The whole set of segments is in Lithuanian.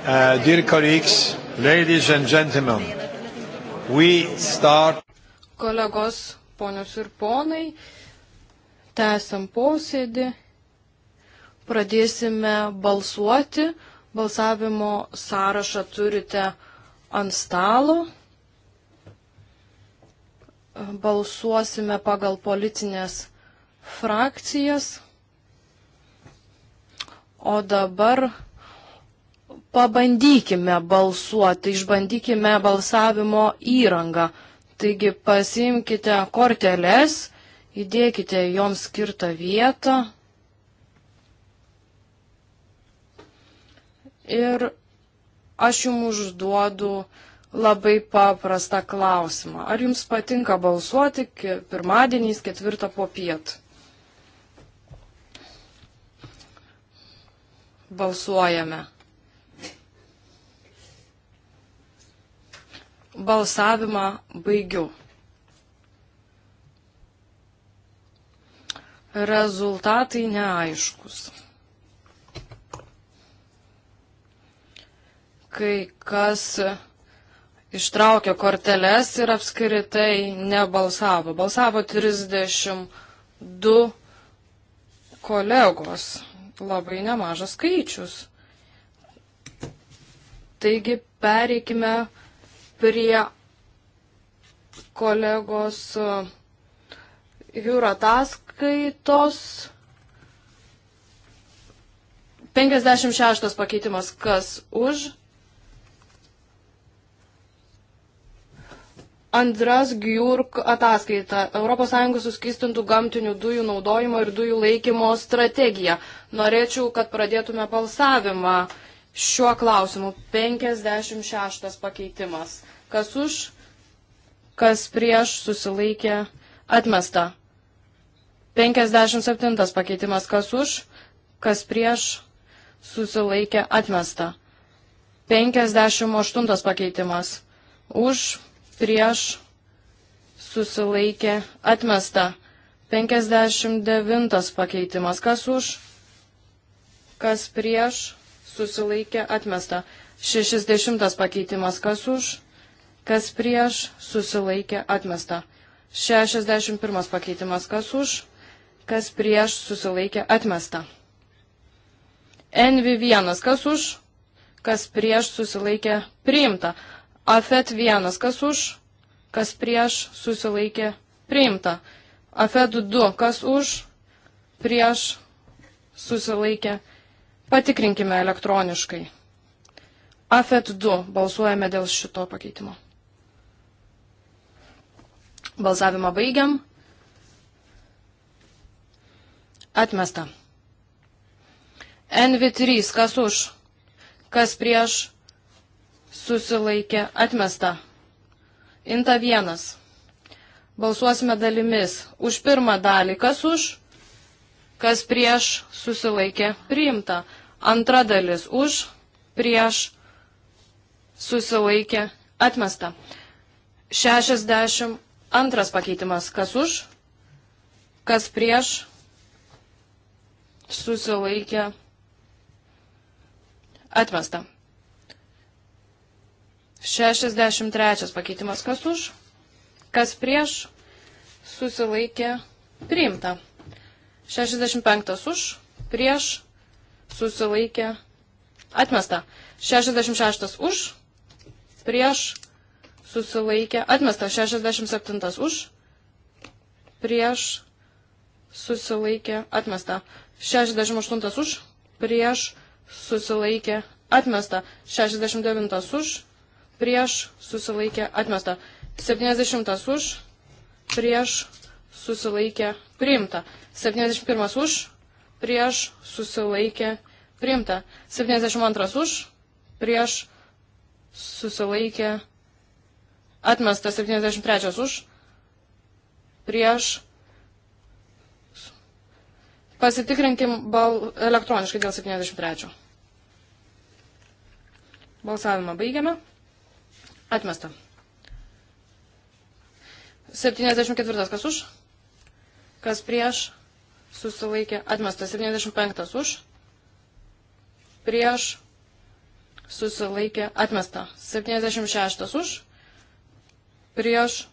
Uh, dear colleagues, ladies and gentlemen, we start. Kolegos, ponios ir ponai, tęsiam posėdį, pradėsime balsuoti. Balsavimo sąrašą turite ant stalo. Balsuosime pagal politinės frakcijas. O dabar pabandykime balsuoti, išbandykime balsavimo įrangą. Taigi pasiimkite korteles, įdėkite joms skirtą vietą ir aš jums užduodu labai paprastą klausimą. Ar jums patinka balsuoti pirmadieniais ketvirtą po pietų? Balsuojame. Balsavimą baigiu. Rezultatai neaiškus. Kai kas ištraukė korteles ir apskritai nebalsavo. Balsavo 32 kolegos. Labai nemažas skaičius. Taigi pereikime prie kolegos jūro ataskaitos. 56 pakeitimas, kas už. Andras Gjurk ataskaita ES suskistintų gamtinių dujų naudojimo ir dujų laikymo strategija. Norėčiau, kad pradėtume balsavimą šiuo klausimu. 56 pakeitimas kas už, kas prieš susilaikė atmesta. 57 pakeitimas, kas už, kas prieš susilaikė atmesta. 58 pakeitimas, už, prieš susilaikė atmesta. 59 pakeitimas, kas už, kas prieš susilaikė atmesta. 60 pakeitimas, kas už, kas prieš, susilaikė, atmesta. 61 pakeitimas, kas už, kas prieš, susilaikė, atmesta. NV1, kas už, kas prieš, susilaikė, priimta. AFET 1, kas už, kas prieš, susilaikė, priimta. AFET 2, kas už, prieš, susilaikė, patikrinkime elektroniškai. AFET 2, balsuojame dėl šito pakeitimo. Balsavimą baigiam. Atmesta. NV3, kas už, kas prieš, susilaikė, atmesta. Inta 1. Balsuosime dalimis. Už pirmą dalį, kas už, kas prieš, susilaikė, priimta. Antra dalis, už, prieš, susilaikė, atmesta. 60 Antras pakeitimas, kas už, kas prieš, susilaikė, atmesta. 63 pakeitimas, kas už, kas prieš, susilaikė, priimta. 65 už, prieš, susilaikė, atmesta. 66 už, prieš, susilaikė susilaikė, atmestas 67 už, prieš, susilaikė, atmesta 68 už, prieš, susilaikė, atmesta 69 už, prieš, susilaikė, atmesta 70 už, prieš, susilaikė, priimta 71 už, prieš, susilaikė, priimta 72 už, prieš, susilaikė, priimta susilaikė Atmestas 73 už, prieš. Pasitikrinkim bal, elektroniškai dėl 73. Balsavimą baigiame. Atmesta. 74 kas už, kas prieš, susilaikė. Atmesta 75 už, prieš, susilaikė. Atmesta 76 už prieš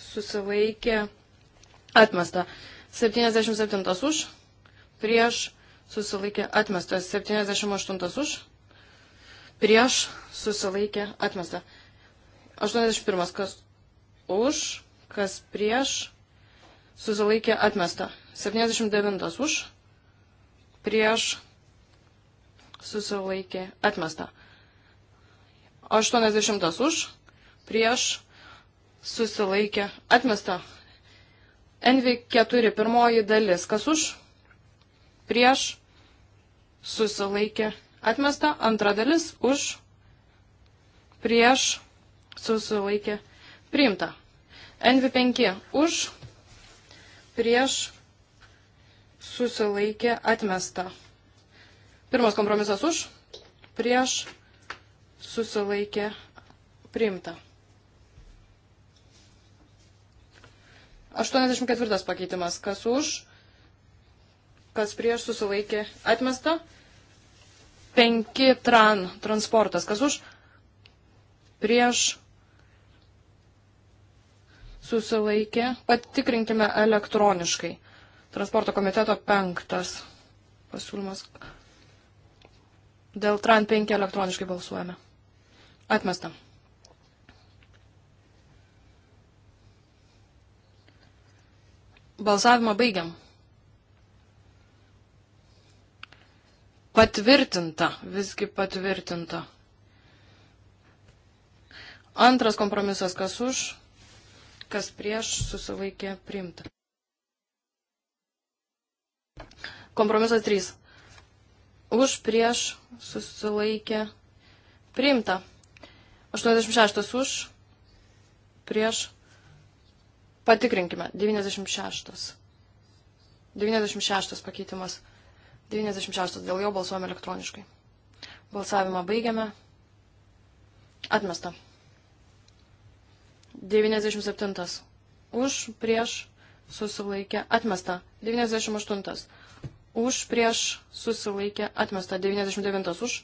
susilaikė atmesta. 77 už, prieš susilaikė atmesta. 78 už, prieš susilaikė atmesta. 81 kas už, kas prieš susilaikė atmesta. 79 už, prieš susilaikė atmesta. 80 už, prieš susilaikė, atmesta. NV4 pirmoji dalis, kas už, prieš, susilaikė, atmesta. Antra dalis, už, prieš, susilaikė, priimta. NV5 už, prieš, susilaikė, atmesta. Pirmas kompromisas už, prieš, susilaikė, priimta. 84 pakeitimas. Kas už, kas prieš susilaikė atmesta. 5 tran transportas. Kas už, prieš susilaikė. Patikrinkime elektroniškai. Transporto komiteto penktas pasiūlymas. Dėl tran 5 elektroniškai balsuojame. Atmesta. Balsavimą baigiam. Patvirtinta, visgi patvirtinta. Antras kompromisas, kas už, kas prieš, susilaikė priimta. Kompromisas 3. Už, prieš, susilaikė priimta. 86 už, prieš, Patikrinkime. 96. 96 pakeitimas. 96. Dėl jo balsuojame elektroniškai. Balsavimą baigiame. Atmesta. 97. Už, prieš, susilaikė, atmesta. 98. Už, prieš, susilaikė, atmesta. 99. Už,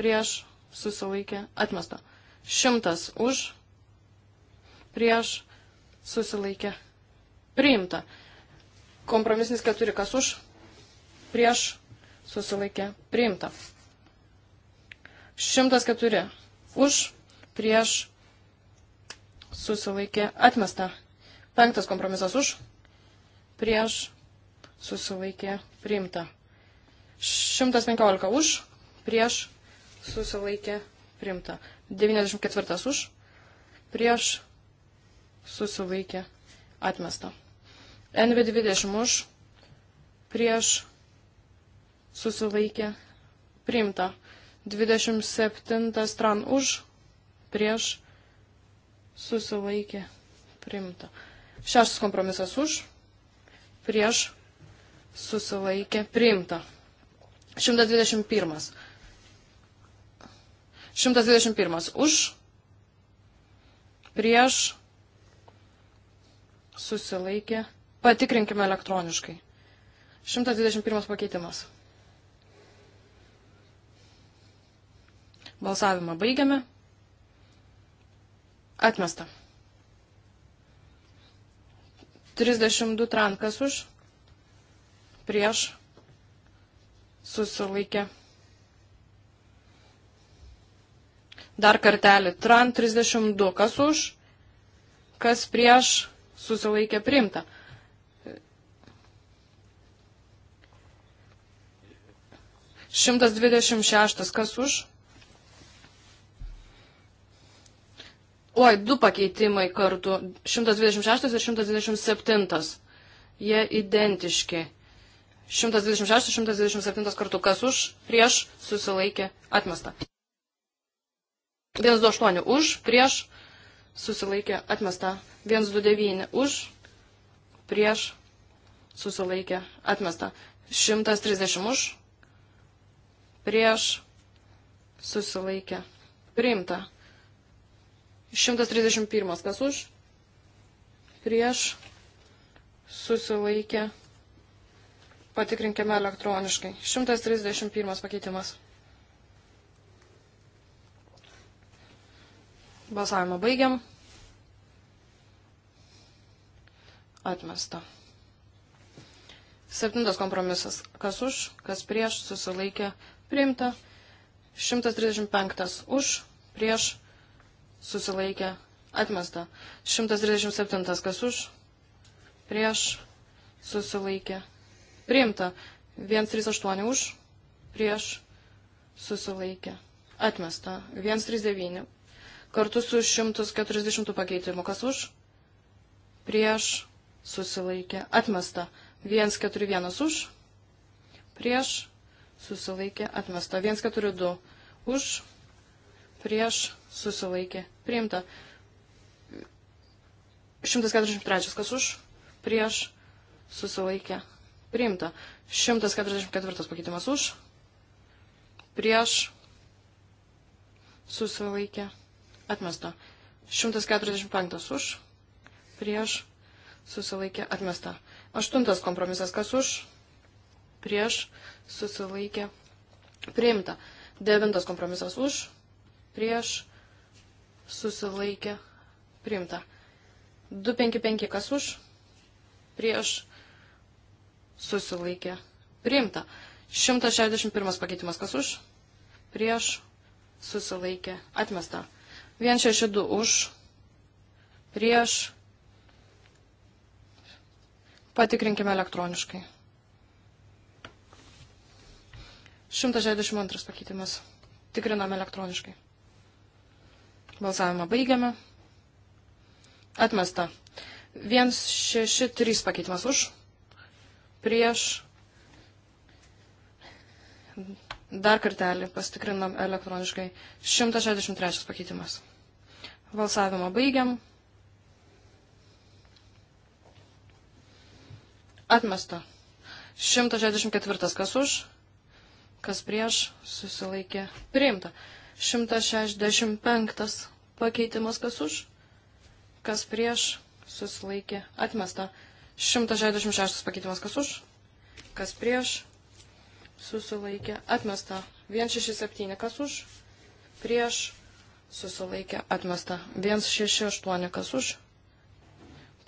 prieš, susilaikė, atmesta. 100. Už, prieš, susilaikė susilaikė priimta. Kompromisnis keturi kas už, prieš susilaikė priimta. 104 už, prieš susilaikė atmesta. Penktas kompromisas už, prieš susilaikė priimta. 115 už, prieš susilaikė priimta. 94 už, prieš susilaikė atmesta. NV20 už, prieš susilaikė priimta. 27 tran už, prieš susilaikė priimta. Šeštas kompromisas už, prieš susilaikė priimta. 121. 121 už, prieš susilaikė. Patikrinkime elektroniškai. 121 pakeitimas. Balsavimą baigiame. Atmesta. 32 trankas už, prieš, susilaikė. Dar kartelį. Tran 32 kas už, kas prieš, susilaikė priimta. Šimtas dvidešimt šeštas, kas už? Oi, du pakeitimai kartu, 126 ir 127. Jie identiški. 126 ir 127 kartu, kas už, prieš, susilaikė, atmesta. 128 už, prieš, susilaikė atmesta. 129 už, prieš, susilaikė atmesta. 130 už, prieš, susilaikė priimta. 131 kas už, prieš, susilaikė. Patikrinkime elektroniškai. 131 pakeitimas. Balsavimą baigiam. Atmesta. Septintas kompromisas. Kas už, kas prieš, susilaikė, priimta. 135 už, prieš, susilaikė, atmesta. 137 kas už, prieš, susilaikė, priimta. 138 už, prieš, susilaikė, atmesta. 139 kartu su 140 pakeitimu. Kas už? Prieš susilaikė. Atmesta. 141 už. Prieš susilaikė. Atmesta. 142 už. Prieš susilaikė. Priimta. 143 kas už. Prieš susilaikė. Priimta. 144 pakeitimas už. Prieš susilaikė atmesta. 145 už, prieš, susilaikė, atmesta. Aštuntas kompromisas, kas už, prieš, susilaikė, priimta. Devintas kompromisas už, prieš, susilaikė, priimta. 255 kas už, prieš, susilaikė, priimta. 161 pakeitimas kas už, prieš, susilaikė, atmesta. 162 už, prieš, patikrinkime elektroniškai. 162 pakeitimas. Tikriname elektroniškai. Balsavimą baigiame. Atmesta. 163 pakeitimas už, prieš, Dar kartelį pastikrinam elektroniškai. 163 pakeitimas. Valsavimą baigiam. Atmesta. 164 kas už, kas prieš, susilaikė. Priimta. 165 pakeitimas kas už, kas prieš, susilaikė. Atmesta. 166 pakeitimas kas už, kas prieš, susilaikė, atmesta. 167, kas už, prieš, susilaikė, atmesta. 168, kas už,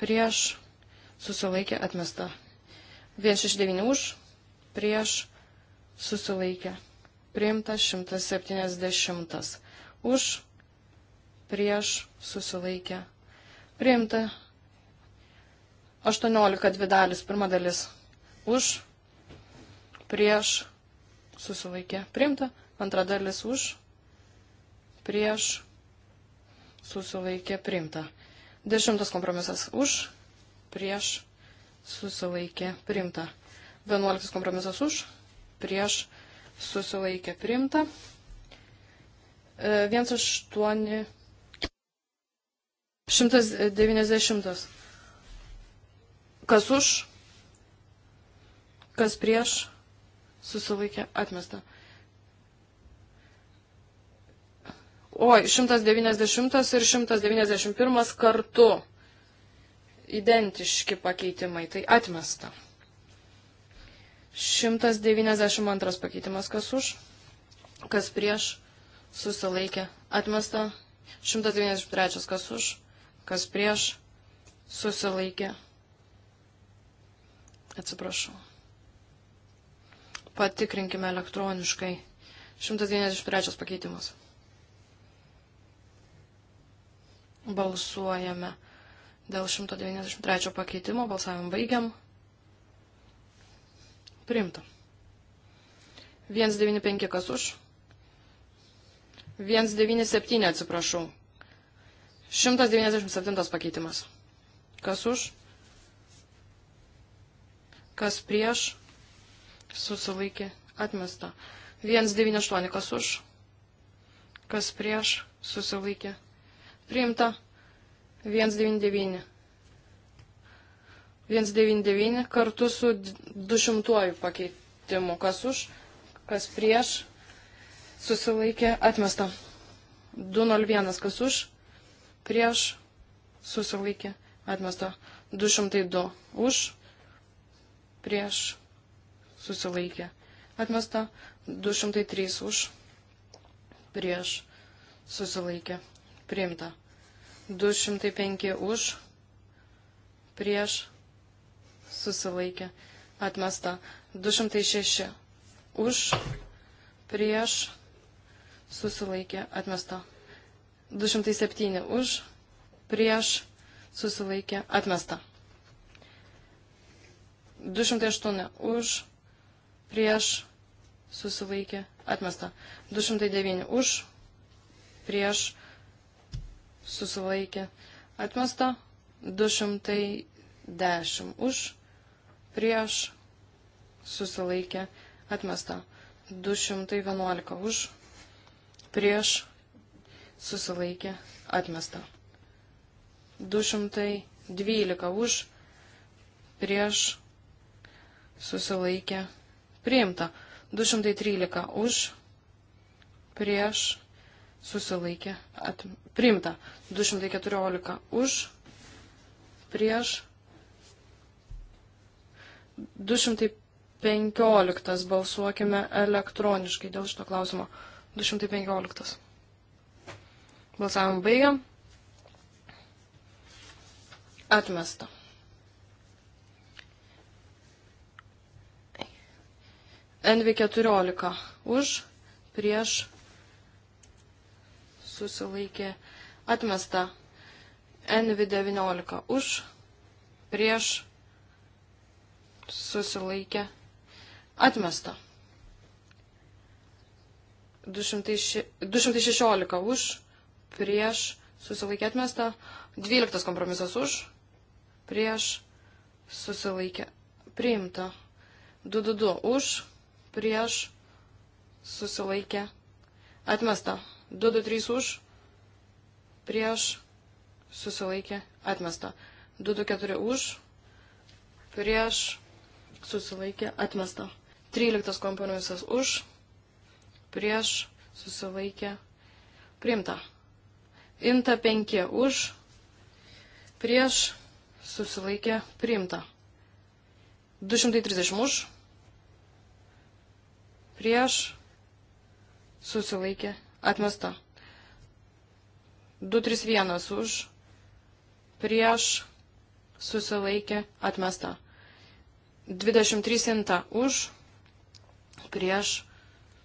prieš, susilaikė, atmesta. 169 už, prieš, susilaikė. Priimta 170. Už, prieš, susilaikė. Priimta 18 dvi dalis, pirma dalis. Už, prieš susilaikė priimta, antra dalis už, prieš susilaikė priimta. Dešimtas kompromisas už, prieš susilaikė priimta. Vienuoliktas kompromisas už, prieš susilaikė priimta. 18. E, 190. Kas už, kas prieš susilaikė atmesta. O, 190 ir 191 kartu identiški pakeitimai, tai atmesta. 192 pakeitimas kas už, kas prieš, susilaikė, atmesta. 193 kas už, kas prieš, susilaikė. Atsiprašau. Patikrinkime elektroniškai. 193 pakeitimas. Balsuojame. Dėl 193 pakeitimo balsavim baigiam. Priimta. 195 kas už. 197 atsiprašau. 197 pakeitimas. Kas už? Kas prieš? susilaikė atmesta. 198 kas už, kas prieš susilaikė priimta. 199. 199 kartu su 200 pakeitimu. Kas už, kas prieš susilaikė atmesta. 201 kas už, prieš susilaikė atmesta. 202 už, prieš susilaikė, atmesta 203 už, prieš, susilaikė, priimta 205 už, prieš, susilaikė, atmesta 206 už, prieš, susilaikė, atmesta 207 už, prieš, susilaikė, atmesta. 208 už, prieš susilaikė atmesta. 209 už prieš susilaikė atmesta. 210 už prieš susilaikė atmesta. 211 už prieš susilaikė atmesta. 212 už prieš susilaikė atmesta priimta. 213 už, prieš, susilaikė, at, priimta. 214 už, prieš, 215 balsuokime elektroniškai dėl šito klausimo. 215. Balsavimą baigiam. Atmesta. NV14 už, prieš, susilaikė, atmesta. NV19 už, prieš, susilaikė, atmesta. 216 už, prieš, susilaikė, atmesta. 12 kompromisas už, prieš, susilaikė, priimta. 222 už prieš, susilaikė, atmesta. 223 už, prieš, susilaikė, atmesta. 224 už, prieš, susilaikė, atmesta. 13 kompromisas už, prieš, susilaikė, priimta. Inta 5 už, prieš, susilaikė, priimta. 230 už, prieš, susilaikė, atmesta. 231 už, prieš, susilaikė, atmesta. 23 inta už, prieš,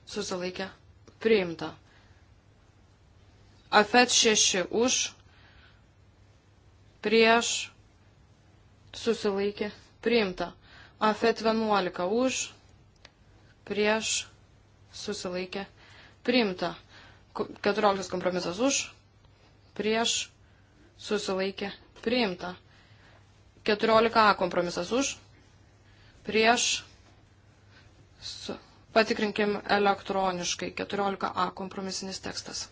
susilaikė, priimta. Afet 6 už, prieš, susilaikė, priimta. Afet 11 už, prieš susilaikė priimta. 14 kompromisas už, prieš susilaikė priimta. 14a kompromisas už, prieš su, patikrinkim elektroniškai. 14a kompromisinis tekstas.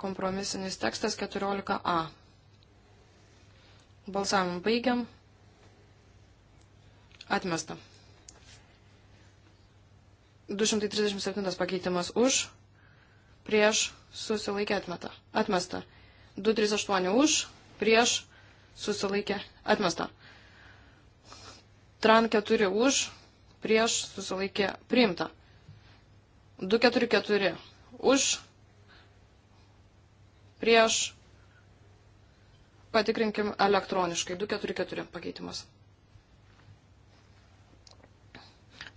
Kompromisinis tekstas 14a. Balsavimą baigiam. Atmesta. 237 pakeitimas už, prieš susilaikė atmeta, atmesta. 238 už, prieš susilaikė atmesta. Tran 4 už, prieš susilaikė priimta. 244 už, prieš patikrinkim elektroniškai. 244 pakeitimas.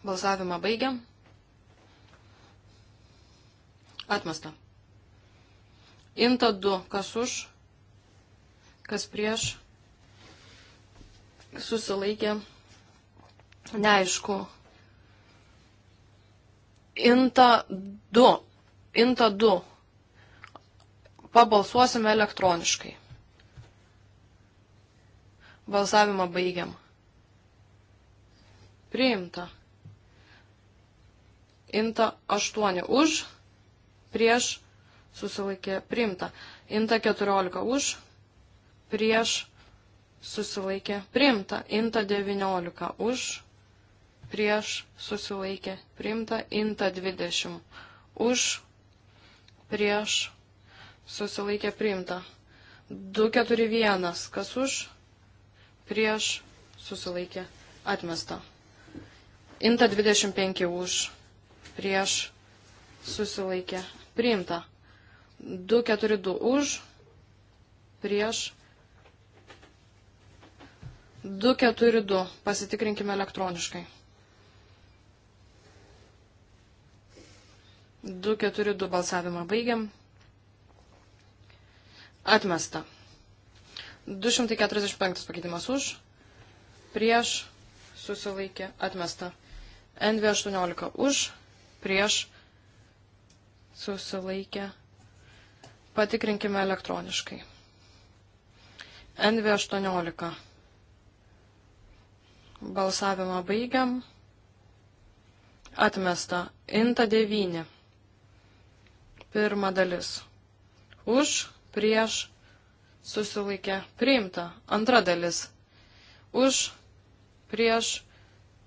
Balsavimą baigiam. Atmesta. Inta 2. Kas už? Kas prieš? Susilaikė. Neaišku. Inta 2. Inta 2. Pabalsuosime elektroniškai. Balsavimą baigiam. Priimta. Inta 8 už, prieš, susilaikė priimta. Inta 14 už, prieš, susilaikė priimta. Inta 19 už, prieš, susilaikė priimta. Inta 20 už, prieš, susilaikė priimta. 241 kas už, prieš, susilaikė atmesta. Inta 25 už, prieš, susilaikė priimta. 242 už, prieš. 242. Pasitikrinkime elektroniškai. 242 balsavimą baigiam. Atmesta. 245 pakeitimas už, prieš, susilaikė, atmesta. NV18 už, prieš, susilaikė. Patikrinkime elektroniškai. NV18. Balsavimą baigiam. Atmesta. Inta 9. Pirma dalis. Už, prieš, susilaikė. Priimta. Antra dalis. Už, prieš,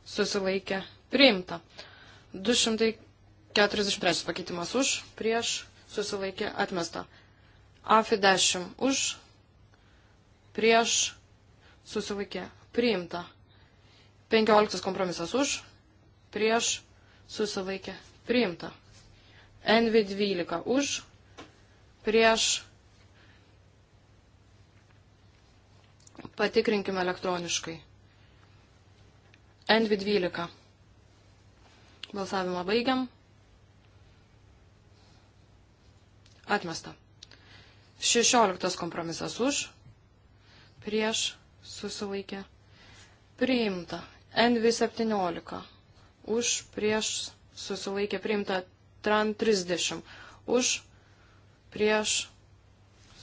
susilaikė. Priimta. 200. 43 pakeitimas už, prieš, susilaikė, atmesta. AFI 10 už, prieš, susilaikė, priimta. 15 kompromisas už, prieš, susilaikė, priimta. NV 12 už, prieš, patikrinkime elektroniškai. NV 12. Balsavimą baigiam. Atmesta. 16 kompromisas už, prieš susilaikė. Priimta. NV17 už, prieš susilaikė. Priimta. TRAN 30 už, prieš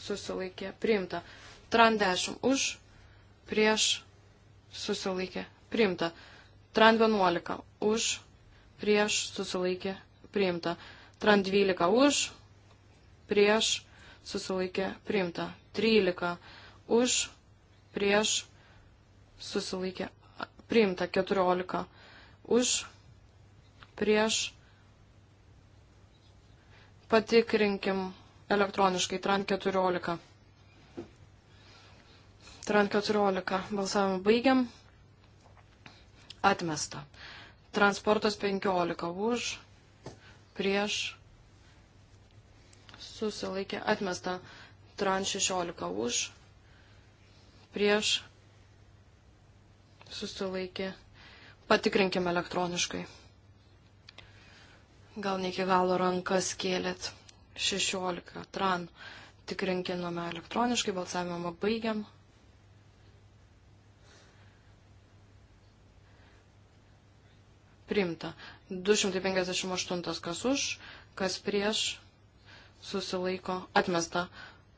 susilaikė. Priimta. TRAN 10 už, prieš susilaikė. Priimta. TRAN 11 už, prieš susilaikė. Priimta. TRAN 12 už, prieš, susilaikė priimta. 13 už, prieš, susilaikė priimta. 14 už, prieš. Patikrinkim elektroniškai TRAN 14. TRAN 14. Balsavimą baigiam. Atmesta. Transportas 15 už, prieš susilaikė atmesta. Tran 16 už, prieš susilaikė. Patikrinkime elektroniškai. Gal ne iki galo rankas kėlėt. 16 tran. Tikrinkinome elektroniškai, balsavimą baigiam. Primta. 258 kas už, kas prieš, susilaiko atmesta.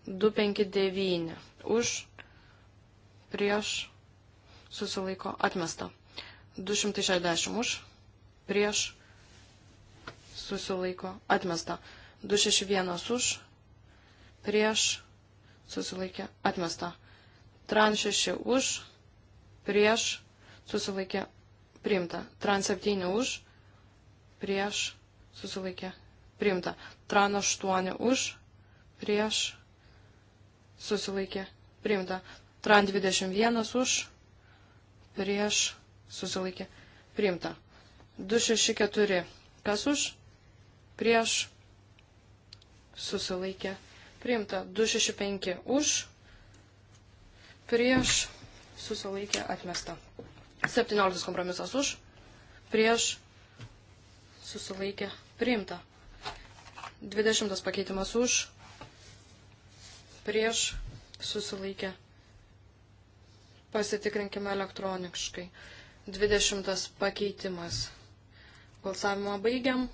259 už, prieš, susilaiko atmesta. 260 už, prieš, susilaiko atmesta. 261 už, prieš, susilaikė atmesta. Tran 6 už, prieš, susilaikė priimta. Tran 7 už, prieš, susilaikė priimta. Tran 8 už, prieš, susilaikė, priimta. Tran 21 už, prieš, susilaikė, priimta. 264, kas už, prieš, susilaikė, priimta. 265 už, prieš, susilaikė, atmesta. 17 kompromisas už, prieš, susilaikė, priimta. 20 pakeitimas už, prieš, susilaikė. Pasitikrinkime elektroniškai. 20 pakeitimas. Balsavimą baigiam.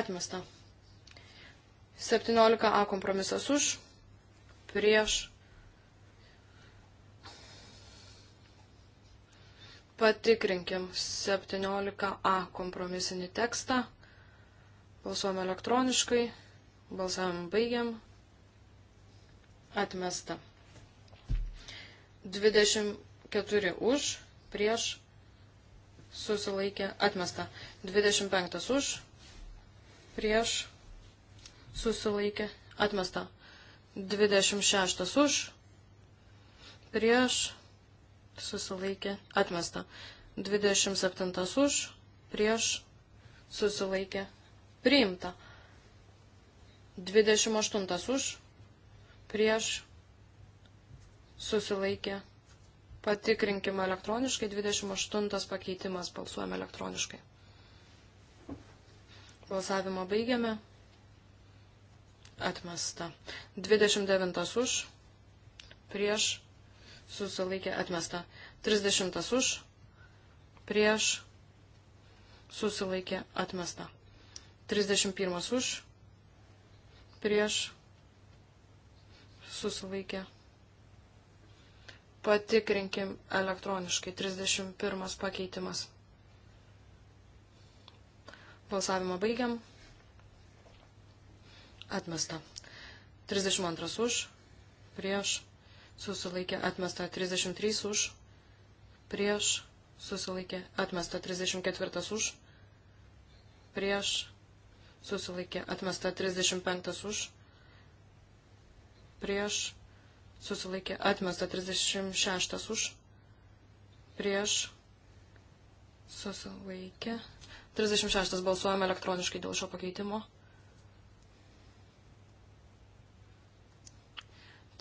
Atmesta. 17a kompromisas už, prieš. Patikrinkim 17a kompromisinį tekstą. Balsuojam elektroniškai. Balsavimą baigiam. Atmesta. 24 už, prieš, susilaikė, atmesta. 25 už, prieš, susilaikė, atmesta. 26 už, prieš, susilaikė, atmesta. 27 už, prieš, susilaikė, priimta. 28 už, prieš, susilaikė. Patikrinkime elektroniškai, 28 pakeitimas, balsuojame elektroniškai. Balsavimą baigiame. Atmesta. 29 už, prieš, susilaikė, atmesta. 30 už, prieš, susilaikė, atmesta. 31 už, prieš, susilaikė. Patikrinkim elektroniškai. 31 pakeitimas. Balsavimą baigiam. Atmesta. 32 už, prieš, susilaikė, atmesta. 33 už, prieš, susilaikė, atmesta. 34 už, prieš, susilaikė atmesta 35 už, prieš susilaikė atmesta 36 už, prieš susilaikė 36 balsuojame elektroniškai dėl šio pakeitimo.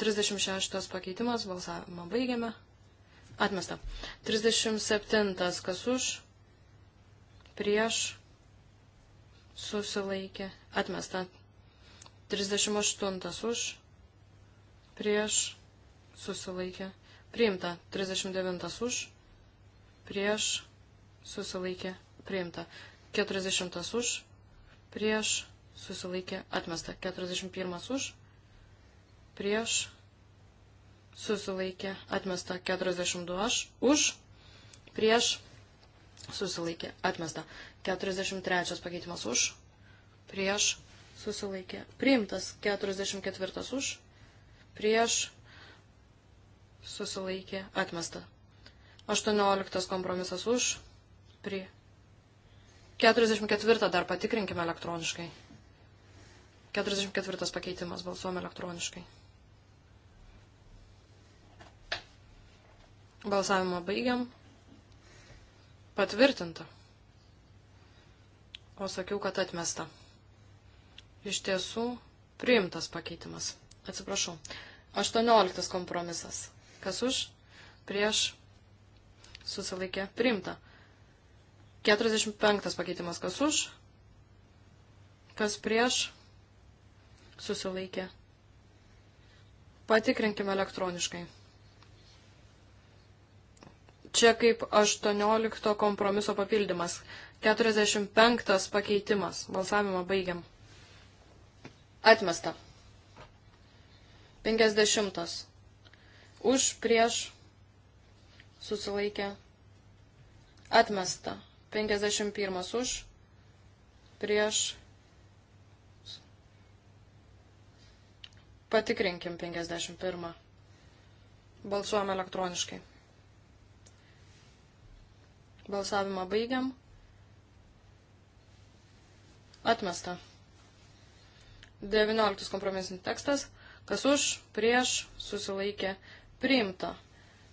36 pakeitimas, balsavimą baigiame. Atmesta. 37 kas už, prieš susilaikė, atmesta. 38 už, prieš, susilaikė, priimta. 39 už, prieš, susilaikė, priimta. 40 už, prieš, susilaikė, atmesta. 41 už, prieš, susilaikė, atmesta. 42 aš, už, prieš, susilaikė, atmesta. 43 pakeitimas už, prieš, susilaikė, priimtas 44 už, prieš, susilaikė, atmesta. 18 kompromisas už, prie. 44 dar patikrinkime elektroniškai. 44 pakeitimas balsuom elektroniškai. Balsavimą baigiam. Patvirtinta o sakiau, kad atmesta. Iš tiesų, priimtas pakeitimas. Atsiprašau. 18 kompromisas. Kas už? Prieš susilaikė. Priimta. 45 pakeitimas. Kas už? Kas prieš susilaikė. Patikrinkime elektroniškai čia kaip 18 kompromiso papildymas. 45 pakeitimas. Balsavimą baigiam. Atmesta. 50. Už prieš susilaikė. Atmesta. 51 už prieš. Patikrinkim 51. Balsuojam elektroniškai. Balsavimą baigiam. Atmesta. 19 kompromisinis tekstas. Kas už, prieš, susilaikė, priimta.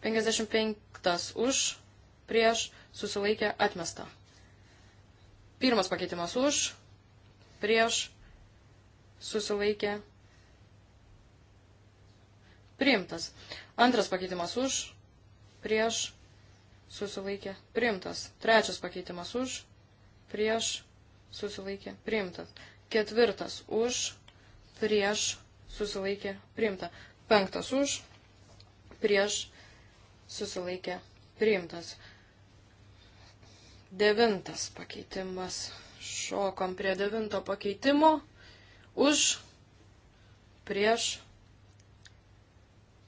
55 už, prieš, susilaikė, atmesta. Pirmas pakeitimas už, prieš, susilaikė, priimtas. Antras pakeitimas už, prieš, susilaikė primtas. Trečias pakeitimas už, prieš susilaikė primtas. Ketvirtas už, prieš susilaikė primta. Penktas už, prieš susilaikė priimtas. Devintas pakeitimas. Šokom prie devinto pakeitimo. Už, prieš,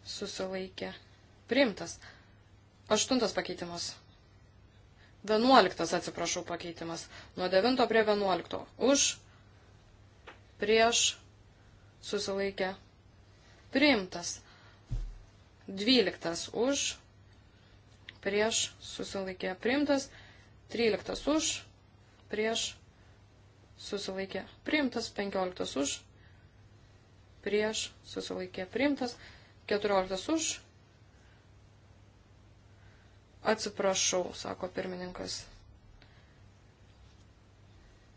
susilaikė, priimtas. Aštuntas pakeitimas. Vienuoliktas, atsiprašau, pakeitimas. Nuo devinto prie vienuolikto. Už, prieš, susilaikė, priimtas. Dvyliktas už, prieš, susilaikė, priimtas. Tryliktas už, prieš, susilaikė, priimtas. Penkioliktas už, prieš, susilaikė, priimtas. Keturioliktas už, Atsiprašau, sako pirmininkas.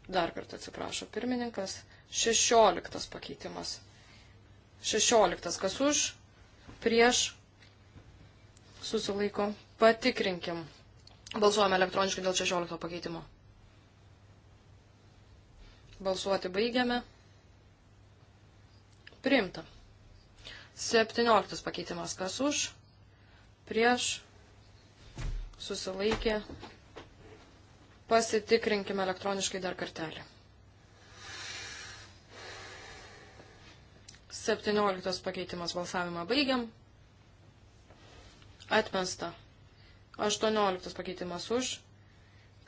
Dar kartą atsiprašo pirmininkas. Šešioliktas pakeitimas. Šešioliktas. Kas už? Prieš? Susilaiko. Patikrinkim. Balsuojame elektroniškai dėl šešiolikto pakeitimo. Balsuoti baigiame. Priimta. Septynioliktas pakeitimas. Kas už? Prieš? susilaikė. Pasitikrinkime elektroniškai dar kartelį. 17 pakeitimas balsavimą baigiam. Atmesta. 18 pakeitimas už.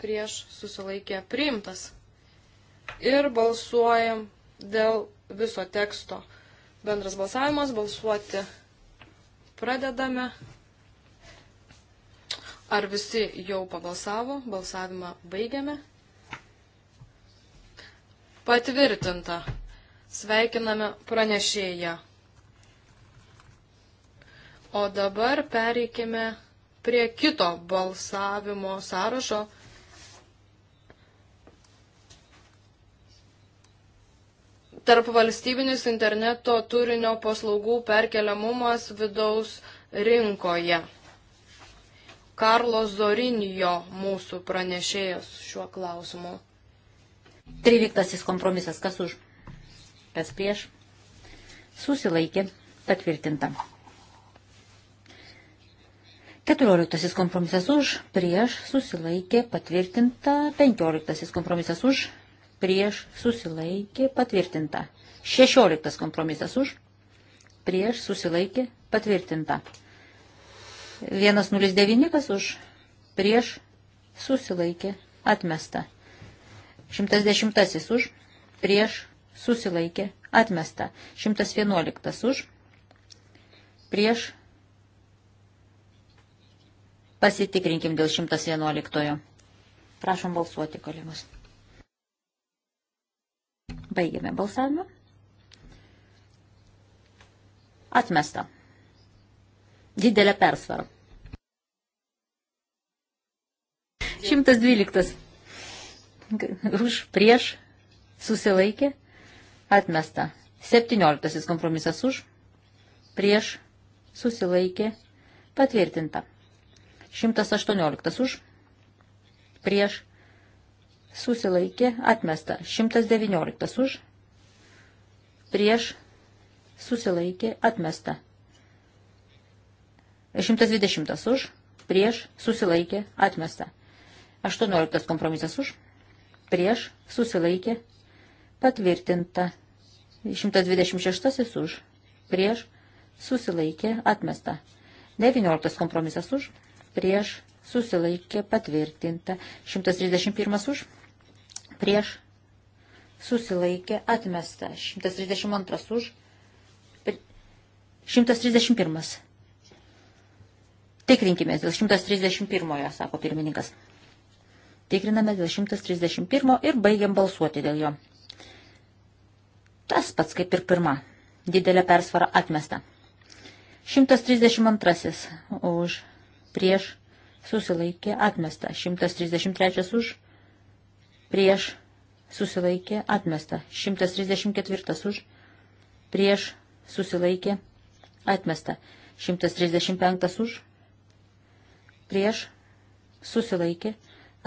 Prieš susilaikė priimtas. Ir balsuojam dėl viso teksto. Bendras balsavimas. Balsuoti pradedame. Ar visi jau pabalsavo? Balsavimą baigiame. Patvirtinta. Sveikiname pranešėją. O dabar pereikime prie kito balsavimo sąrašo. Tarp valstybinis interneto turinio paslaugų perkeliamumas vidaus rinkoje. Karlo Zorinjo mūsų pranešėjas šiuo klausimu. 13 kompromisas. Kas už? Kas prieš? Susilaikė. Patvirtinta. 14 kompromisas už, prieš, susilaikė, patvirtinta. 15 kompromisas už, prieš, susilaikė, patvirtinta. 16 kompromisas už, prieš, susilaikė, patvirtinta. 109 kas už prieš susilaikė atmesta. 110 už prieš susilaikė atmesta. 111 už prieš pasitikrinkim dėl 111. -ojo. Prašom balsuoti, kolegos. Baigėme balsavimą. Atmesta didelę persvarą. 112. Už, prieš, susilaikė, atmesta. 17. Kompromisas už, prieš, susilaikė, patvirtinta. 118. Už, prieš, susilaikė, atmesta. 119. Už, prieš, susilaikė, atmesta. 120 už, prieš, susilaikė, atmesta. 18 kompromisas už, prieš, susilaikė, patvirtinta. 126 už, prieš, susilaikė, atmesta. 19 kompromisas už, prieš, susilaikė, patvirtinta. 131 už, prieš, susilaikė, atmesta. 132 už, 131 Tikrinkime dėl 131, sako pirmininkas. Tikriname dėl 131 ir baigiam balsuoti dėl jo. Tas pats kaip ir pirma. Didelė persvara atmesta. 132 už prieš susilaikė atmesta. 133 už prieš susilaikė atmesta. 134 už prieš susilaikė atmesta. 135 už prieš, susilaikė,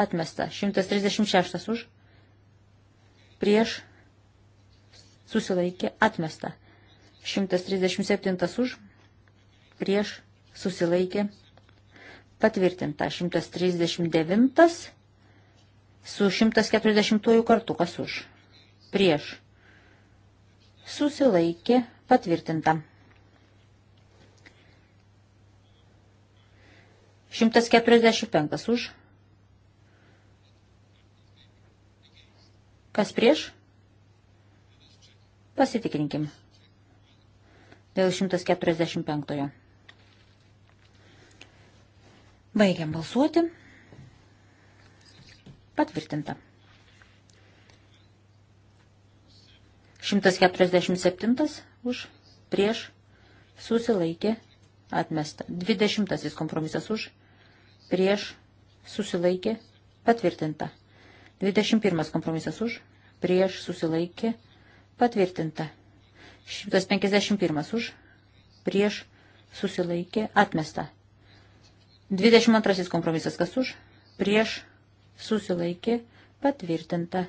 atmesta. 136 už, prieš, susilaikė, atmesta. 137 už, prieš, susilaikė, patvirtinta. 139 su 140 kartu, kas už, prieš, susilaikė, patvirtinta. 145 už. Kas prieš? Pasitikrinkim. Dėl 145. Baigiam balsuoti. Patvirtinta. 147 už, prieš, susilaikė, atmesta. 20 kompromisas už, prieš, susilaikė, patvirtinta. 21 kompromisas už, prieš, susilaikė, patvirtinta. 151 už, prieš, susilaikė, atmesta. 22 kompromisas kas už, prieš, susilaikė, patvirtinta.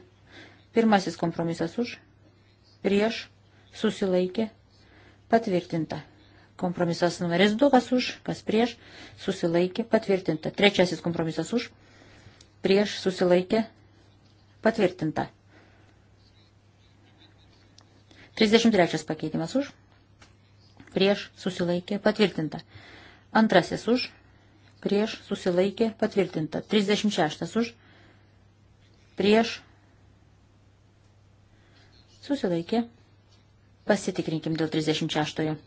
Pirmasis kompromisas už, prieš, susilaikė, patvirtinta. Kompromisas numeris 2, kas už, kas prieš, susilaikė, patvirtinta. Trečiasis kompromisas už, prieš, susilaikė, patvirtinta. 33 pakeitimas už, prieš, susilaikė, patvirtinta. Antrasis už, prieš, susilaikė, patvirtinta. 36 už, prieš, susilaikė. Pasitikrinkim dėl 36. -ojo.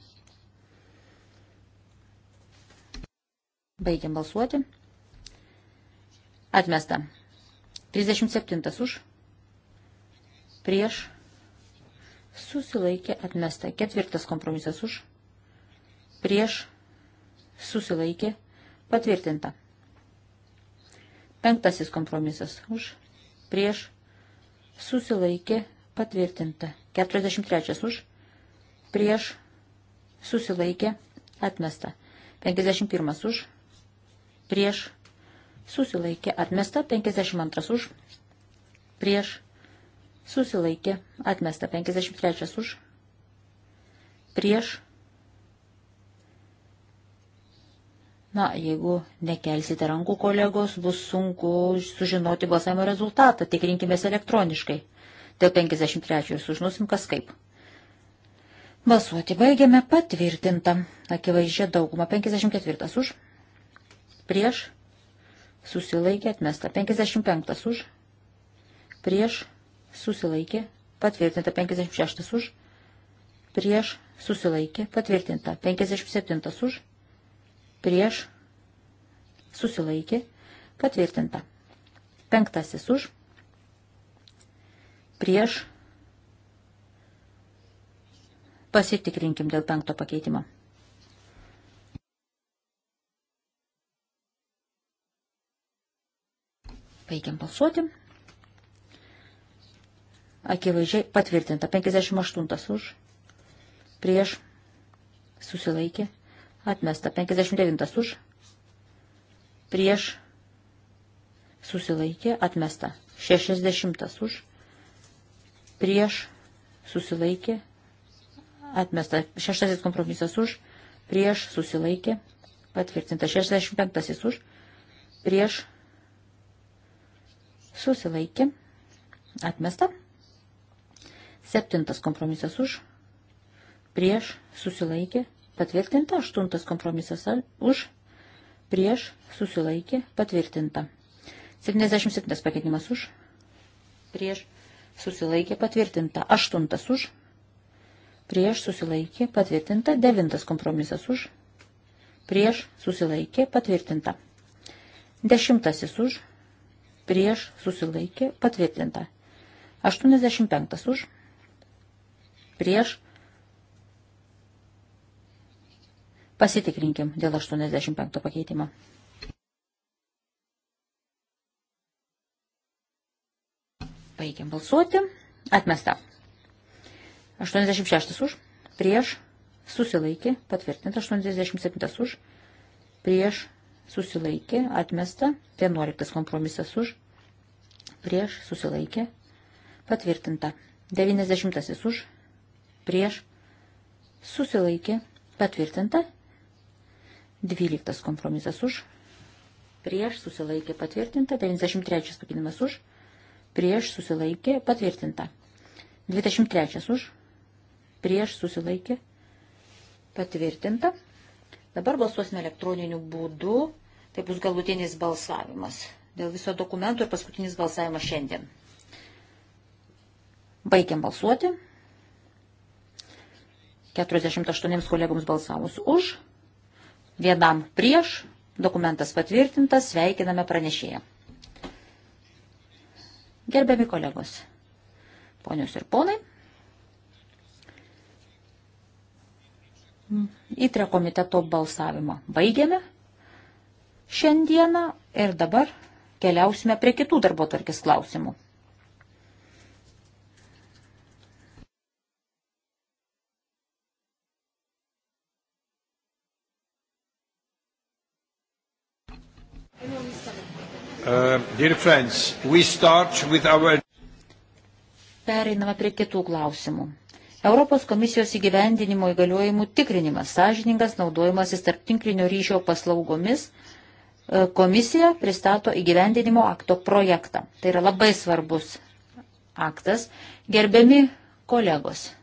Baigiam balsuoti. Atmesta. 37 už. Prieš. Susilaikė atmesta. Ketvirtas kompromisas už. Prieš. Susilaikė. Patvirtinta. Penktasis kompromisas už. Prieš. Susilaikė. Patvirtinta. 43 už. Prieš. Susilaikė. Atmesta. 51 už prieš susilaikė atmesta 52 už, prieš susilaikė atmesta 53 už, prieš. Na, jeigu nekelsite rankų kolegos, bus sunku sužinoti balsavimo rezultatą, tikrinkime elektroniškai. Dėl 53 sužinosim kas kaip. Balsuoti baigiame patvirtintam, akivaizdžia dauguma 54 už prieš, susilaikė atmesta. 55 už, prieš, susilaikė patvirtinta. 56 už, prieš, susilaikė patvirtinta. 57 už, prieš, susilaikė patvirtinta. Penktasis už, prieš, pasitikrinkim dėl penkto pakeitimo. Baigiam balsuoti. Akivaizdžiai patvirtinta. 58 už. Prieš. Susilaikė. Atmesta. 59 už. Prieš. Susilaikė. Atmesta. 60 už. Prieš. Susilaikė. Atmesta. Šeštasis kompromisas už. Prieš. Susilaikė. Patvirtinta. 65 už. Prieš susilaikė, atmesta. Septintas kompromisas už, prieš, susilaikė, patvirtinta. Aštuntas kompromisas už, prieš, susilaikė, patvirtinta. 77 pakeitimas už, prieš, susilaikė, patvirtinta. Aštuntas už, prieš, susilaikė, patvirtinta. Devintas kompromisas už, prieš, susilaikė, patvirtinta. Dešimtasis už, prieš, prieš susilaikė patvirtinta. 85 už, prieš pasitikrinkim dėl 85 pakeitimo. Baigiam balsuoti. Atmesta. 86 už, prieš, susilaikė, patvirtinta. 87 už, prieš, susilaikė, atmesta, 11 kompromisas už, prieš, susilaikė, patvirtinta, 90 už, prieš, susilaikė, patvirtinta, 12 kompromisas už, prieš, susilaikė, patvirtinta, 93 pakinimas už, prieš, susilaikė, patvirtinta, 23 už, prieš, susilaikė, patvirtinta, Dabar balsuosime elektroniniu būdu, tai bus galutinis balsavimas dėl viso dokumento ir paskutinis balsavimas šiandien. Baigiam balsuoti. 48 kolegoms balsavus už, vienam prieš, dokumentas patvirtintas, sveikiname pranešėją. Gerbiami kolegos, ponios ir ponai. įtrio komiteto balsavimą baigėme šiandieną ir dabar keliausime prie kitų darbo tarkis klausimų. Uh, dear friends, we start with our... Pereiname prie kitų klausimų. Europos komisijos įgyvendinimo įgaliojimų tikrinimas, sąžiningas naudojimasis tarp tinklinio ryšio paslaugomis. E, komisija pristato įgyvendinimo akto projektą. Tai yra labai svarbus aktas. Gerbiami kolegos.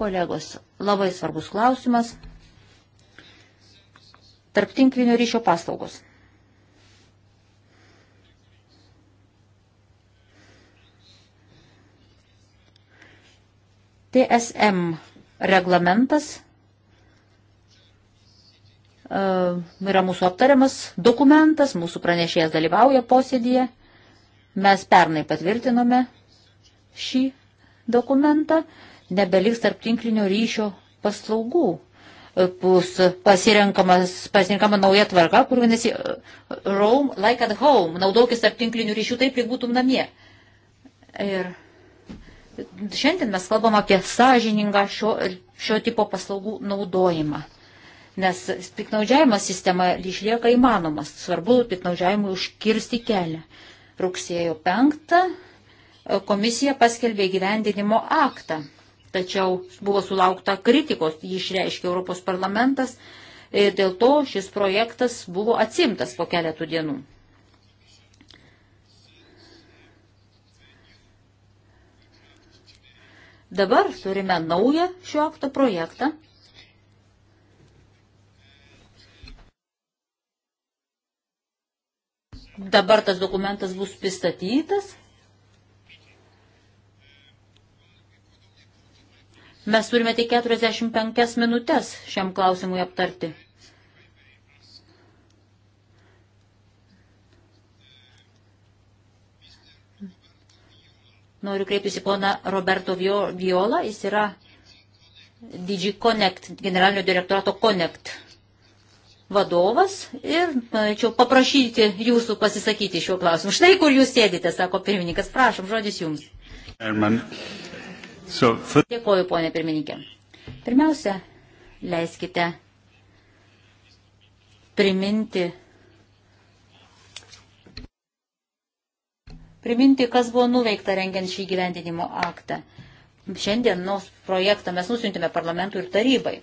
Kolegos, labai svarbus klausimas. Tarptinklinio ryšio paslaugos. TSM reglamentas e, yra mūsų aptariamas dokumentas, mūsų pranešėjas dalyvauja posėdėje. Mes pernai patvirtinome šį dokumentą, nebeliks tarptinklinio ryšio paslaugų bus pasirinkama nauja tvarka, kur vienasi uh, Rome like at home, naudokis tarp tinklinių ryšių taip, lyg būtum namie. Ir šiandien mes kalbam apie sąžiningą šio, šio tipo paslaugų naudojimą. Nes piknaudžiavimas sistema išlieka įmanomas. Svarbu piknaudžiavimui užkirsti kelią. Rugsėjo 5 uh, komisija paskelbė gyvendinimo aktą tačiau buvo sulaukta kritikos, jį išreiškė Europos parlamentas ir dėl to šis projektas buvo atsimtas po keletų dienų. Dabar turime naują šio akto projektą. Dabar tas dokumentas bus pristatytas Mes turime tik 45 minutės šiam klausimui aptarti. Noriu kreiptis į poną Roberto Viola, jis yra DG Connect, generalinio direktorato Connect vadovas ir norėčiau paprašyti jūsų pasisakyti šiuo klausimu. Štai kur jūs sėdite, sako pirmininkas, prašom, žodis jums. Herman. So, for... Dėkoju, ponė pirmininkė. Pirmiausia, leiskite priminti, priminti, kas buvo nuveikta rengiant šį gyvendinimo aktą. Šiandienos projektą mes nusintėme parlamentui ir tarybai.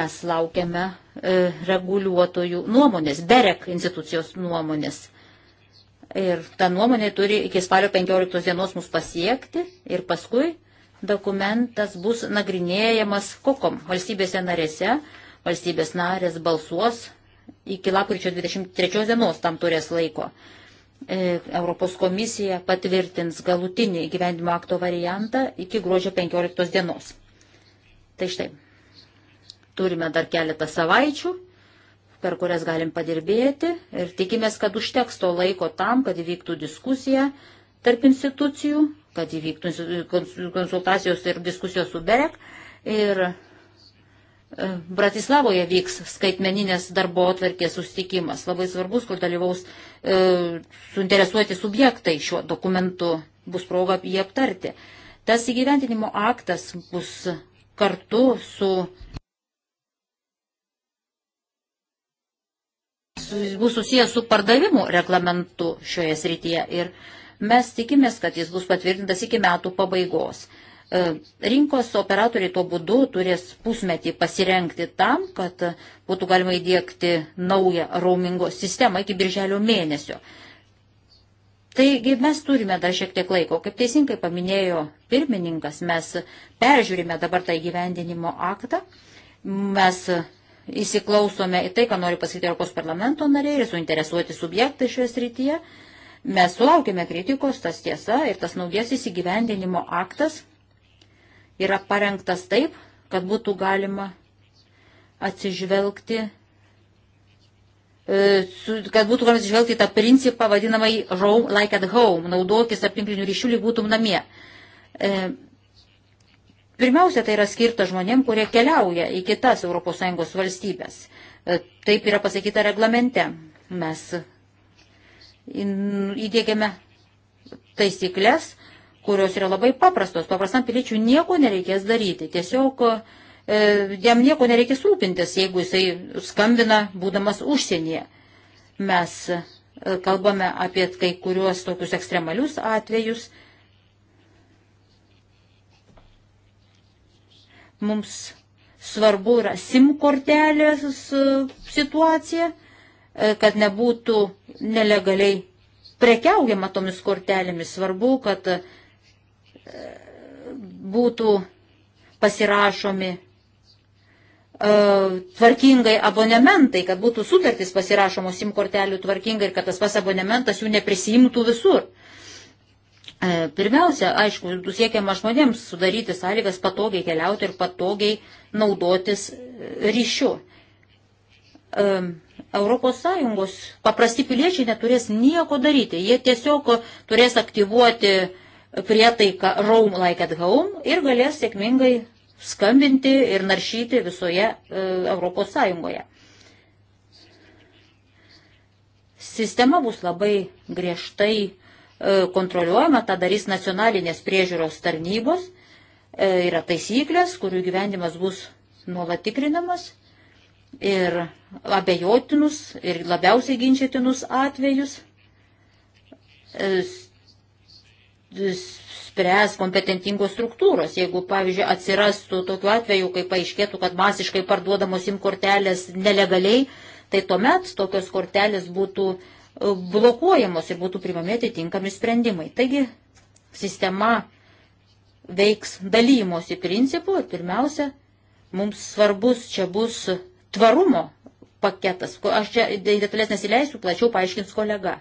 Mes laukiame e, reguliuotojų nuomonės, BEREK institucijos nuomonės. Ir ta nuomonė turi iki spalio 15 dienos mus pasiekti ir paskui dokumentas bus nagrinėjamas kokom valstybėse narėse. Valstybės narės balsuos iki lapkričio 23 dienos tam turės laiko. E, Europos komisija patvirtins galutinį gyvendimo akto variantą iki gruodžio 15 dienos. Tai štai, turime dar keletą savaičių per kurias galim padirbėti ir tikimės, kad užteks to laiko tam, kad įvyktų diskusija tarp institucijų, kad įvyktų konsultacijos ir diskusijos su BEREK. Ir e, Bratislavoje vyks skaitmeninės darbo atverkės sustikimas, labai svarbus, kur dalyvaus e, suinteresuoti subjektai šiuo dokumentu, bus proga jį aptarti. Tas įgyventinimo aktas bus kartu su bus susijęs su pardavimu reglamentu šioje srityje ir mes tikimės, kad jis bus patvirtintas iki metų pabaigos. E, rinkos operatoriai tuo būdu turės pusmetį pasirenkti tam, kad būtų galima įdėkti naują roamingo sistemą iki birželio mėnesio. Taigi mes turime dar šiek tiek laiko. Kaip teisingai paminėjo pirmininkas, mes peržiūrime dabar tą įgyvendinimo aktą. Mes įsiklausome į tai, ką nori pasakyti Europos parlamento nariai ir suinteresuoti subjektai šioje srityje. Mes sulaukime kritikos, tas tiesa, ir tas naujas įsigyvendinimo aktas yra parengtas taip, kad būtų galima atsižvelgti e, kad būtų galima atsižvelgti tą principą vadinamai roam like at home, naudokis aplinklinių ryšių, lyg būtum namie. E, Pirmiausia, tai yra skirta žmonėm, kurie keliauja į kitas ES valstybės. E, taip yra pasakyta reglamente. Mes įdėgėme taisyklės, kurios yra labai paprastos. Paprastam piliečiui nieko nereikės daryti. Tiesiog e, jam nieko nereikės rūpintis, jeigu jisai skambina, būdamas užsienyje. Mes e, kalbame apie kai kuriuos tokius ekstremalius atvejus Mums svarbu yra SIM kortelės e, situacija, e, kad nebūtų nelegaliai prekiaujama tomis kortelėmis. Svarbu, kad e, būtų pasirašomi tvarkingai abonementai, kad būtų sutartys pasirašomos SIM kortelių tvarkingai ir kad tas pas abonementas jų neprisimtų visur. E, pirmiausia, aišku, siekiama žmonėms sudaryti sąlygas patogiai keliauti ir patogiai naudotis e, ryšiu. ES paprasti piliečiai neturės nieko daryti. Jie tiesiog turės aktyvuoti prietaiką Roam Like at Home ir galės sėkmingai skambinti ir naršyti visoje ES. Sistema bus labai griežtai E, kontroliuojama, tą darys nacionalinės priežiūros tarnybos, e, yra taisyklės, kurių gyvendimas bus nuolat tikrinamas ir abejotinus ir labiausiai ginčiatinus atvejus e, spręs kompetentingos struktūros. Jeigu, pavyzdžiui, atsirastų tokiu atveju, kai paaiškėtų, kad masiškai parduodamos SIM kortelės nelegaliai, tai tuomet tokios kortelės būtų uh, blokuojamos ir būtų primami atitinkami sprendimai. Taigi sistema veiks dalymosi principų ir pirmiausia, mums svarbus čia bus tvarumo paketas. Aš čia detalės nesileisiu, plačiau paaiškins kolega.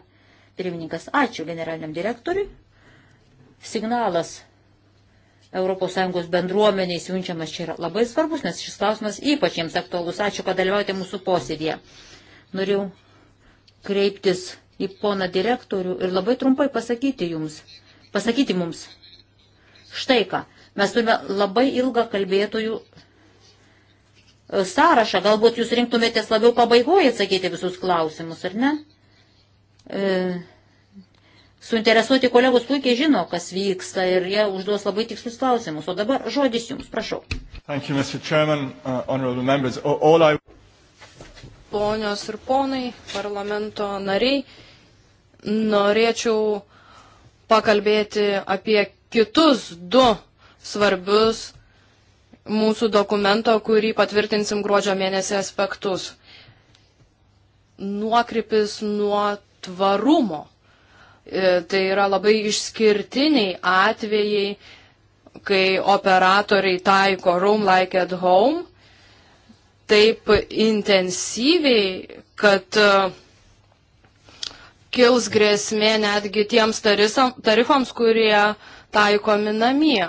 Pirmininkas, ačiū generaliniam direktoriui. Signalas ES bendruomeniai siunčiamas čia yra labai svarbus, nes šis klausimas ypač jiems aktualus. Ačiū, kad dalyvaujate mūsų posėdėje. Noriu kreiptis į poną direktorių ir labai trumpai pasakyti jums, pasakyti mums, štai ką, mes turime labai ilgą kalbėtojų e, sąrašą, galbūt jūs rinktumėtės labiau pabaigoje atsakyti visus klausimus, ar ne? E, suinteresuoti kolegos puikiai žino, kas vyksta ir jie užduos labai tikslus klausimus. O dabar žodis jums, prašau. Thank you, Mr. Chairman, uh, honorable members. All I ponios ir ponai, parlamento nariai, norėčiau pakalbėti apie kitus du svarbius mūsų dokumento, kurį patvirtinsim gruodžio mėnesį aspektus. Nuokrypis nuo tvarumo. E, tai yra labai išskirtiniai atvejai, kai operatoriai taiko room like at home taip intensyviai, kad e, kils grėsmė netgi tiems tarifams, kurie taikomi namie.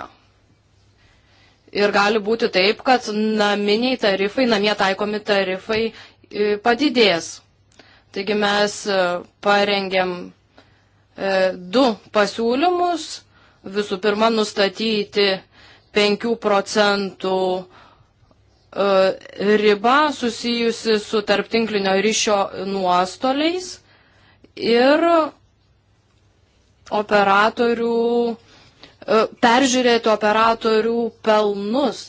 Ir gali būti taip, kad naminiai tarifai, namie taikomi tarifai e, padidės. Taigi mes e, parengėm du pasiūlymus. Visų pirma, nustatyti 5 procentų E, riba susijusi su tarptinklinio ryšio nuostoliais ir operatorių, e, peržiūrėti operatorių pelnus.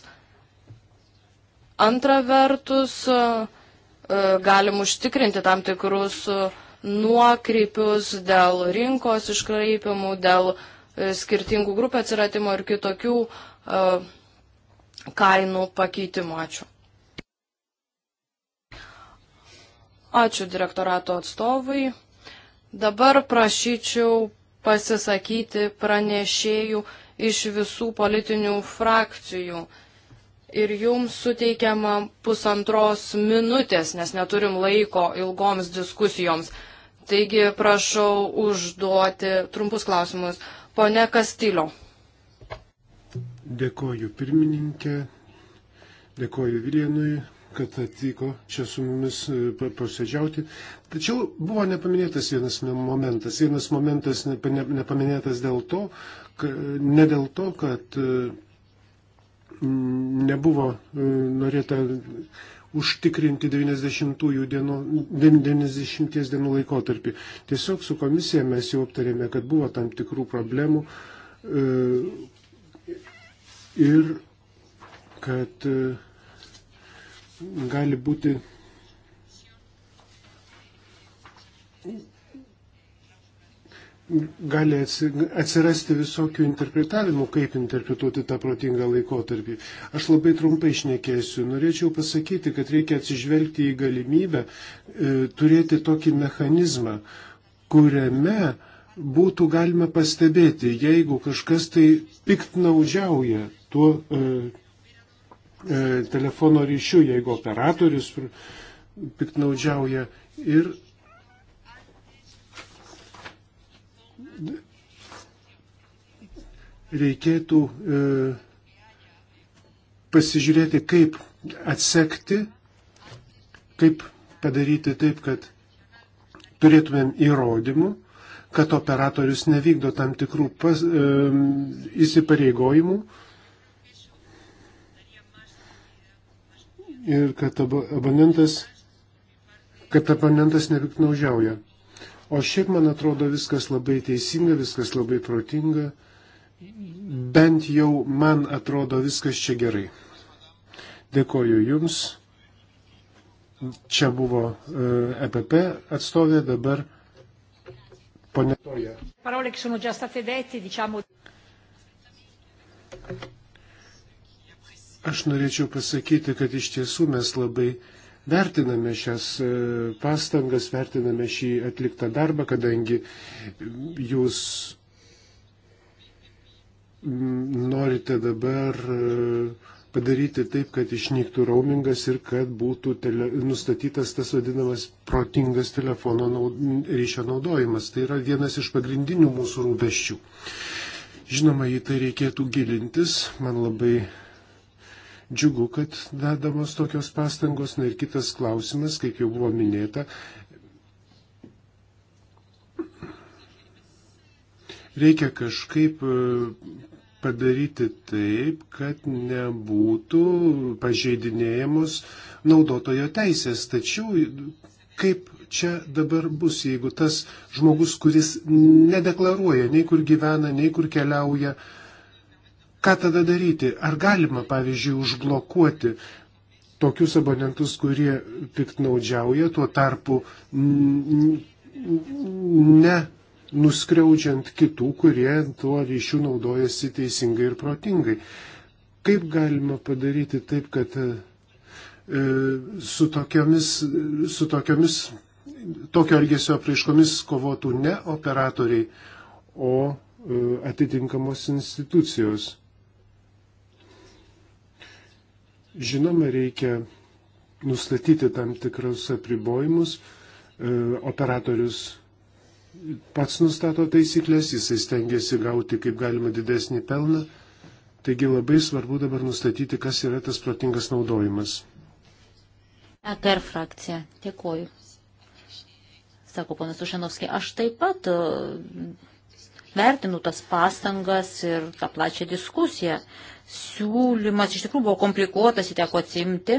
Antra vertus, e, galim užtikrinti tam tikrus nuokrypius dėl rinkos iškraipimų, dėl skirtingų grupų atsiratimo ir kitokių uh, kainų pakeitimų. Ačiū. Ačiū direktorato atstovai. Dabar prašyčiau pasisakyti pranešėjų iš visų politinių frakcijų. Ir jums suteikiama pusantros minutės, nes neturim laiko ilgoms diskusijoms. Taigi prašau užduoti trumpus klausimus. Pone Kastilio. Dėkoju pirmininkė, dėkoju Vilienui, kad atvyko čia su mumis e, posėdžiauti. Tačiau buvo nepaminėtas vienas momentas. Vienas momentas nepaminėtas dėl to, ne dėl to, kad e, nebuvo e, norėta užtikrinti 90, dienų, 90 dienų laikotarpį. Tiesiog su komisija mes jau aptarėme, kad buvo tam tikrų problemų, ir kad e, gali būti gali atsirasti visokių interpretavimų, kaip interpretuoti tą protingą laikotarpį. Aš labai trumpai išnekėsiu. Norėčiau pasakyti, kad reikia atsižvelgti į galimybę e, turėti tokį mechanizmą, kuriame būtų galima pastebėti, jeigu kažkas tai piktnaudžiauja tuo e, e, telefono ryšiu, jeigu operatorius piknaudžiauja ir reikėtų e, pasižiūrėti, kaip atsekti, kaip padaryti taip, kad turėtumėm įrodymų, kad operatorius nevykdo tam tikrų pas, e, įsipareigojimų, ir kad abonentas, kad abonentas nepiknaužiauja. O šiaip, man atrodo, viskas labai teisinga, viskas labai protinga. Bent jau man atrodo viskas čia gerai. Dėkoju Jums. Čia buvo EPP e atstovė, dabar ponė Toja. Aš norėčiau pasakyti, kad iš tiesų mes labai vertiname šias e, pastangas, vertiname šį atliktą darbą, kadangi jūs mm, norite dabar e, padaryti taip, kad išnyktų roamingas ir kad būtų tele, nustatytas tas vadinamas protingas telefono naud, ryšio naudojimas. Tai yra vienas iš pagrindinių mūsų rūpeščių. Žinoma, į tai reikėtų gilintis. Man labai Džiugu, kad vedamos tokios pastangos. Na ir kitas klausimas, kaip jau buvo minėta, reikia kažkaip e, padaryti taip, kad nebūtų pažeidinėjamos naudotojo teisės. Tačiau kaip čia dabar bus, jeigu tas žmogus, kuris nedeklaruoja nei kur gyvena, nei kur keliauja, uh, ką tada daryti? Ar galima, pavyzdžiui, užblokuoti tokius abonentus, kurie piktnaudžiauja, tuo tarpu ne nuskriaudžiant kitų, kurie tuo ryšiu naudojasi teisingai ir protingai. Kaip galima padaryti taip, kad e, su tokiomis, su tokiomis tokio elgesio apraiškomis kovotų ne operatoriai, o e, atitinkamos institucijos? Žinoma, reikia nustatyti tam tikrus apribojimus. E, operatorius pats nustato taisyklės, jisai stengiasi gauti kaip galima didesnį pelną. Taigi labai svarbu dabar nustatyti, kas yra tas protingas naudojimas. EKR frakcija. Dėkuoju. Sako ponas Ušanovskiai, aš taip pat e, vertinu tas pastangas ir tą plačią diskusiją siūlymas iš tikrųjų buvo komplikuotas, jį teko atsimti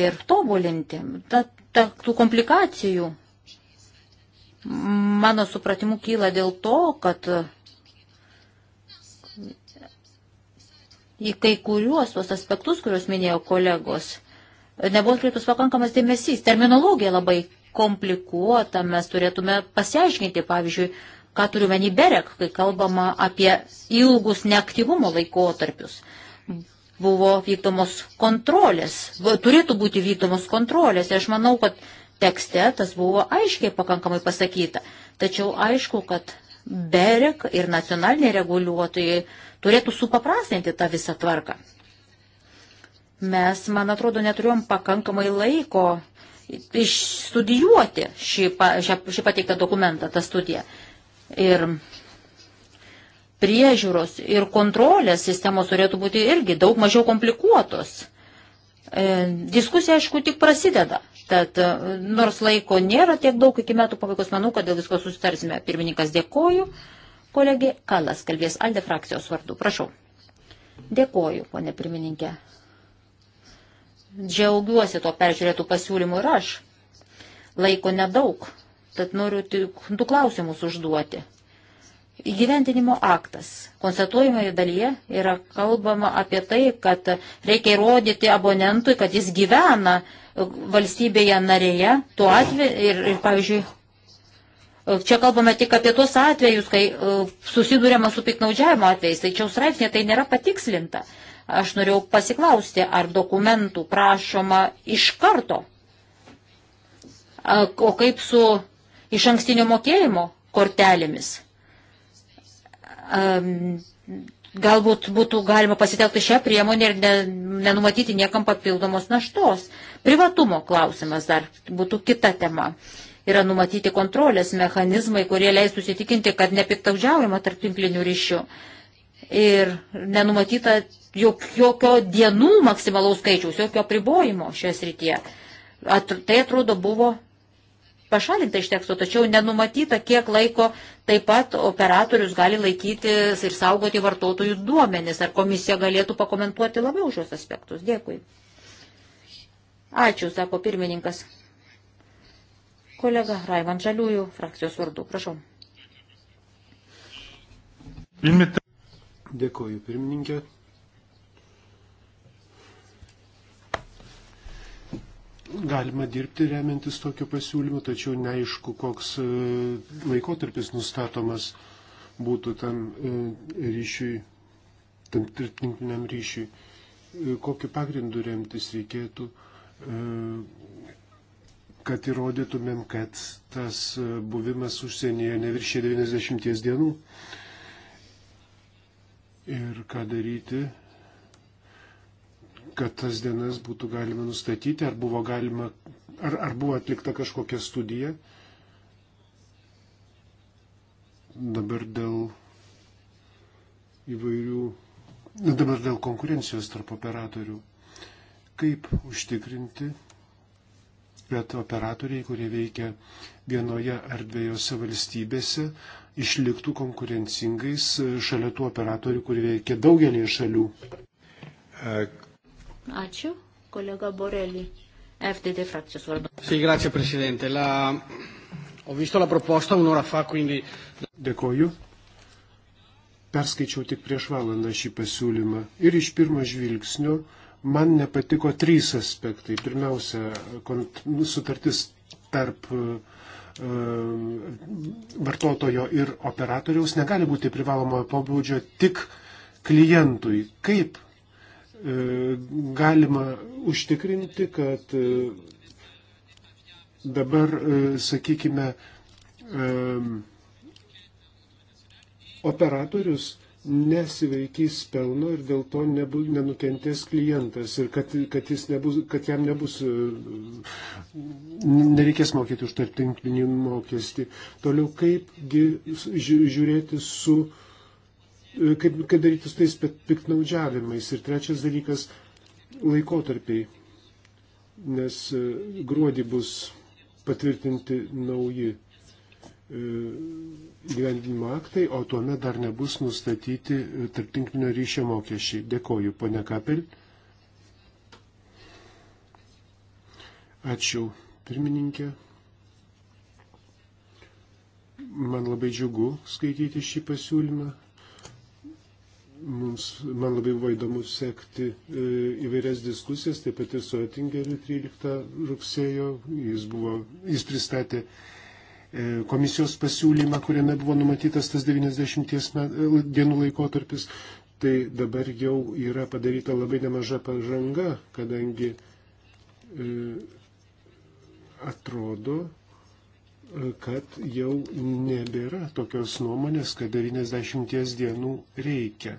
ir tobulinti. Ta, ta, tų komplikacijų mano supratimu kyla dėl to, kad į kai kuriuos tuos aspektus, kuriuos minėjo kolegos, nebuvo atkreiptas pakankamas dėmesys. Terminologija labai komplikuota, mes turėtume pasiaiškinti, pavyzdžiui, ką turiu menį berek, kai kalbama apie ilgus neaktyvumo laikotarpius. Buvo vykdomos kontrolės, turėtų būti vykdomos kontrolės ir aš manau, kad tekste tas buvo aiškiai pakankamai pasakyta. Tačiau aišku, kad berek ir nacionaliniai reguliuotojai turėtų supaprastinti tą visą tvarką. Mes, man atrodo, neturėjom pakankamai laiko išstudijuoti šį, šį pateiktą dokumentą, tą studiją. Ir priežiūros ir kontrolės sistemos turėtų būti irgi daug mažiau komplikuotos. E, diskusija, aišku, tik prasideda. Tad e, nors laiko nėra tiek daug iki metų pabaigos, manau, kad dėl visko susitarsime. Pirmininkas dėkoju. Kolegė Kalas kalbės Alde frakcijos vardu. Prašau. Dėkoju, ponė pirmininkė. Džiaugiuosi to peržiūrėtų pasiūlymų ir aš. Laiko nedaug. Tad noriu tik du klausimus užduoti. Įgyventinimo aktas. Konstatuojamoje dalyje yra kalbama apie tai, kad reikia įrodyti abonentui, kad jis gyvena valstybėje narėje. Tuo atveju ir, ir, pavyzdžiui, čia kalbame tik apie tuos atvejus, kai e, susidūrėma su piknaudžiavimo atvejais. Tačiau straipsnė tai nėra patikslinta. Aš norėjau pasiklausti, ar dokumentų prašoma iš karto. O kaip su iš ankstinio mokėjimo kortelėmis. Um, galbūt būtų galima pasitelkti šią priemonę ir ne, nenumatyti niekam papildomos naštos. Privatumo klausimas dar būtų kita tema. Yra numatyti kontrolės mechanizmai, kurie leistų įsitikinti, kad nepiktaudžiaujama tarp tinklinių ryšių. Ir nenumatyta jok, jokio dienų maksimalaus skaičiaus, jokio pribojimo šioje srityje. At, tai atrodo buvo pašalinta iš teksto, tačiau nenumatyta, kiek laiko taip pat operatorius gali laikyti ir saugoti vartotojų duomenis. Ar komisija galėtų pakomentuoti labiau šios aspektus? Dėkui. Ačiū, sako pirmininkas. Kolega Raivan Žaliųjų, frakcijos vardu. Prašau. Dėkuoju, pirmininkė. galima dirbti remiantis tokiu pasiūlymu, tačiau neaišku, koks e, laikotarpis nustatomas būtų tam e, ryšiui, tam tirtininkiniam ryšiui, e, kokiu pagrindu remtis reikėtų, kad įrodytumėm, kad tas buvimas užsienyje neviršė 90 dienų ir ką daryti kad tas dienas būtų galima nustatyti, ar buvo, galima, ar, ar buvo atlikta kažkokia studija. Dabar dėl įvairių, dabar dėl konkurencijos tarp operatorių. Kaip užtikrinti, kad operatoriai, kurie veikia vienoje ar dviejose valstybėse, išliktų konkurencingais šalia tų operatorių, kurie veikia daugelį šalių. Uh, Ačiū, kolega Borelį. FDD frakcijos vardu. Sì, grazie Presidente. La... Ho visto la proposta un'ora fa, quindi... Dėkoju. Perskaičiau tik prieš valandą šį pasiūlymą ir iš pirmo žvilgsnio man nepatiko trys aspektai. Pirmiausia, kont... sutartis tarp e, vartotojo ir operatoriaus negali būti privalomojo pobūdžio tik klientui. Kaip E, galima užtikrinti, kad e, dabar, e, sakykime, operatorius nesivaikys pelno ir dėl to nebu, nenukentės klientas ir kad, kad, nebus, kad jam nebus, nereikės mokėti už tarptinklinį mokestį. Toliau kaipgi žiūrėti su uh, E, kaip, kaip daryti su tais piknaudžiavimais. Ir trečias dalykas - laikotarpiai, nes e, gruodį bus patvirtinti nauji e, gyvendinimo aktai, o tuomet dar nebus nustatyti tarptinklinio ryšio mokesčiai. Dėkoju, ponia Kapel. Ačiū, pirmininkė. Man labai džiugu skaityti šį pasiūlymą. Mums, man labai buvo įdomu sekti e, įvairias diskusijas, taip pat ir su Atingeriu 13 rugsėjo. Jis, buvo, jis pristatė e, komisijos pasiūlymą, kuriame buvo numatytas tas 90 e, dienų laikotarpis. Tai dabar jau yra padaryta labai nemaža pažanga, kadangi atrodo, kad jau nebėra tokios nuomonės, kad 90 dienų reikia.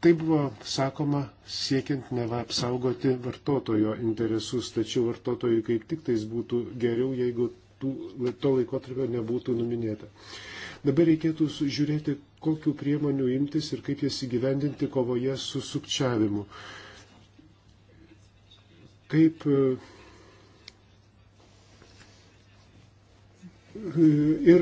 Tai buvo sakoma siekiant neva apsaugoti vartotojo interesus, tačiau vartotojui kaip tik tais būtų geriau, jeigu tų, to laikotarpio nebūtų numinėta. Dabar reikėtų žiūrėti, kokiu priemonių imtis ir kaip jas įgyvendinti kovoje su sukčiavimu. Kaip E, ir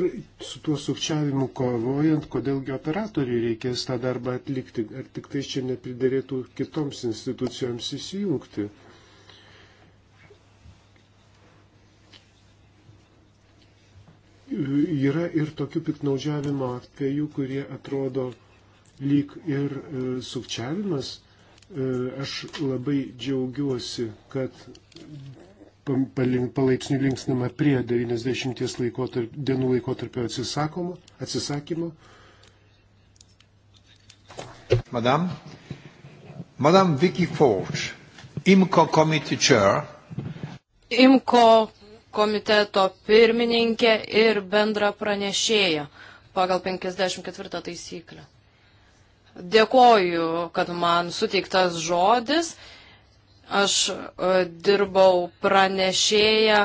su tuo sukčiavimu kovojant, kodėlgi operatoriui reikės tą darbą atlikti, ar tik tai čia nepridarėtų kitoms institucijoms įsijungti. Yra ir tokių piknaudžiavimo atvejų, kurie atrodo lyg ir e, sukčiavimas. E, aš labai džiaugiuosi, kad palaipsniui linksnama prie 90 laikotarp, dienų laikotarpio atsisakymo. Madam, Madam Vicky Forge, IMCO Committee Chair. IMCO komiteto pirmininkė ir bendra pranešėja pagal 54 taisyklę. Dėkoju, kad man suteiktas žodis Aš e, dirbau pranešėję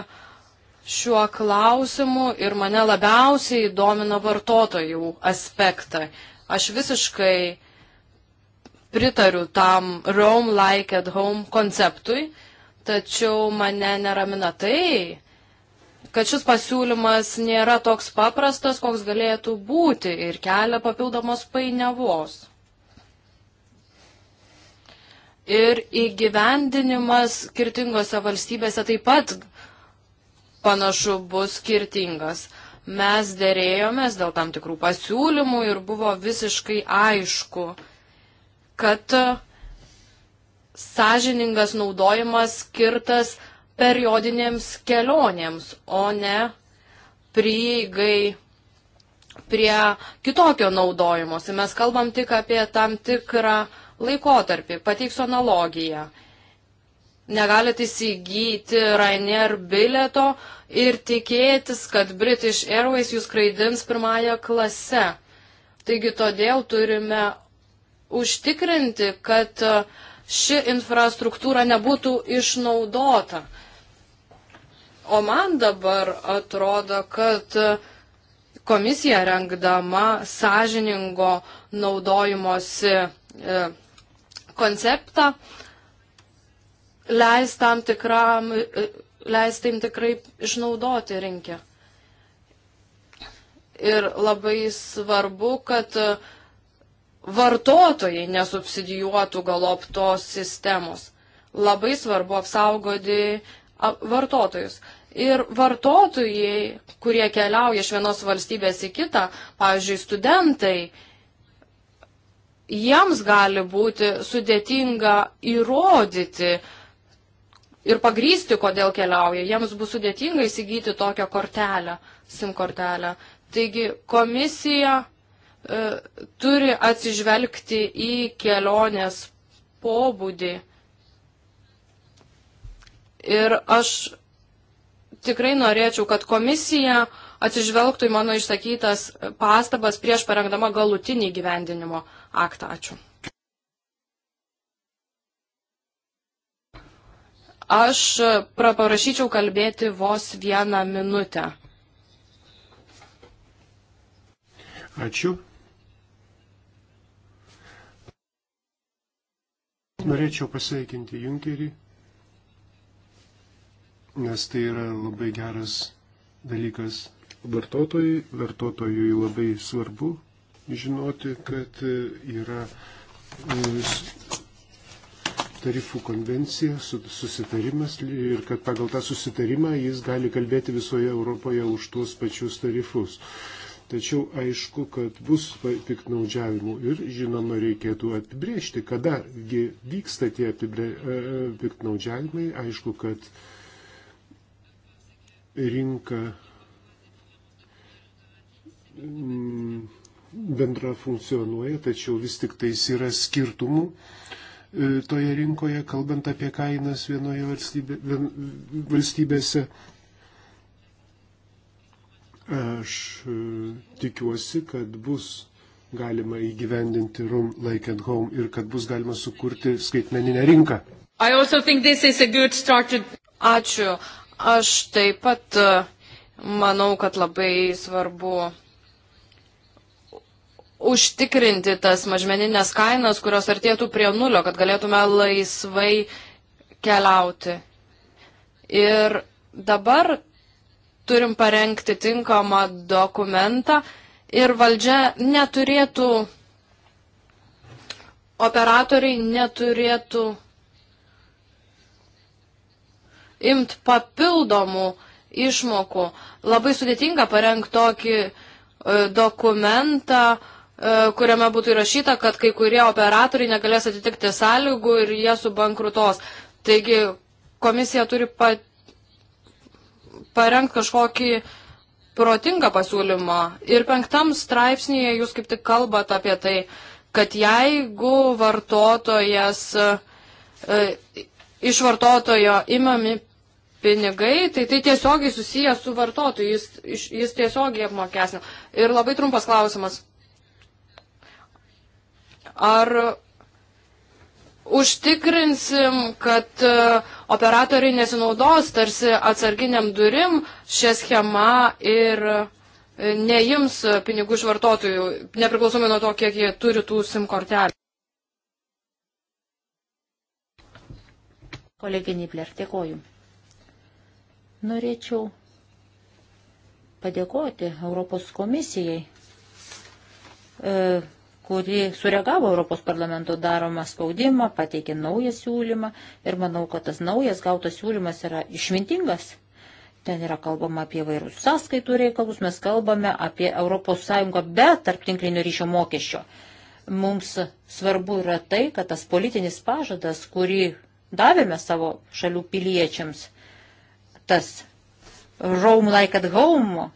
šiuo klausimu ir mane labiausiai domina vartotojų aspektą. Aš visiškai pritariu tam Roam Like at Home konceptui, tačiau mane neramina tai, kad šis pasiūlymas nėra toks paprastas, koks galėtų būti ir kelia papildomos painiavos ir įgyvendinimas skirtingose valstybėse taip pat panašu bus skirtingas. Mes dėrėjomės dėl tam tikrų pasiūlymų ir buvo visiškai aišku, kad sąžiningas naudojimas skirtas periodinėms kelionėms, o ne prieigai prie kitokio naudojimosi. Mes kalbam tik apie tam tikrą uh, laikotarpį. Pateiksiu analogiją. Negalite įsigyti Rainier bilieto ir tikėtis, kad British Airways jūs kraidins pirmąją klasę. Taigi todėl turime užtikrinti, kad e, ši infrastruktūra nebūtų išnaudota. O man dabar atrodo, kad e, komisija rengdama sąžiningo naudojimosi e, konceptą, leis tam tikram, leis tam tikrai išnaudoti rinkę. Ir labai svarbu, kad vartotojai nesubsidijuotų galop tos sistemos. Labai svarbu apsaugoti vartotojus. Ir vartotojai, kurie keliauja iš vienos valstybės į kitą, pavyzdžiui, studentai, jiems gali būti sudėtinga įrodyti ir pagrysti, kodėl keliauja. Jiems bus sudėtinga įsigyti tokią kortelę, SIM kortelę. Taigi komisija e, turi atsižvelgti į kelionės pobūdį. Ir aš tikrai norėčiau, kad komisija atsižvelgtų į mano išsakytas pastabas prieš parengdama galutinį gyvendinimo aktą. Ačiū. Aš paprašyčiau kalbėti vos vieną minutę. Ačiū. Norėčiau pasveikinti Junkerį, nes tai yra labai geras dalykas vartotojui, vartotojui labai svarbu, žinoti, kad e, yra e, tarifų konvencija, susitarimas ir kad pagal tą susitarimą jis gali kalbėti visoje Europoje už tuos pačius tarifus. Tačiau aišku, kad bus piknaudžiavimų ir žinoma reikėtų apibriežti, kada vyksta tie apibre... E, piknaudžiavimai. Aišku, kad rinka mm, bendra funkcionuoja, tačiau vis tik tais yra skirtumų e, toje rinkoje, kalbant apie kainas vienoje valstybė, vien, valstybėse. Aš e, tikiuosi, kad bus galima įgyvendinti Room Like at Home ir kad bus galima sukurti skaitmeninę rinką. To... Ačiū. Aš taip pat e, manau, kad labai svarbu užtikrinti tas mažmeninės kainas, kurios artėtų prie nulio, kad galėtume laisvai keliauti. Ir dabar turim parengti tinkamą dokumentą ir valdžia neturėtų, operatoriai neturėtų imt papildomų išmokų. Labai sudėtinga parengti tokį e, dokumentą, E, kuriame būtų įrašyta, kad kai kurie operatoriai negalės atitikti sąlygų ir jie subankrutos. Taigi komisija turi pa, parengti kažkokį protingą pasiūlymą. Ir penktam straipsnėje jūs kaip tik kalbate apie tai, kad jeigu vartotojas, e, iš vartotojo imami pinigai, tai tai tiesiogiai susijęs su vartotoju, jis, jis tiesiogiai apmokesnė. Ir labai trumpas klausimas. Ar užtikrinsim, kad e, operatoriai nesinaudos tarsi atsarginiam durim šią schemą ir e, neims pinigų iš vartotojų, nepriklausomai nuo to, kiek jie turi tų SIM kortelių. Kolegė Nibler, dėkoju. Norėčiau padėkoti Europos komisijai. E, kuri sureagavo Europos parlamento daromą spaudimą, pateikė naują siūlymą ir manau, kad tas naujas gautas siūlymas yra išmintingas. Ten yra kalbama apie vairius sąskaitų reikalus, mes kalbame apie ES be tarptinklinio ryšio mokesčio. Mums svarbu yra tai, kad tas politinis pažadas, kurį davėme savo šalių piliečiams, tas Roam like at home,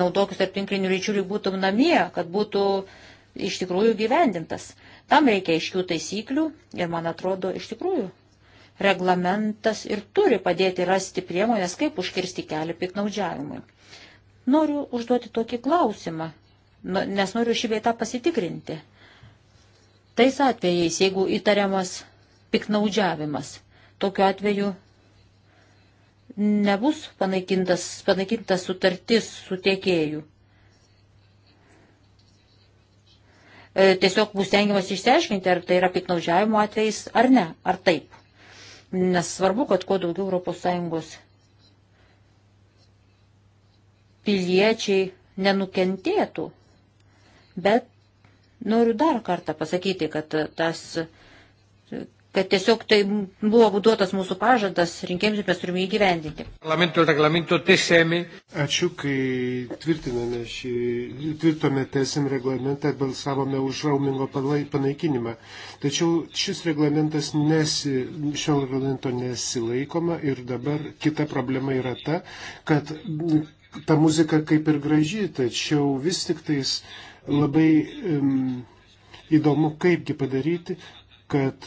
naudokis tarptinklinių ryčių, lyg būtum namie, kad būtų uh, iš tikrųjų gyvendintas. Tam reikia iškių taisyklių ir, man atrodo, iš tikrųjų reglamentas ir turi padėti rasti priemonės, kaip užkirsti kelią piknaudžiavimui. Noriu užduoti tokį klausimą, nu, nes noriu šį veitą pasitikrinti. Tais atvejais, jeigu įtariamas piknaudžiavimas, tokiu atveju nebus panaikintas, panaikintas sutartis su tiekėju. E, tiesiog bus tengiamas išsiaiškinti, ar tai yra piknaudžiavimo atvejais ar ne, ar taip. Nes svarbu, kad kuo daugiau ES piliečiai nenukentėtų. Bet noriu dar kartą pasakyti, kad tas kad tiesiog tai buvo duotas mūsų pažadas rinkėjams ir mes turime įgyvendinti. Ačiū, kai tvirtiname šį, tvirtome TSM reglamentą, balsavome už raumingo panaikinimą. Tačiau šis reglamentas nesi, šio reglamento nesilaikoma ir dabar kita problema yra ta, kad ta muzika kaip ir graži, tačiau vis tik tais labai um, įdomu, kaipgi padaryti, kad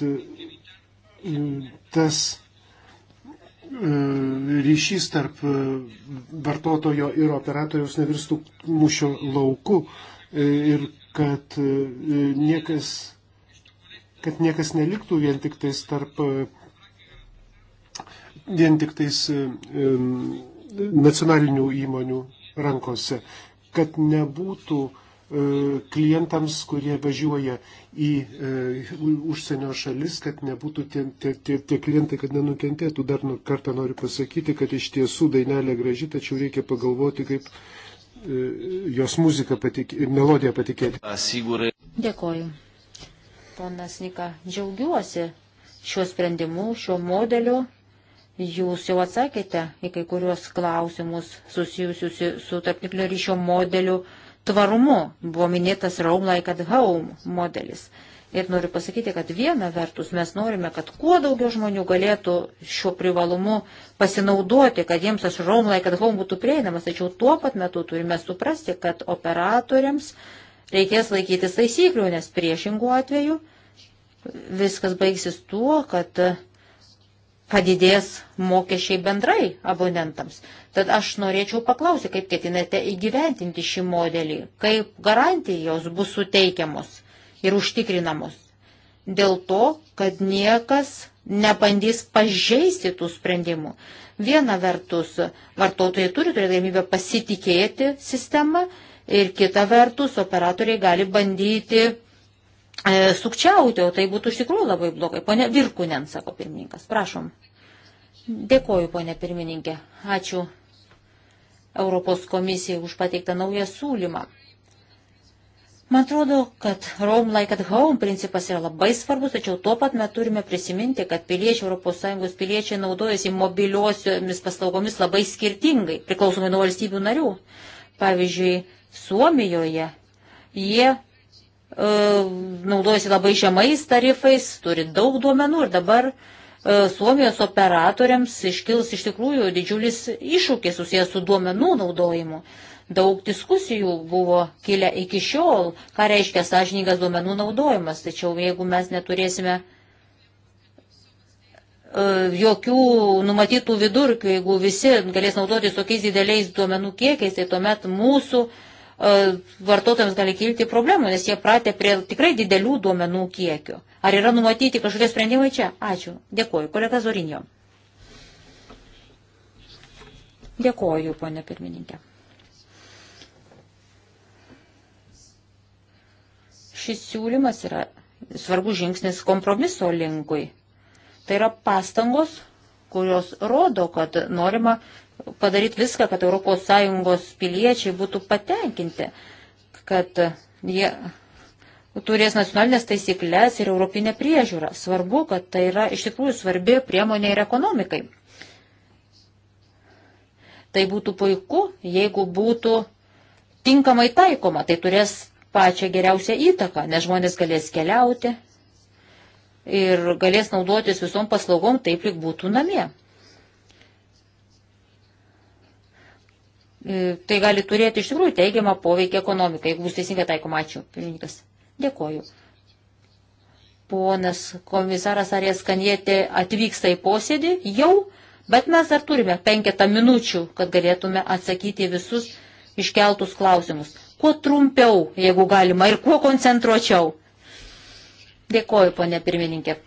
tas e, ryšys tarp e, vartotojo ir operatoriaus nevirstų mūšio lauku e, ir kad niekas, kad niekas neliktų vien tik tais tarp vien tik tais nacionalinių įmonių rankose, kad nebūtų E, klientams, kurie važiuoja į e, užsienio šalis, kad nebūtų tie, tie, tie, tie klientai, kad nenukentėtų. Dar nu, kartą noriu pasakyti, kad iš tiesų dainelė graži, tačiau reikia pagalvoti, kaip e, jos muziką, patik, melodiją patikėti. Dėkoju. Ponas Nika, džiaugiuosi šiuo sprendimu, šiuo modeliu. Jūs jau atsakėte į kai kuriuos klausimus susijusius su tarptiklio ryšio modeliu tvarumu. Buvo minėtas Roam Like at Home modelis. Ir noriu pasakyti, kad viena vertus mes norime, kad kuo daugiau žmonių galėtų šiuo privalumu pasinaudoti, kad jiems aš Roam Like at Home būtų prieinamas, tačiau tuo pat metu turime suprasti, kad operatoriams reikės laikytis taisyklių, nes priešingų atveju viskas baigsis tuo, kad uh, padidės mokesčiai bendrai abonentams. Tad aš norėčiau paklausyti, kaip ketinate įgyventinti šį modelį, kaip garantijos bus suteikiamos ir užtikrinamos. Dėl to, kad niekas nebandys pažeisti tų sprendimų. Viena vertus, vartotojai turi turėti galimybę pasitikėti sistemą ir kita vertus, operatoriai gali bandyti e, sukčiauti, o tai būtų iš tikrųjų labai blogai. Pone Virkunen, sako pirmininkas, prašom. Dėkoju, ponė pirmininkė. Ačiū Europos komisijai už pateiktą naują siūlymą. Man atrodo, kad Rome like at home principas yra labai svarbus, tačiau tuo pat metu turime prisiminti, kad piliečiai, ES piliečiai naudojasi mobiliosiomis paslaugomis labai skirtingai, priklausomai nuo valstybių narių. Pavyzdžiui, Suomijoje jie E, naudojasi labai žemais tarifais, turi daug duomenų ir dabar e, Suomijos operatoriams iškils iš tikrųjų didžiulis iššūkis susijęs su duomenų naudojimu. Daug diskusijų buvo kilę iki šiol, ką reiškia sąžininkas duomenų naudojimas. Tačiau jeigu mes neturėsime e, jokių numatytų vidurkių, jeigu visi galės naudotis tokiais dideliais duomenų kiekiais, tai tuomet mūsų uh, E, vartotojams gali kilti problemų, nes jie pratė prie tikrai didelių duomenų kiekio. Ar yra numatyti kažkokie sprendimai čia? Ačiū. Dėkuoju. Kolega Zorinio. Dėkuoju, ponė pirmininkė. Šis siūlymas yra svarbus žingsnis kompromiso linkui. Tai yra pastangos, kurios rodo, kad norima padaryti viską, kad ES piliečiai būtų patenkinti, kad jie turės nacionalinės taisyklės ir europinę priežiūrą. Svarbu, kad tai yra iš tikrųjų svarbi priemonė ir ekonomikai. Tai būtų puiku, jeigu būtų tinkamai taikoma, tai turės pačią geriausią įtaką, nes žmonės galės keliauti ir galės naudotis visom paslaugom taip, lyg būtų namie. E, tai gali turėti iš tikrųjų teigiamą poveikį ekonomikai, jeigu bus teisingai taikoma. Ačiū, pirmininkas. Dėkoju. Ponas komisaras Arijas Kanietė atvyksta į posėdį jau, bet mes dar turime penketą minučių, kad galėtume atsakyti visus iškeltus klausimus. Kuo trumpiau, jeigu galima, ir kuo koncentruočiau. Dėkoju, ponė pirmininkė.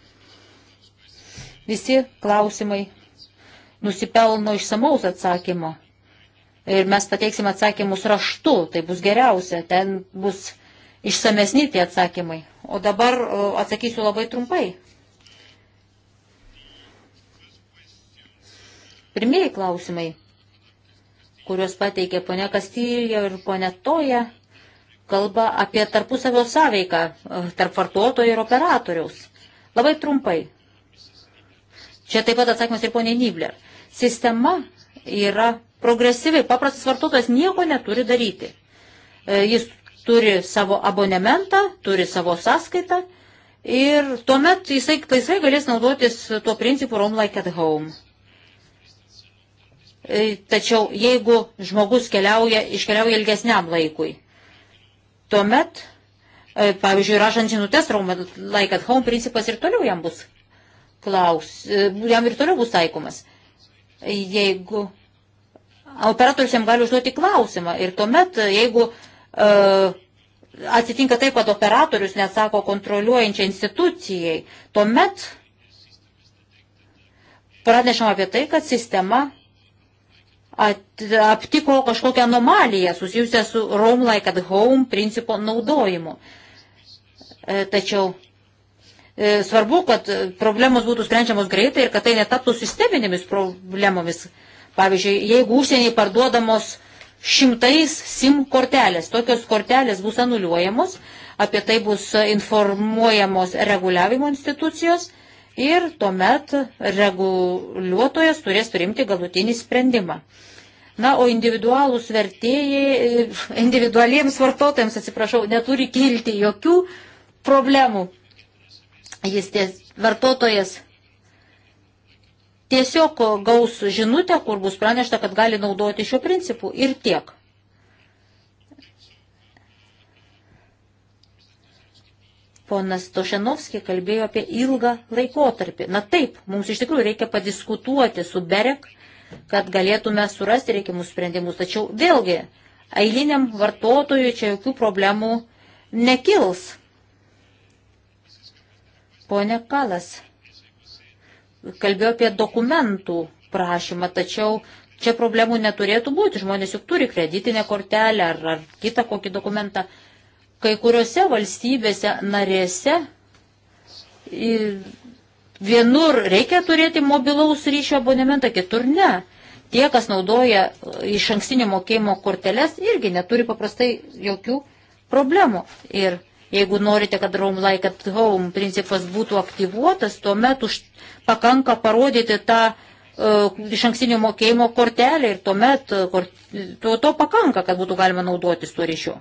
Visi klausimai nusipelno išsamaus atsakymo ir mes pateiksim atsakymus raštu, tai bus geriausia, ten bus išsamesni tie atsakymai. O dabar atsakysiu labai trumpai. Pirmieji klausimai, kuriuos pateikė ponia Kastyja ir ponia Toja, kalba apie tarpusavio sąveiką e, tarp vartotojo ir operatoriaus. Labai trumpai. Čia taip pat atsakymas ir ponia Nibler. Sistema yra progresyviai, paprastas vartotojas nieko neturi daryti. E, jis turi savo abonementą, turi savo sąskaitą ir tuomet jisai laisvai galės naudotis tuo principu Roam Like at Home. E, tačiau jeigu žmogus keliauja, iškeliauja ilgesniam laikui, tuomet, e, pavyzdžiui, rašant žinutės Roam Like at Home principas ir toliau jam bus klaus, jam ir toliau bus taikomas. Jeigu operatorius jam gali užduoti klausimą ir tuomet, e, jeigu uh, atsitinka taip, kad operatorius nesako kontroliuojančiai institucijai, tuomet pranešama apie tai, kad sistema at, aptiko kažkokią anomaliją susijusią su Roam Like at Home principo naudojimu. E, tačiau e, svarbu, kad problemos būtų sprendžiamos greitai ir kad tai netaptų sisteminėmis problemomis. E, Pavyzdžiui, jeigu užsieniai parduodamos šimtais SIM kortelės, tokios kortelės bus anuliuojamos, apie tai bus informuojamos reguliavimo institucijos ir tuomet reguliuotojas turės priimti galutinį sprendimą. Na, o individualūs vertėjai, individualiems vartotojams, atsiprašau, neturi kilti jokių problemų. Jis ties vartotojas tiesiog gaus žinutę, kur bus pranešta, kad gali naudoti šiuo principu ir tiek. Ponas Tošenovskis kalbėjo apie ilgą laikotarpį. Na taip, mums iš tikrųjų reikia padiskutuoti su Berek, kad galėtume surasti reikiamus sprendimus. Tačiau vėlgi, eiliniam vartotojui čia jokių problemų nekils. Pone Kalas kalbėjo apie dokumentų prašymą, tačiau čia problemų neturėtų būti. Žmonės juk turi kreditinę kortelę ar, ar kitą kokį dokumentą. Kai kuriuose valstybėse narėse vienur reikia turėti mobilaus ryšio abonementą, kitur ne. Tie, kas naudoja iš ankstinio mokėjimo korteles, irgi neturi paprastai jokių problemų. Ir Jeigu norite, kad Rome Like at Home principas būtų aktyvuotas, tuomet už, pakanka parodyti tą e, iš ankstinio mokėjimo kortelę ir tuomet e, to, to pakanka, kad būtų galima naudotis tuo ryšiu.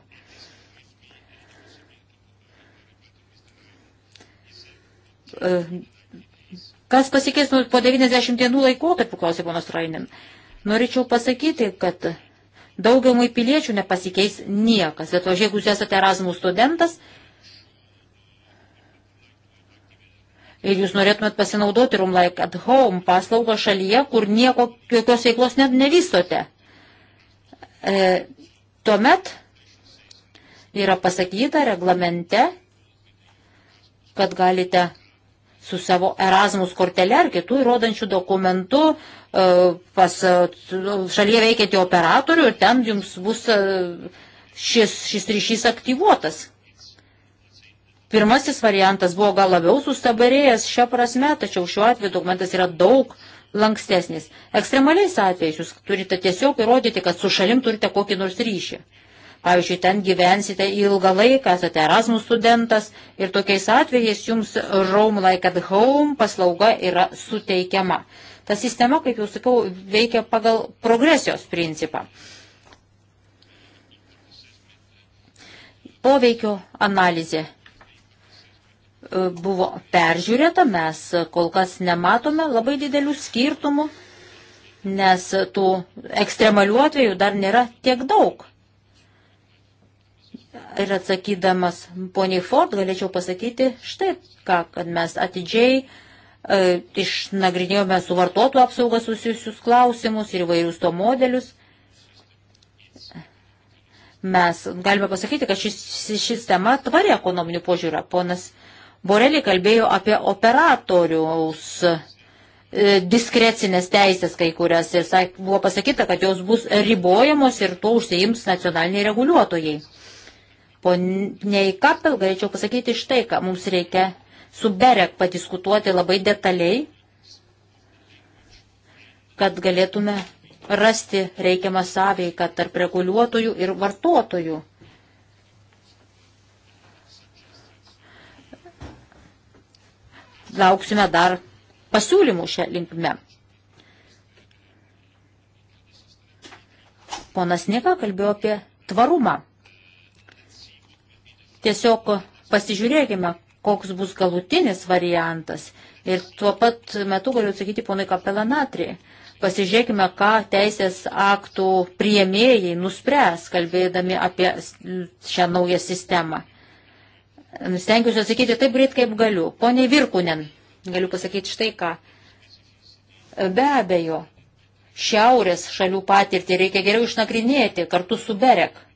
E, kas pasikeis po 90 dienų laikotarpių, klausė ponas Rainin. Norėčiau pasakyti, kad Daugiamui piliečių nepasikeis niekas. Bet to, jeigu jūs esate Erasmus studentas ir jūs norėtumėt pasinaudoti Room Like at Home paslaugą šalyje, kur nieko, jokios veiklos net nevystote, e, tuomet yra pasakyta reglamente, kad galite su savo Erasmus kortele ar kitų įrodančių dokumentų e, pas e, šalyje veikiantį operatorių ir ten jums bus e, šis, šis ryšys aktyvuotas. Pirmasis variantas buvo gal labiau sustabarėjęs šią prasme, tačiau šiuo atveju dokumentas yra daug lankstesnis. Ekstremaliais atvejais jūs turite tiesiog įrodyti, kad su šalim turite kokį nors ryšį. Pavyzdžiui, ten gyvensite ilgą laiką, esate Erasmus studentas ir tokiais atvejais jums Roam Like at Home paslauga yra suteikiama. Ta sistema, kaip jau sakiau, veikia pagal progresijos principą. Poveikio analizė e, buvo peržiūrėta, mes kol kas nematome labai didelių skirtumų, nes tų ekstremalių atvejų dar nėra tiek daug. Ir atsakydamas poniai Ford galėčiau pasakyti štai ką, kad mes atidžiai e, išnagrinėjome su vartotojų apsauga susijusius klausimus ir įvairius to modelius. Mes galime pasakyti, kad šis, šis tema tvari ekonominių požiūrą. Ponas Borelį kalbėjo apie operatoriaus e, diskrecinės teisės kai kurias ir buvo pasakyta, kad jos bus ribojamos ir tuo užsiims nacionaliniai reguliuotojai. Poniai Kapel galėčiau pasakyti štai, ką mums reikia su Berek padiskutuoti labai detaliai, kad galėtume rasti reikiamą sąveiką tarp reguliuotojų ir vartotojų. Lauksime dar pasiūlymų šią linkme. Ponas Nika kalbėjo apie tvarumą. Tiesiog pasižiūrėkime, koks bus galutinis variantas. Ir tuo pat metu galiu atsakyti ponai Kapelanatrį. Pasižiūrėkime, ką teisės aktų priemėjai nuspręs, kalbėdami apie šią naują sistemą. Stengiuosi atsakyti taip greit, kaip galiu. Pone Virkunen, galiu pasakyti štai ką. Be abejo, šiaurės šalių patirtį reikia geriau išnagrinėti kartu su Berek.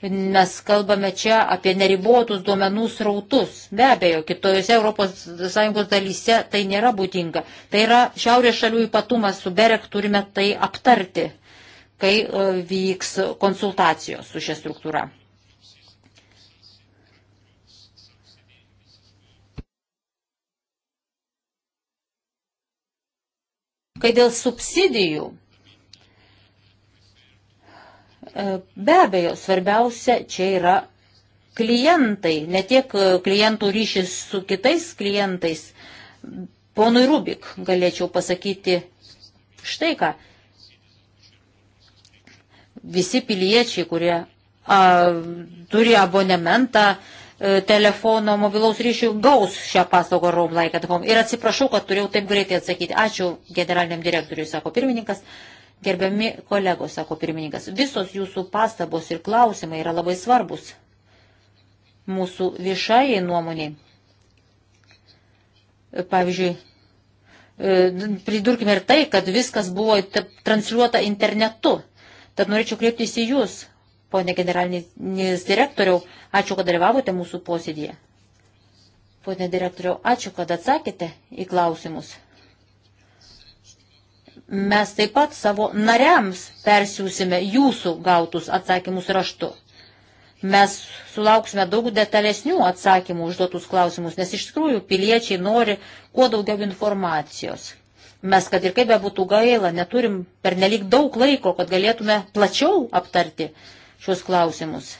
Mes kalbame čia apie neribotus duomenų srautus. Be abejo, kitojose ES dalyse tai nėra būdinga. Tai yra šiaurės šalių ypatumas, su BEREK turime tai aptarti, kai e, vyks konsultacijos su šia struktūra. Kai dėl subsidijų E, be abejo, svarbiausia čia yra klientai, ne tiek e, klientų ryšys su kitais klientais. Ponui Rubik galėčiau pasakyti štai ką. Visi piliečiai, kurie a, turi abonementą, e, telefono mobilaus ryšių gaus šią paslaugą Roam Like at Home. Ir atsiprašau, kad turėjau taip greitai atsakyti. Ačiū generaliniam direktoriui, sako pirmininkas. Gerbiami kolegos, sako pirmininkas, visos jūsų pastabos ir klausimai yra labai svarbus mūsų viešajai nuomoniai. Pavyzdžiui, e, pridurkime ir tai, kad viskas buvo transliuota internetu. Tad norėčiau kreiptis į Jūs, ponė generalinis direktoriau, ačiū, kad dalyvavote mūsų posėdėje. Pone direktoriau, ačiū, kad atsakėte į klausimus mes taip pat savo nariams persiūsime jūsų gautus atsakymus raštu. Mes sulauksime daug detalesnių atsakymų užduotus klausimus, nes iš tikrųjų piliečiai nori kuo daugiau informacijos. Mes, kad ir kaip bebūtų gaila, neturim per nelik daug laiko, kad galėtume plačiau aptarti šios klausimus.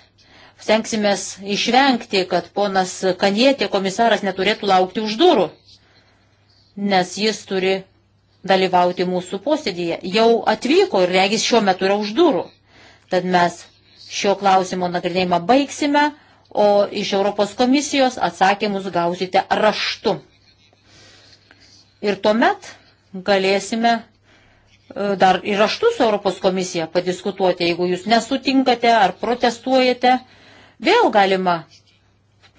Stengsimės išvengti, kad ponas Kanietė komisaras neturėtų laukti už durų, nes jis turi dalyvauti mūsų posėdėje. Jau atvyko ir regis šiuo metu yra už durų. Tad mes šio klausimo nagrinėjimą baigsime, o iš Europos komisijos atsakymus gausite raštu. Ir tuomet galėsime e, dar ir raštu su Europos komisija padiskutuoti, jeigu jūs nesutinkate ar protestuojate. Vėl galima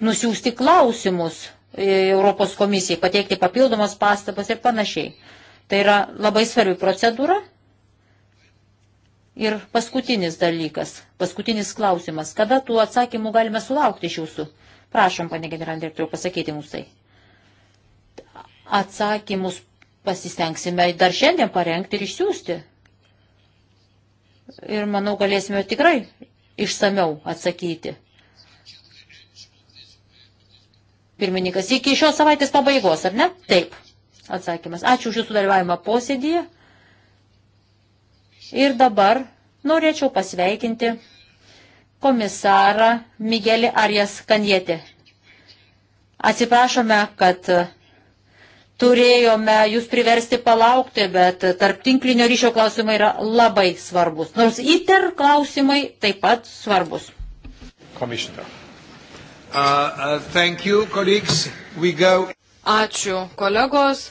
nusiųsti klausimus e, Europos komisijai, pateikti papildomas pastabas ir panašiai. Tai yra labai svarbi procedūra. Ir paskutinis dalykas, paskutinis klausimas. Kada tų atsakymų galime sulaukti iš jūsų? Prašom, pane generalinė direktorių, pasakyti mums tai. Atsakymus pasistengsime dar šiandien parengti ir išsiųsti. Ir manau, galėsime tikrai išsameu atsakyti. Pirmininkas, iki šios savaitės pabaigos, ar ne? Taip atsakymas. Ačiū už jūsų dalyvavimą posėdėje. Ir dabar norėčiau pasveikinti komisarą Migelį Arijas Kanietį. Atsiprašome, kad turėjome jūs priversti palaukti, bet tarp tinklinio ryšio klausimai yra labai svarbus. Nors ITER klausimai taip pat svarbus. Komisioner. Uh, uh, you, Ačiū, kolegos.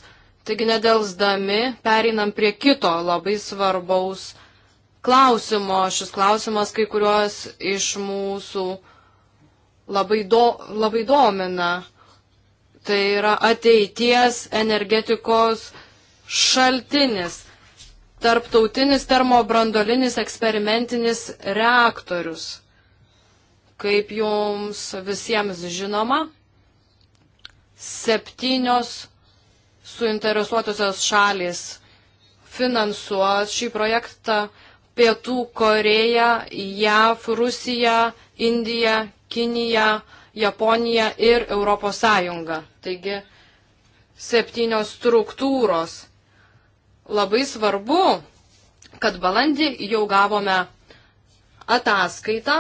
Taigi nedelsdami pereinam prie kito labai svarbaus klausimo. Šis klausimas kai kuriuos iš mūsų labai, do, labai domina. Tai yra ateities energetikos šaltinis. Tarptautinis termobrandolinis eksperimentinis reaktorius. Kaip jums visiems žinoma, septynios suinteresuotusios šalis finansuos šį projektą Pietų Koreja, JAV, Rusija, Indija, Kinija, Japonija ir Europos Sąjunga. Taigi septynios struktūros. Labai svarbu, kad balandį jau gavome ataskaitą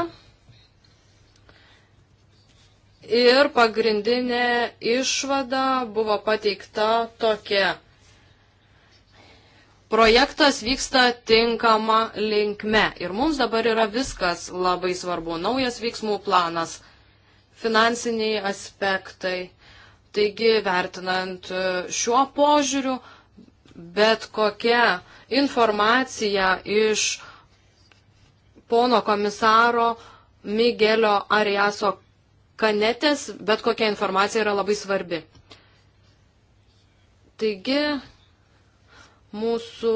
Ir pagrindinė išvada buvo pateikta tokia. Projektas vyksta tinkama linkme ir mums dabar yra viskas labai svarbu. Naujas veiksmų planas, finansiniai aspektai. Taigi, vertinant e, šiuo požiūriu, bet kokia informacija iš pono komisaro Migelio Ariaso kanetės, bet kokia informacija yra labai svarbi. Taigi, mūsų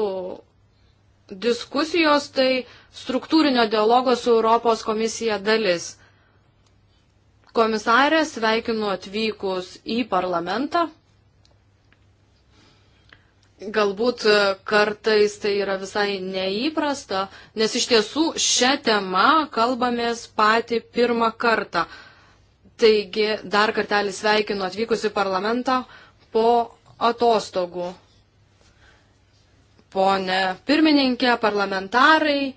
diskusijos tai struktūrinio dialogo su Europos komisija dalis. Komisarė sveikinu atvykus į parlamentą. Galbūt kartais tai yra visai neįprasta, nes iš tiesų šią temą kalbamės patį pirmą kartą. Taigi dar kartelį sveikinu atvykusiu parlamentą po atostogų. Pone pirmininkė, parlamentarai,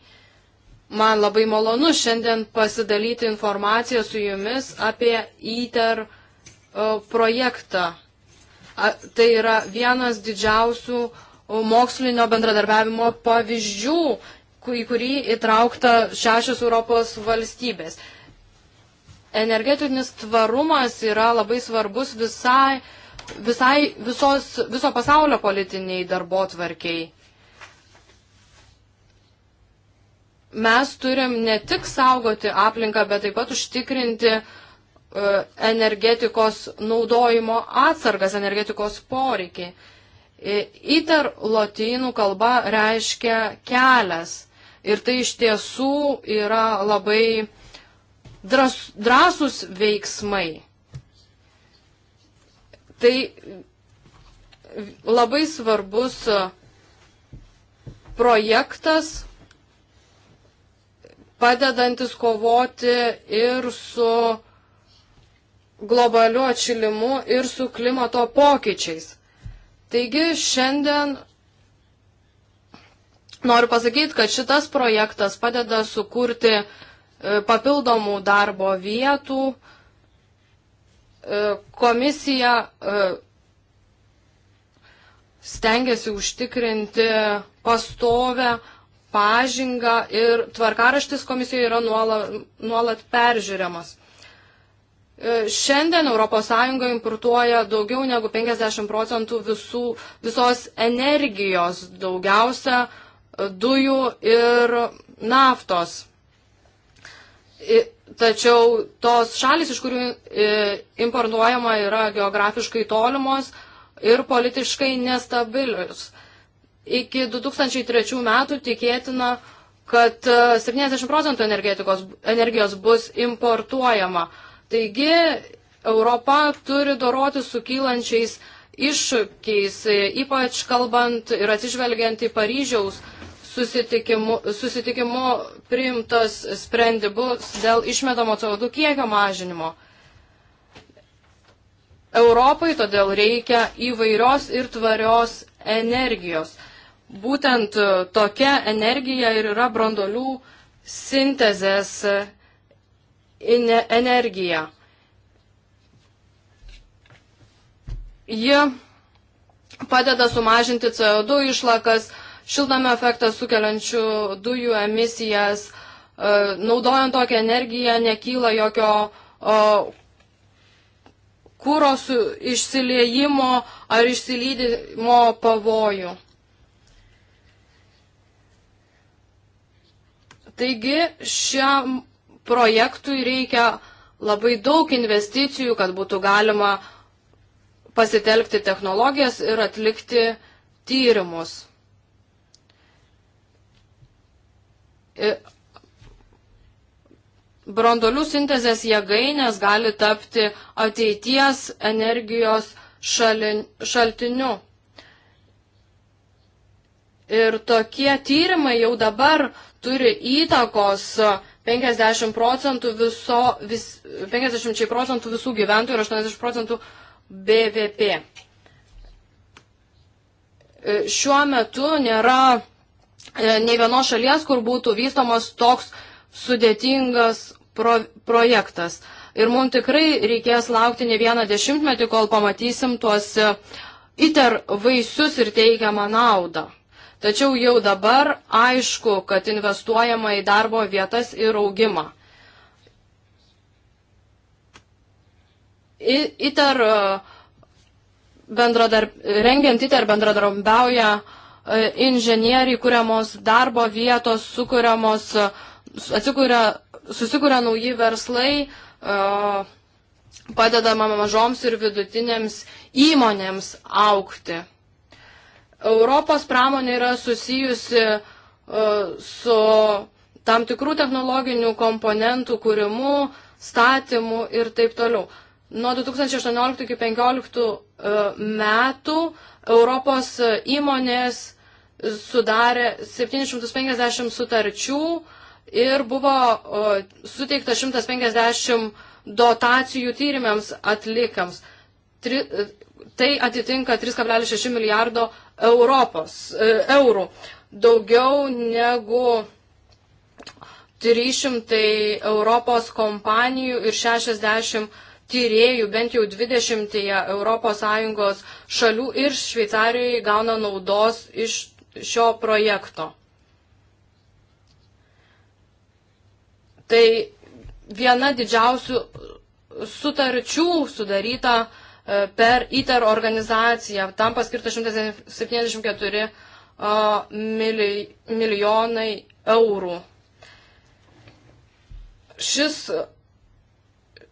man labai malonu šiandien pasidalyti informaciją su jumis apie ITER e, projektą. Tai yra vienas didžiausių e, mokslinio bendradarbiavimo pavyzdžių, į kurį įtraukta šešios Europos valstybės energetinis tvarumas yra labai svarbus visai, visai visos, viso pasaulio politiniai darbo tvarkiai. Mes turim ne tik saugoti aplinką, bet taip pat užtikrinti uh, energetikos naudojimo atsargas, energetikos poreikiai. E, Iter lotynų kalba reiškia kelias ir tai iš tiesų yra labai uh, dras, drąsus veiksmai. Tai labai svarbus projektas, padedantis kovoti ir su globaliu atšilimu ir su klimato pokyčiais. Taigi šiandien noriu pasakyti, kad šitas projektas padeda sukurti E, papildomų darbo vietų. E, komisija e, stengiasi užtikrinti pastovę pažingą ir tvarkaraštis komisijoje yra nuolat, nuolat peržiūriamas. Šiandien ES importuoja daugiau negu 50 procentų visų, visos energijos, daugiausia dujų ir naftos. Tačiau tos šalis, iš kurių importuojama, yra geografiškai tolimos ir politiškai nestabilius. Iki 2003 metų tikėtina, kad 70 e, procentų energijos bus importuojama. Taigi Europa turi doroti su kylančiais iššūkiais, e, ypač kalbant ir atsižvelgiant į Paryžiaus susitikimu, susitikimu priimtas sprendimus dėl išmetamo CO2 kiekio mažinimo. Europai todėl reikia įvairios ir tvarios energijos. Būtent tokia energija ir yra brandolių sintezės energija. Ji padeda sumažinti CO2 išlakas, šiltame efektą sukeliančių dujų emisijas. E, naudojant tokią energiją nekyla jokio e, kūro išsiliejimo ar išsilydimo pavojų. Taigi šiam projektui reikia labai daug investicijų, kad būtų galima pasitelkti technologijas ir atlikti tyrimus. E, brandolių sintezės jėgainės gali tapti ateities energijos šalin, šaltiniu. Ir tokie tyrimai jau dabar turi įtakos 50 procentų, viso, vis, 50 procentų visų gyventojų ir 80 procentų BVP. E, šiuo metu nėra E, nei vienos šalies, kur būtų vystomas toks sudėtingas pro, projektas. Ir mums tikrai reikės laukti ne vieną dešimtmetį, kol pamatysim tuos e, iter vaisius ir teigiamą naudą. Tačiau jau dabar aišku, kad investuojama į darbo vietas ir augimą. ITER e, bendradarb, rengiant ITER bendradarbiauja uh, E, inžinieriai kuriamos darbo vietos, sukuriamos, e, atsikuria, susikuria nauji verslai, e, padedama mažoms ir vidutinėms įmonėms aukti. Europos pramonė yra susijusi su tam tikrų technologinių komponentų kūrimu, statymu ir taip toliau. Nuo 2018 iki 2015 metų Europos įmonės sudarė 750 sutarčių ir buvo suteikta 150 dotacijų tyrimėms atlikams. Tri, tai atitinka 3,6 milijardo Europos, e, eurų. Daugiau negu 300 Europos kompanijų ir 60 tyriejų bent jau 20 ES šalių ir Šveicarijoje gauna naudos iš šio projekto. Tai viena didžiausių sutarčių sudaryta e, per ITER organizaciją. Tam paskirta 174 e, milijonai eurų. Šis,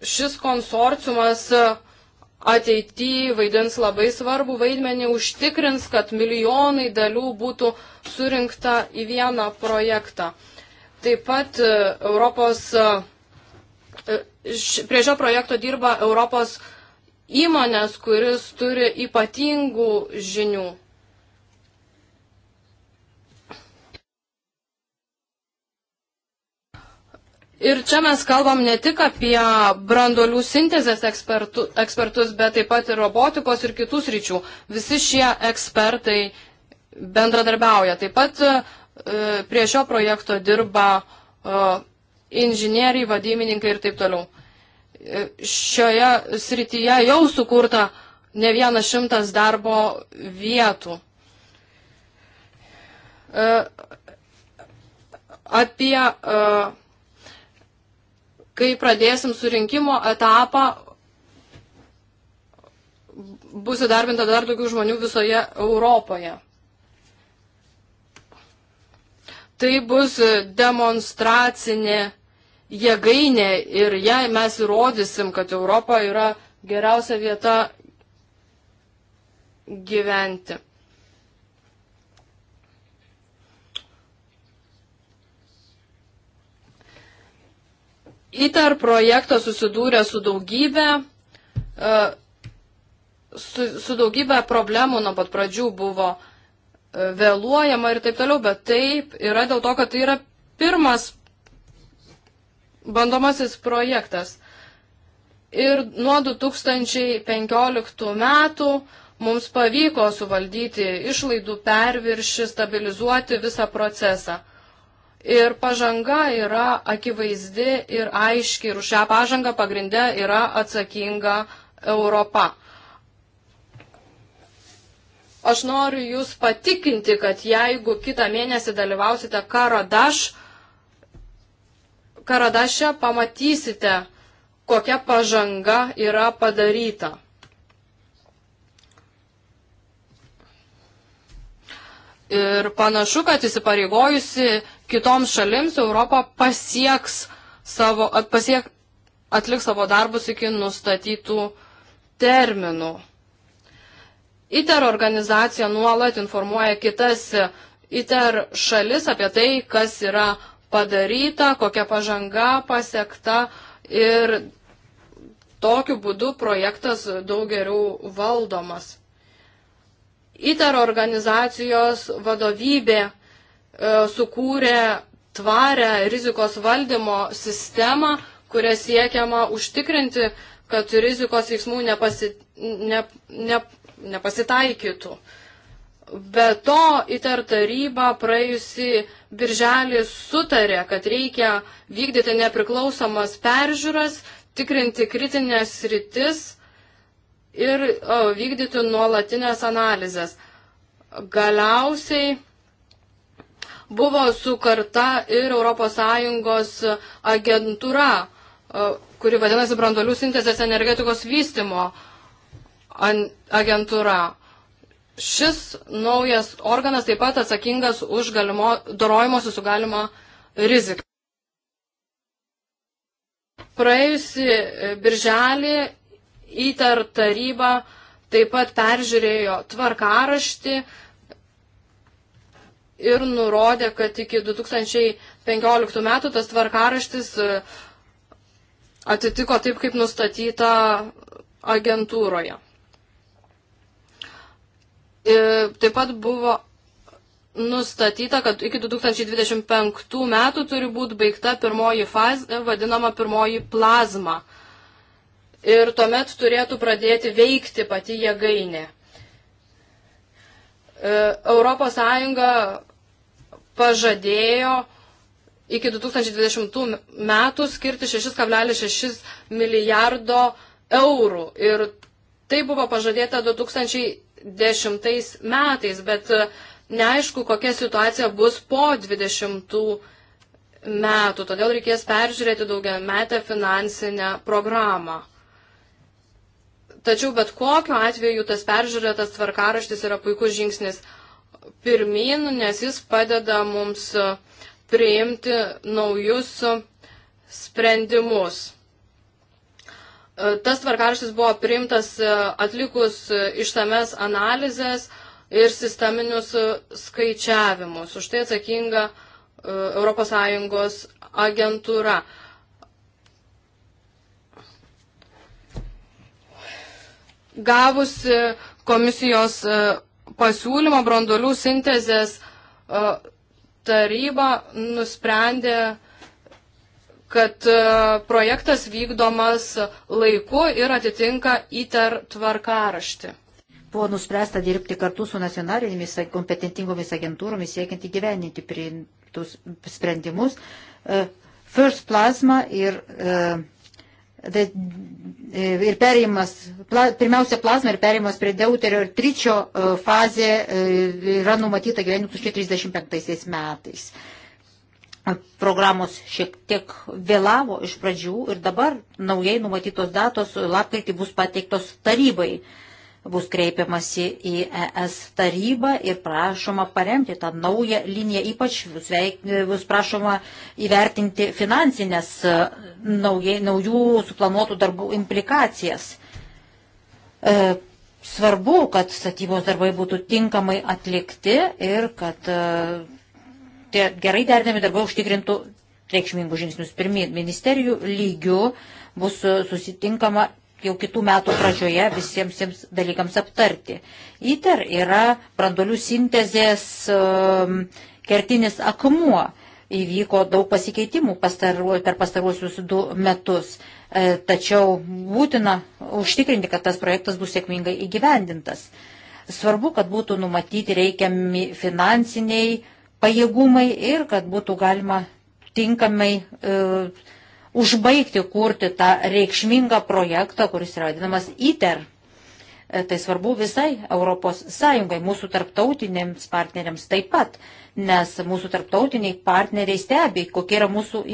šis konsorciumas uh, ateityje vaidins labai svarbu vaidmenį, užtikrins, kad milijonai dalių būtų surinkta į vieną projektą. Taip pat e, Europos, e, e, prie šio projekto dirba Europos įmonės, kuris turi ypatingų žinių. Ir čia mes kalbam ne tik apie brandolių sintezės ekspertu, ekspertus, bet taip pat ir robotikos ir kitus ryčių. Visi šie ekspertai bendradarbiauja. Taip pat e, prie šio projekto dirba e, inžinieriai, vadybininkai ir taip toliau. E, šioje srityje jau sukurta ne vienas šimtas darbo vietų. E, apie uh, kai pradėsim surinkimo etapą, bus įdarbinta dar daugiau žmonių visoje Europoje. Tai bus demonstracinė jėgainė ir jei mes įrodysim, kad Europa yra geriausia vieta gyventi. ITER projektas susidūrė su daugybė, e, su, su daugybė problemų nuo pat pradžių buvo e, vėluojama ir taip toliau, bet taip yra dėl to, kad tai yra pirmas bandomasis projektas. Ir nuo 2015 metų mums pavyko suvaldyti išlaidų perviršį, stabilizuoti visą procesą. Ir pažanga yra akivaizdi ir aiški, ir už šią pažangą pagrindę yra atsakinga Europa. Aš noriu Jūs patikinti, kad jeigu kitą mėnesį dalyvausite Karadaš, Karadaše pamatysite, kokia pažanga yra padaryta. Ir panašu, kad įsipareigojusi kitoms šalims Europą pasieks savo, pasiek, atliks savo darbus iki nustatytų terminų. ITER organizacija nuolat informuoja kitas ITER šalis apie tai, kas yra padaryta, kokia pažanga pasiekta ir tokiu būdu projektas daug geriau valdomas. ITER organizacijos vadovybė E, sukūrė tvarę rizikos valdymo sistemą, kuria siekiama užtikrinti, kad rizikos veiksmų nepasi, ne, ne, nepasitaikytų. Be to, ITER taryba praėjusi birželį sutarė, kad reikia vykdyti nepriklausomas peržiūras, tikrinti kritinės rytis ir o, vykdyti nuolatinės analizės. Galiausiai buvo sukarta ir ES agentūra, e, kuri vadinasi brandolių sintezės energetikos vystimo agentūra. Šis naujas organas taip pat atsakingas už galimo, dorojimo susigalimo riziką. Praėjusi birželį įtar taryba taip pat peržiūrėjo tvarkaraštį, ir nurodė, kad iki 2015 metų tas tvarkaraštis e, atitiko taip, kaip nustatyta agentūroje. Ir e, taip pat buvo nustatyta, kad iki 2025 metų turi būti baigta pirmoji fazė, e, vadinama pirmoji plazma. Ir tuomet turėtų pradėti veikti pati jėgainė. Europos Sąjunga pažadėjo iki 2020 metų skirti 6,6 milijardo eurų. Ir tai buvo pažadėta 2010 metais, bet neaišku, kokia situacija bus po 20 metų. Todėl reikės peržiūrėti daugia metę finansinę programą. Tačiau bet kokiu atveju tas peržiūrėtas tvarkaraštis yra puikus žingsnis pirmin, nes jis padeda mums e, priimti naujus e, sprendimus. E, tas tvarkaraštis buvo priimtas atlikus ištames analizės ir sisteminius skaičiavimus. Už tai atsakinga ES agentūra. Gavusi komisijos pasiūlymo brandolių sintezės e, taryba nusprendė, kad e, projektas vykdomas laiku ir atitinka įter tvarkaraštį. Buvo nuspręsta dirbti kartu su nacionalinėmis kompetentingomis agentūromis, siekiant įgyveninti priimtus sprendimus. E, First Plasma ir The E, ir perėjimas, pirmiausia plazma ir perėjimas prie deuterio ir tričio e, fazė e, yra numatyta gyvenimų 2035 metais. Programos šiek tiek vėlavo iš pradžių ir dabar naujai numatytos datos lapkaitį bus pateiktos tarybai bus kreipiamasi į ES tarybą ir prašoma paremti tą naują liniją, ypač bus, veik, bus prašoma įvertinti finansinės e, naujai, naujų suplanuotų darbų implikacijas. E, svarbu, kad statybos darbai būtų tinkamai atlikti ir kad e, tie gerai derinami darbai užtikrintų reikšmingus žingsnius pirmin. Ministerijų lygių bus susitinkama jau kitų metų pradžioje visiems tiems dalykams aptarti. ITER yra brandolių sintezės um, kertinis akmuo. Įvyko daug pasikeitimų pastaruo, per pastaruosius du metus, e, tačiau būtina užtikrinti, kad tas projektas bus sėkmingai įgyvendintas. Svarbu, kad būtų numatyti reikiami finansiniai pajėgumai ir kad būtų galima tinkamai e, užbaigti kurti tą reikšmingą projektą, kuris yra vadinamas ITER. E, tai svarbu visai Europos Sąjungai, mūsų tarptautiniams partneriams taip pat, nes mūsų tarptautiniai partneriai stebi, kokie yra mūsų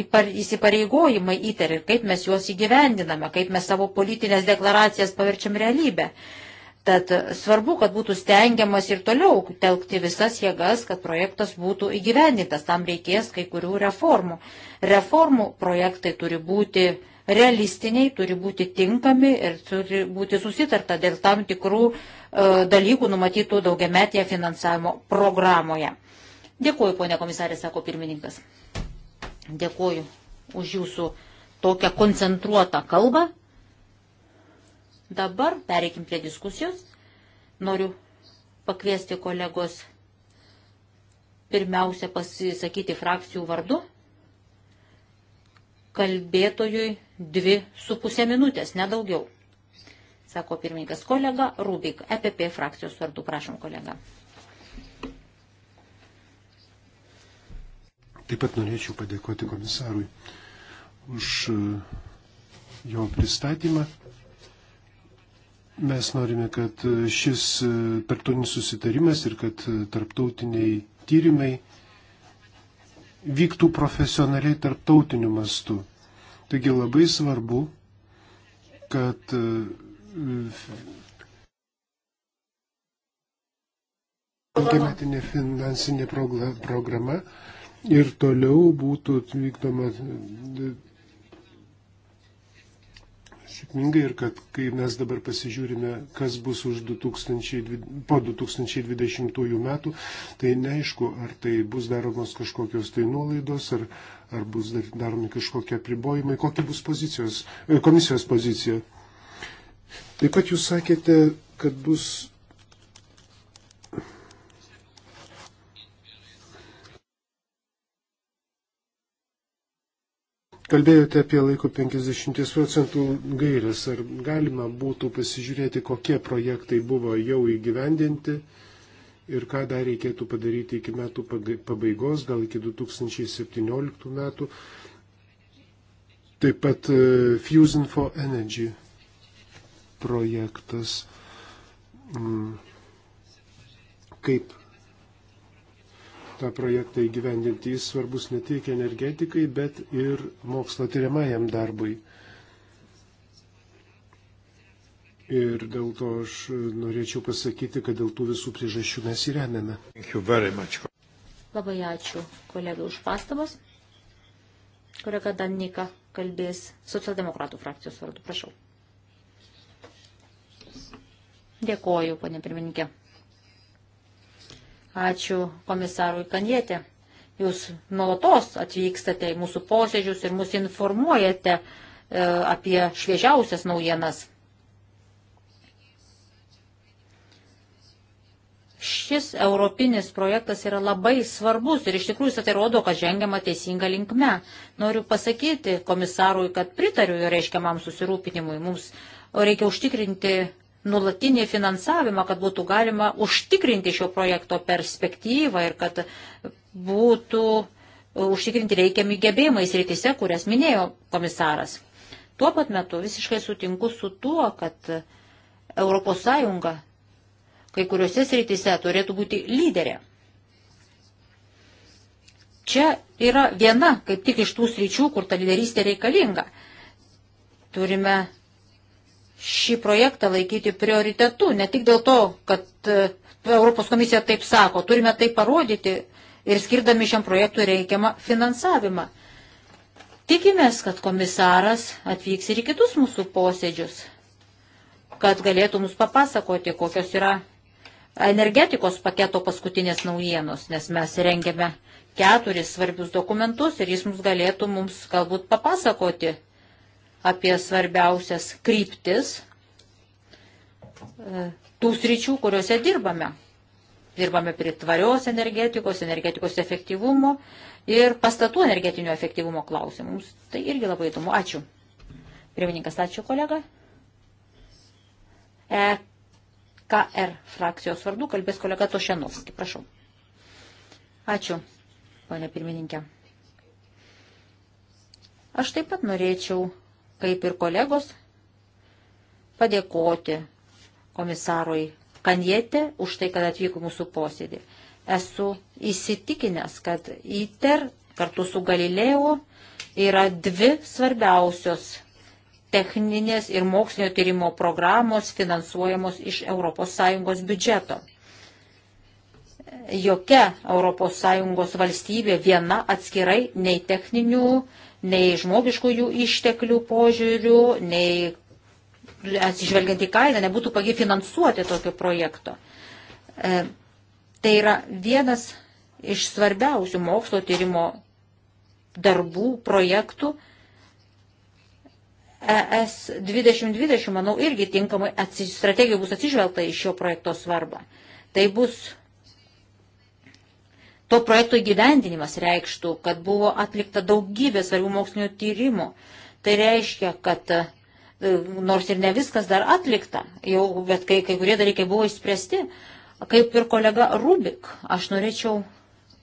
įsipareigojimai ITER ir kaip mes juos įgyvendiname, kaip mes savo politinės deklaracijas paverčiam realybę. Tad svarbu, kad būtų stengiamas ir toliau telkti visas jėgas, kad projektas būtų įgyvendintas. Tam reikės kai kurių reformų. Reformų projektai turi būti realistiniai, turi būti tinkami ir turi būti susitarta dėl tam tikrų e, dalykų numatytų daugiametėje finansavimo programoje. Dėkuoju, ponė komisarė, sako pirmininkas. Dėkuoju už jūsų tokią koncentruotą kalbą Dabar pereikim prie diskusijos. Noriu pakviesti kolegos pirmiausia pasisakyti frakcijų vardu. Kalbėtojui dvi su pusė minutės, nedaugiau. Sako pirmininkas kolega Rubik, EPP frakcijos vardu, prašom kolega. Taip pat norėčiau padėkoti komisarui už jo pristatymą. Mes norime, kad šis e, tarptautinis susitarimas ir kad e, tarptautiniai tyrimai vyktų profesionaliai tarptautiniu mastu. Taigi labai svarbu, kad daugiametinė e, finansinė programa ir toliau būtų vykdoma sėkmingai ir kad kai mes dabar pasižiūrime, kas bus 2000, po 2020 metų, tai neaišku, ar tai bus daromos kažkokios tai nuolaidos, ar, ar bus daromi kažkokie apribojimai, kokia bus pozicijos, e, komisijos pozicija. Taip pat jūs sakėte, kad bus Kalbėjote apie laiko 50 procentų gairias. Ar galima būtų pasižiūrėti, kokie projektai buvo jau įgyvendinti ir ką dar reikėtų padaryti iki metų pabaigos, gal iki 2017 metų. Taip pat e, Fusion for Energy projektas. Mm. Kaip tą projektą įgyvendinti. Jis svarbus ne tik energetikai, bet ir mokslo tyriamajam darbui. Ir dėl to aš norėčiau pasakyti, kad dėl tų visų priežasčių mes įremiame. Labai ačiū, kolega, už pastabas. Kolega Danika kalbės socialdemokratų frakcijos vardu. Prašau. Dėkoju, ponė pirmininkė. Ačiū komisarui Kanietė. Jūs nuolatos atvykstate į mūsų posėdžius ir mus informuojate e, apie šviežiausias naujienas. Šis europinis projektas yra labai svarbus ir iš tikrųjų tai rodo, kad žengiama teisinga linkme. Noriu pasakyti komisarui, kad pritariu jo reiškiamam susirūpinimui. Mums reikia užtikrinti nulatinį finansavimą, kad būtų galima užtikrinti šio projekto perspektyvą ir kad būtų e, užtikrinti reikiami gebėjimai srityse, kurias minėjo komisaras. Tuo pat metu visiškai sutinku su tuo, kad ES kai kuriuose srityse turėtų būti lyderė. Čia yra viena kaip tik iš tų sričių, kur ta lyderystė reikalinga. Turime šį projektą laikyti prioritetu, ne tik dėl to, kad e, Europos komisija taip sako, turime tai parodyti ir skirdami šiam projektui reikiamą finansavimą. Tikimės, kad komisaras atvyks ir į kitus mūsų posėdžius, kad galėtų mums papasakoti, kokios yra energetikos paketo paskutinės naujienos, nes mes rengiame keturis svarbius dokumentus ir jis mums galėtų mums galbūt papasakoti apie svarbiausias kryptis e, tų sričių, kuriuose dirbame. Dirbame prie tvarios energetikos, energetikos efektyvumo ir pastatų energetinio efektyvumo klausimams. Tai irgi labai įdomu. Ačiū. Pirmininkas, ačiū kolega. EKR frakcijos vardu kalbės kolega Tošenovski. Prašau. Ačiū, ponė pirmininkė. Aš taip pat norėčiau kaip ir kolegos, padėkoti komisarui Kanjete už tai, kad atvyko mūsų posėdį. Esu įsitikinęs, kad ITER kartu su Galileo yra dvi svarbiausios techninės ir mokslinio tyrimo programos finansuojamos iš ES biudžeto. Jokia ES valstybė viena atskirai nei techninių nei žmogiškųjų išteklių požiūrių, nei atsižvelgiant į kainą, nebūtų pagi finansuoti tokio projekto. E, tai yra vienas iš svarbiausių mokslo tyrimo darbų, projektų. ES 2020, manau, irgi tinkamai atsiž... strategijų bus atsižvelgta į šio projekto svarbą. Tai bus to projekto įgyvendinimas reikštų, kad buvo atlikta daugybė svarbių mokslinio tyrimų. Tai reiškia, kad e, nors ir ne viskas dar atlikta, jau, bet kai, kai kurie dalykai buvo išspręsti, kaip ir kolega Rubik, aš norėčiau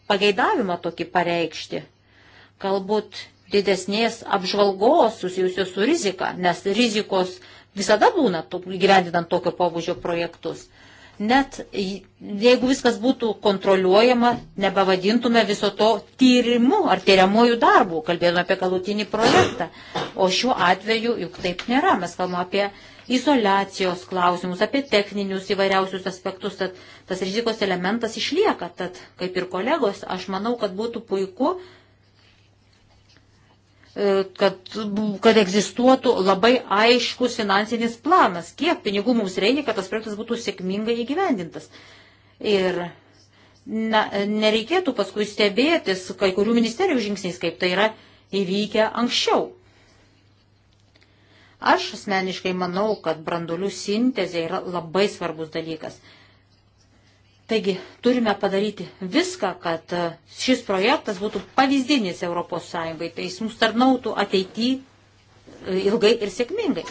pageidavimą tokį pareikšti. Galbūt didesnės apžvalgos susijusios su rizika, nes rizikos visada būna gyvendinant tokio pobūdžio projektus. Net jeigu viskas būtų kontroliuojama, nebevadintume viso to tyrimu ar tyriamojų darbų, kalbėtume apie galutinį projektą. O šiuo atveju juk taip nėra. Mes kalbame apie izolacijos klausimus, apie techninius įvairiausius aspektus, tad tas rizikos elementas išlieka. Tad, kaip ir kolegos, aš manau, kad būtų puiku E, kad, kad egzistuotų labai aiškus finansinis planas, kiek pinigų mums reikia, kad tas projektas būtų sėkmingai įgyvendintas. Ir na, nereikėtų paskui stebėtis kai kurių ministerijų žingsniais, kaip tai yra įvykę anksčiau. Aš asmeniškai manau, kad brandolių sintezė yra labai svarbus dalykas. Taigi turime padaryti viską, kad e, šis projektas būtų pavyzdinis ES, tai jis mums tarnautų ateityje ilgai ir sėkmingai.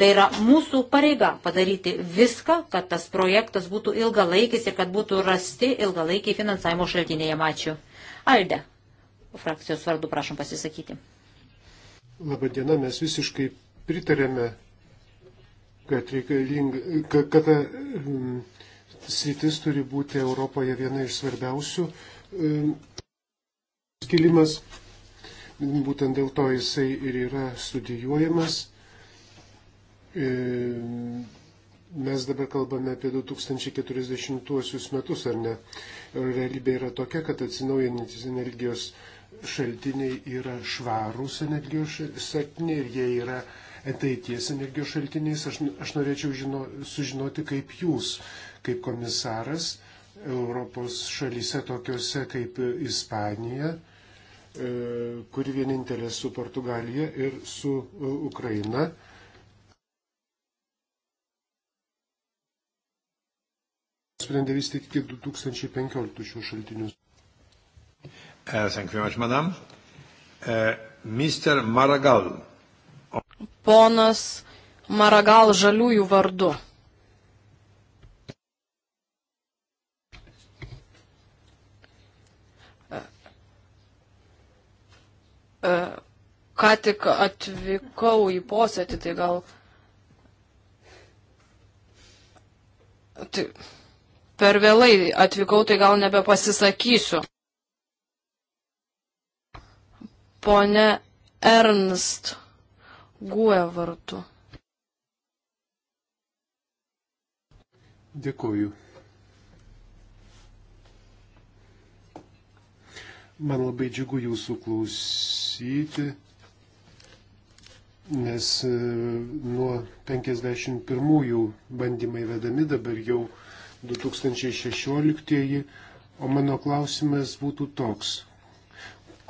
Tai yra mūsų pareiga padaryti viską, kad tas projektas būtų ilgalaikis ir kad būtų rasti ilgalaikiai finansavimo šaltiniai. Jam ačiū. Alde, frakcijos vardu prašom pasisakyti. Labadiena, mes visiškai pritarėme, kad reikalinga, kad, kad e, sritis turi būti Europoje viena iš svarbiausių e, skilimas. Būtent dėl to jisai ir yra studijuojamas. E, mes dabar kalbame apie 2040 metus, ar ne? Realybė yra tokia, kad atsinaujantis energijos šaltiniai yra švarūs energijos šaltiniai ir jie yra uh, ateities energijos šaltiniais. Aš, aš norėčiau žino, sužinoti, kaip jūs, kaip komisaras Europos šalyse tokiuose kaip Ispanija, e, kuri vienintelė su Portugalija ir su e, Ukraina. Sprendė vis tik 2015 šių šaltinius. Uh, thank you very much, madam. Uh, Mr. Maragall ponas Maragal žaliųjų vardu. E, e, ką tik atvykau į posėdį, tai gal. Tai per vėlai atvykau, tai gal nebepasisakysiu. Pone Ernst guoja vartu. Dėkuoju. Man labai džiugu jūsų klausyti, nes e, nuo 51-ųjų bandymai vedami dabar jau 2016-ieji, o mano klausimas būtų toks,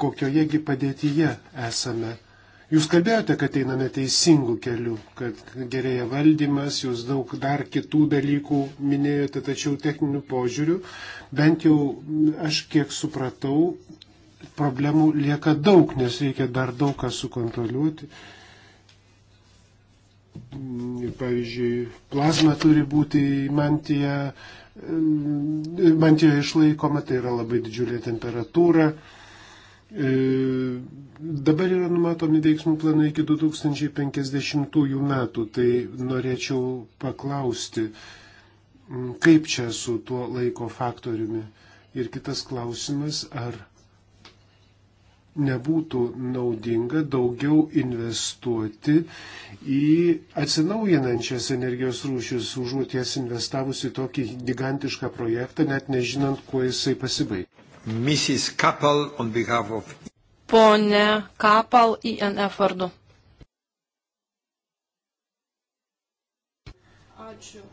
kokiojegi padėtyje esame Jūs kalbėjote, kad einame teisingų kelių, kad gerėja valdymas, jūs daug dar kitų dalykų minėjote, tačiau techninių požiūrių, bent jau aš kiek supratau, problemų lieka daug, nes reikia dar daug ką sukontroliuoti. Pavyzdžiui, plazma turi būti mantija, mantijoje išlaikoma, tai yra labai didžiulė temperatūra. E, dabar yra numatomi veiksmų planai iki 2050 metų, tai norėčiau paklausti, kaip čia su tuo laiko faktoriumi. Ir kitas klausimas, ar nebūtų naudinga daugiau investuoti į atsinaujinančias energijos rūšius, užuot jas investavus į tokį gigantišką projektą, net nežinant, kuo jisai pasibaigs. Mrs. Kapal on behalf of. Pone Kapal INF vardu. Ačiū.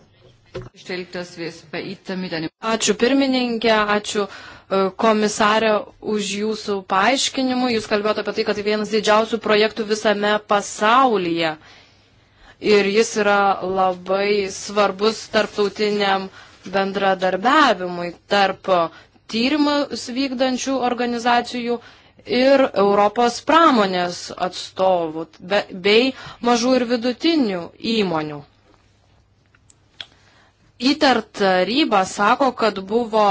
Ačiū pirmininkė, ačiū e, komisarė už jūsų paaiškinimų. Jūs kalbėjote apie tai, kad tai vienas didžiausių projektų visame pasaulyje. Ir jis yra labai svarbus tarptautiniam bendradarbiavimui tarp tyrimus vykdančių organizacijų ir Europos pramonės atstovų bei mažų ir vidutinių įmonių. ITER taryba sako, kad buvo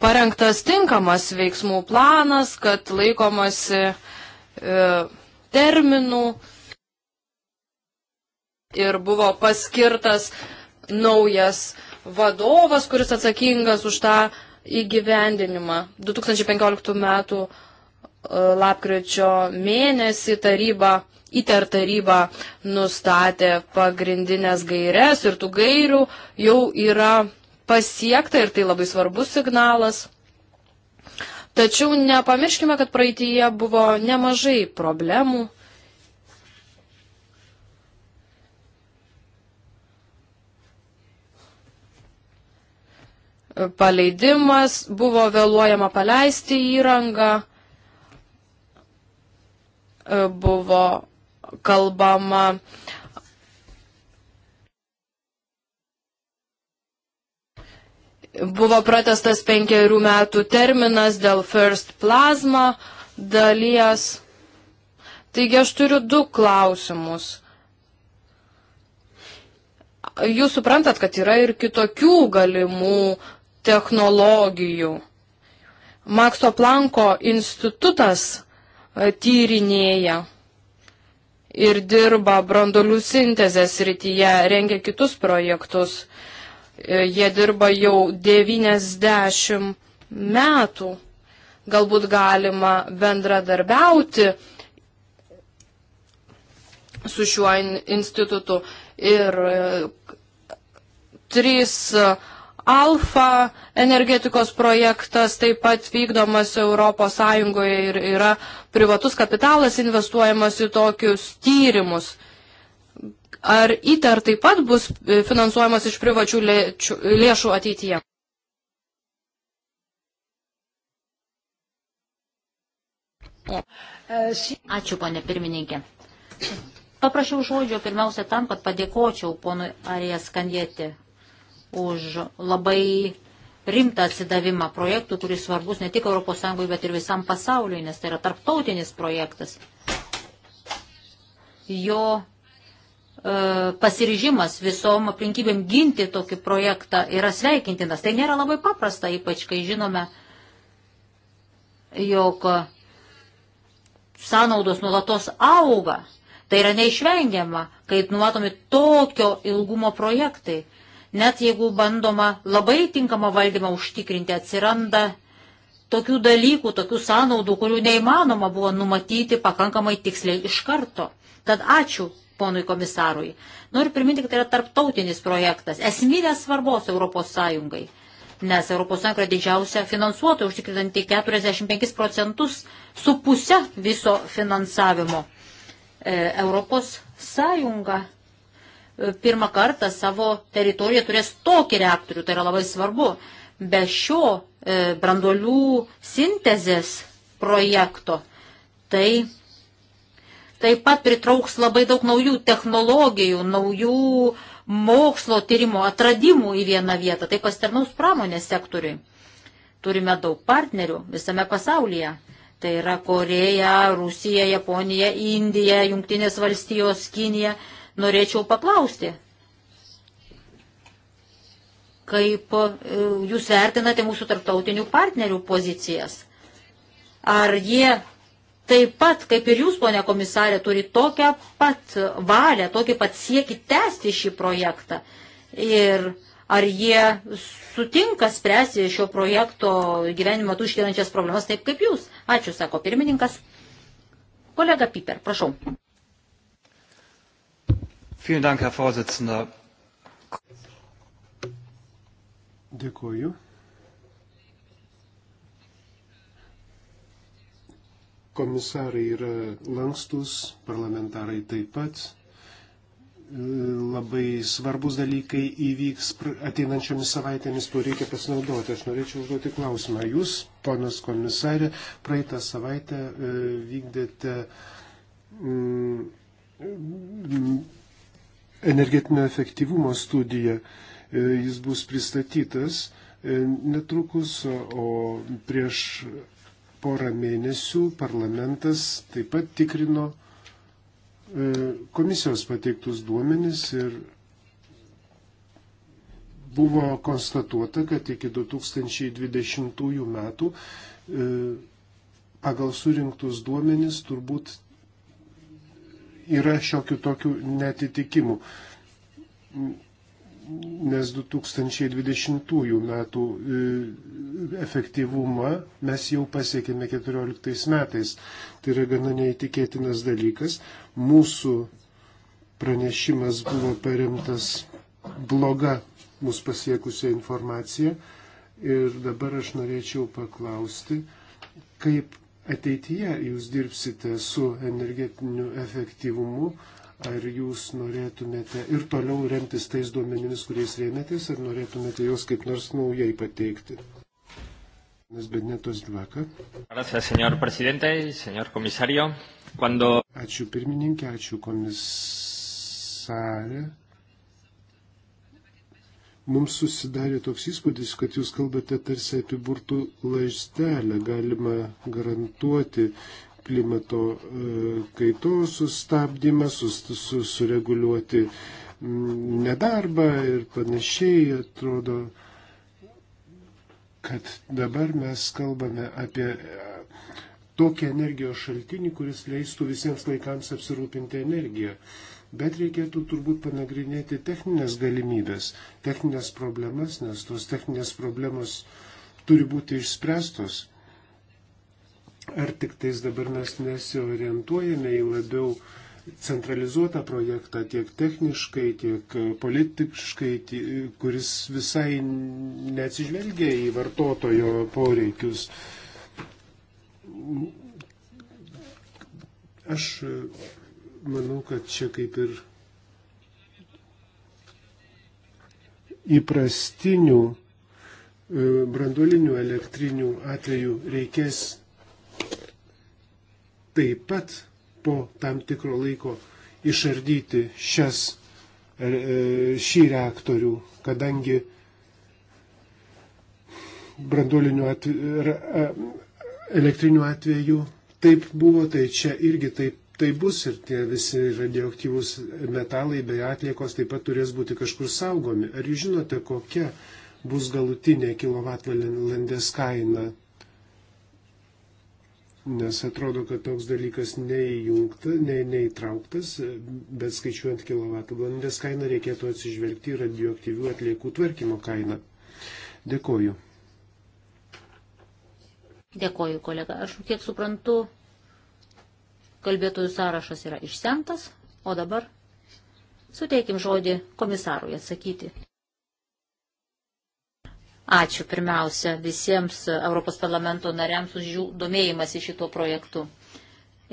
parengtas tinkamas veiksmų planas, kad laikomasi e, terminų ir buvo paskirtas naujas vadovas, kuris atsakingas už tą įgyvendinimą. 2015 m. E, lapkričio mėnesį taryba, ITER taryba nustatė pagrindinės gairias ir tų gairių jau yra pasiekta ir tai labai svarbus signalas. Tačiau nepamirškime, kad praeitįje buvo nemažai problemų paleidimas, buvo vėluojama paleisti įrangą, e, buvo kalbama buvo pratestas penkerių metų terminas dėl First Plasma dalies. Taigi aš turiu du klausimus. Jūs suprantat, kad yra ir kitokių galimų technologijų. Makso Planko institutas e, tyrinėja ir dirba brandolių sintezės rytyje, rengia kitus projektus. E, jie dirba jau 90 metų. Galbūt galima bendradarbiauti su šiuo institutu. Ir e, trys Alfa energetikos projektas taip pat vykdomas ES ir yra privatus kapitalas investuojamas į tokius tyrimus. Ar ITER taip pat bus finansuojamas iš privačių lėčių, lėšų ateityje? Ačiū, ponė pirmininkė. Paprašiau žodžio pirmiausia tam, kad padėkočiau ponui Arijas Kandėti už labai rimtą atsidavimą projektų, kuris svarbus ne tik ES, bet ir visam pasauliui, nes tai yra tarptautinis projektas. Jo e, pasirižimas visom aplinkybėm ginti tokį projektą yra sveikintinas. Tai nėra labai paprasta, ypač kai žinome, jog sąnaudos nuolatos auga. Tai yra neišvengiama, kai numatomi tokio ilgumo projektai Net jeigu bandoma labai tinkamą valdymą užtikrinti, atsiranda tokių dalykų, tokių sąnaudų, kurių neįmanoma buvo numatyti pakankamai tiksliai iš karto. Tad ačiū ponui komisarui. Noriu priminti, kad tai yra tarptautinis projektas, esminės svarbos Europos Sąjungai, nes Europos Sąjunga yra didžiausia finansuotoja, užtikrinanti 45 procentus su puse viso finansavimo. E, Europos Sąjunga pirmą kartą savo teritoriją turės tokį reaktorių, tai yra labai svarbu. Be šio e, brandolių sintezės projekto tai taip pat pritrauks labai daug naujų technologijų, naujų mokslo tyrimo atradimų į vieną vietą. Tai pasitarnaus pramonės sektoriui. Turime daug partnerių visame pasaulyje. Tai yra Koreja, Rusija, Japonija, Indija, Junktinės valstijos, Kinija norėčiau paklausti, kaip e, jūs vertinate mūsų tarptautinių partnerių pozicijas. Ar jie taip pat, kaip ir jūs, ponia komisarė, turi tokią pat valią, tokį pat siekį tęsti šį projektą? Ir ar jie sutinka spręsti šio projekto gyvenimo metu iškylančias problemas taip kaip jūs? Ačiū, sako pirmininkas. Kolega Piper, prašau. Vielen Dank, Herr Vorsitzender. Dėkuoju. Komisarai yra lankstus, parlamentarai taip pat. Labai svarbus dalykai įvyks ateinančiomis savaitėmis, tuo reikia pasinaudoti. Aš norėčiau užduoti klausimą. Jūs, ponas komisarė, praeitą savaitę e, vykdėte energetinio efektyvumo studija. E, jis bus pristatytas e, netrukus, o prieš porą mėnesių parlamentas taip pat tikrino e, komisijos pateiktus duomenis ir buvo konstatuota, kad iki 2020 metų pagal surinktus duomenis turbūt yra šiokių tokių netitikimų. Nes 2020 metų e, efektyvumą mes jau pasiekėme 2014 metais. Tai yra gana neįtikėtinas dalykas. Mūsų pranešimas buvo paremtas bloga mūsų pasiekusią informaciją. Ir dabar aš norėčiau paklausti, kaip ateityje jūs dirbsite su energetiniu efektyvumu, ar jūs norėtumėte ir toliau remtis tais duomenimis, kuriais rėmėtės, ar norėtumėte juos kaip nors naujai pateikti? Señor presidente, señor comisario, cuando... Ačiū pirmininkė, ačiū komisarė. Mums susidarė toks įspūdis, kad jūs kalbate tarsi apie burtų laištelę. Galima garantuoti klimato e, kaitos sustabdymą, sus, sus, sureguliuoti mm, nedarbą ir panašiai. Atrodo, kad dabar mes kalbame apie e, tokį energijos šaltinį, kuris leistų visiems laikams apsirūpinti energiją. Uh, bet reikėtų turbūt panagrinėti techninės galimybės, techninės problemas, nes tos techninės problemos turi būti išspręstos. Ar tik tais dabar mes nesiorientuojame į labiau centralizuotą projektą tiek techniškai, tiek politiškai, kuris visai neatsižvelgia į vartotojo poreikius. Aš manau, kad čia kaip ir įprastinių e, branduolinių elektrinių atveju reikės taip pat po tam tikro laiko išardyti šias, e, šį reaktorių, kadangi branduolinių atveju, elektrinių atveju taip buvo, tai čia irgi taip tai bus ir tie visi radioaktyvūs metalai bei atliekos taip pat turės būti kažkur saugomi. Ar jūs žinote, kokia bus galutinė kilovatvalandės kaina? Nes atrodo, kad toks dalykas neįjungta, ne, neįtrauktas, bet skaičiuojant kilovatvalandės kainą reikėtų atsižvelgti į radioaktyvių atliekų tvarkymo kainą. Dėkoju. Dėkoju, kolega. Aš kiek suprantu, Kalbėtojų sąrašas yra išsemtas, o dabar suteikim žodį komisarui atsakyti. Ačiū pirmiausia visiems Europos parlamento nariams už jų domėjimąsi šituo projektu.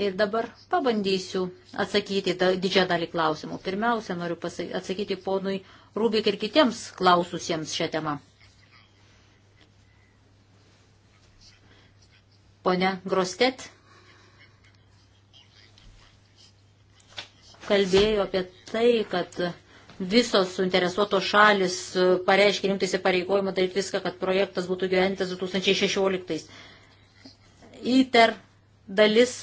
Ir dabar pabandysiu atsakyti da, didžią dalį klausimų. Pirmiausia, noriu atsakyti ponui Rubik ir kitiems klaususiems šią temą. Pone Grostet kalbėjo apie tai, kad visos suinteresuotos šalis pareiškė rimtais įpareigojimą daryti viską, kad projektas būtų gyventas 2016. ITER dalis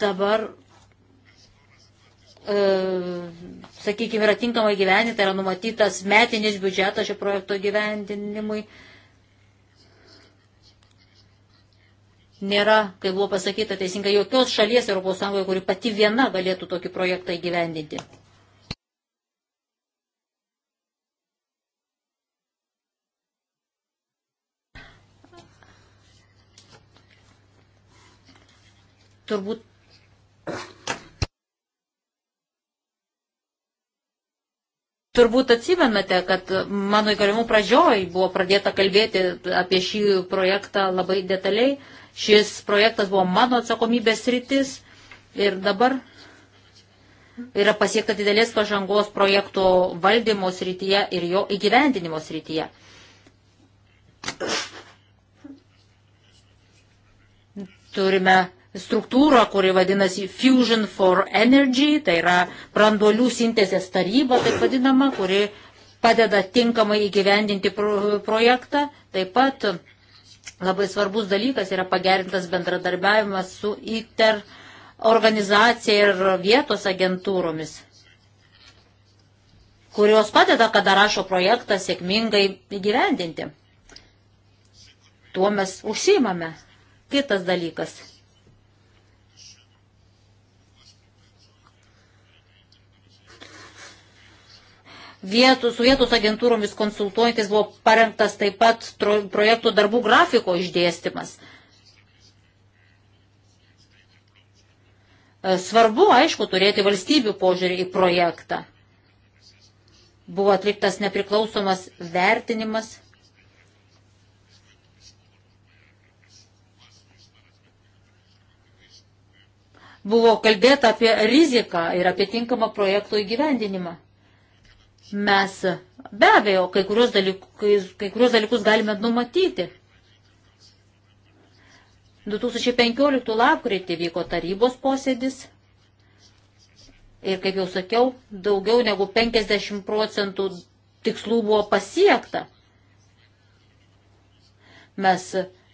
dabar, e, sakykime, yra tinkamai gyveninta, yra numatytas metinis biudžetas šio projekto gyvendinimui. E, nėra, kai buvo pasakyta teisingai, jokios šalies ES, kuri pati viena galėtų tokį projektą įgyvendinti. Turbūt Turbūt atsimenate, kad mano įgaliojimų pradžioj buvo pradėta kalbėti apie šį projektą labai detaliai Šis projektas buvo mano atsakomybės rytis ir dabar yra pasiekta didelės pažangos projekto valdymo srityje ir jo įgyvendinimo srityje. Turime struktūrą, kuri vadinasi Fusion for Energy, tai yra branduolių sintezės taryba, taip vadinama, kuri padeda tinkamai įgyvendinti projektą. Taip pat Labai svarbus dalykas yra pagerintas bendradarbiavimas su ITER organizacija ir vietos agentūromis, kurios padeda, kada rašo projektą sėkmingai įgyvendinti. Tuo mes užsimame. Kitas dalykas vietų, su vietos agentūromis konsultuojantis buvo parengtas taip pat projektų darbų grafiko išdėstymas. E, svarbu, aišku, turėti valstybių požiūrį į projektą. Buvo atliktas nepriklausomas vertinimas. Buvo kalbėta apie riziką ir apie tinkamą projektų įgyvendinimą. Mes be abejo kai kurios dalykus, kai kurios dalykus galime numatyti. 2015 lapkritį vyko tarybos posėdis ir, kaip jau sakiau, daugiau negu 50 procentų tikslų buvo pasiekta. Mes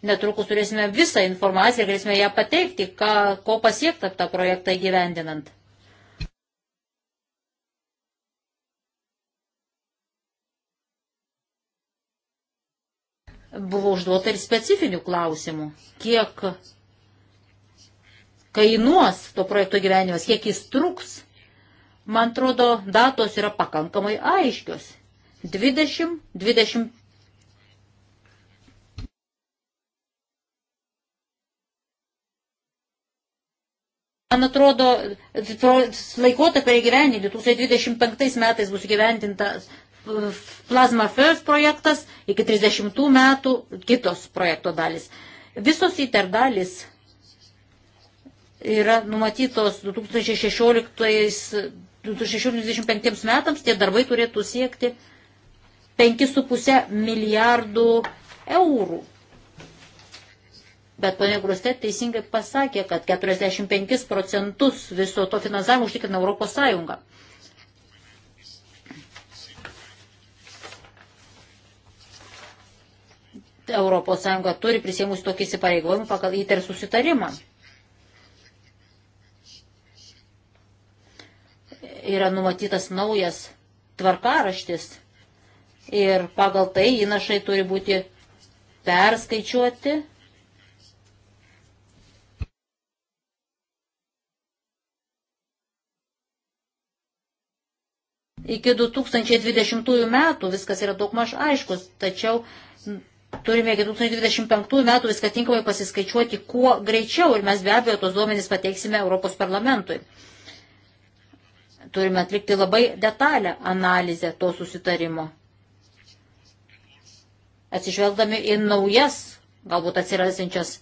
netrukus turėsime visą informaciją ir galėsime ją pateikti, ką, ko pasiekta tą projektą įgyvendinant. buvo užduota ir specifinių klausimų. Kiek kainuos to projekto gyvenimas, kiek jis truks. Man atrodo, datos yra pakankamai aiškios. 20, 20. Man atrodo, laikotarpio įgyvendinti 2025 metais bus įgyvendintas Plasma First projektas, iki 30 metų kitos projekto dalis. Visos ITER dalis yra numatytos 2016-2025 metams, tie darbai turėtų siekti 5,5 milijardų eurų. Bet ponė Grustė teisingai pasakė, kad 45 procentus viso to finansavimo užtikrina Europos Sąjunga. ES turi prisėmus tokį įsipareigojimą pagal įter susitarimą. Yra numatytas naujas tvarkaraštis ir pagal tai įnašai turi būti perskaičiuoti iki 2020 metų viskas yra daugmaž aiškus, tačiau turime iki 2025 metų viską tinkamai pasiskaičiuoti kuo greičiau ir mes be abejo tos duomenys pateiksime Europos parlamentui. Turime atlikti labai detalę analizę to susitarimo. Atsižvelgdami į naujas, galbūt atsirasinčias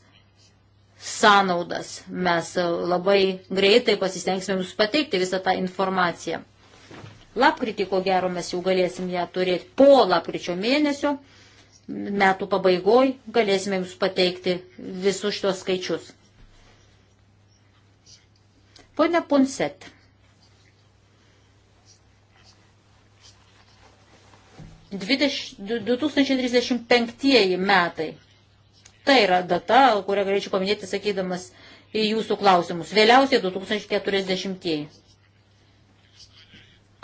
sąnaudas, mes labai greitai pasistengsime jums pateikti visą tą informaciją. Lapkritį, ko gero, mes jau galėsim ją turėti po lapkričio mėnesio metų pabaigoj galėsime jums pateikti visus šitos skaičius. Pone Ponset. Dvideš... 2035 metai. Tai yra data, kurią galėčiau paminėti, sakydamas į jūsų klausimus. Vėliausiai 2040.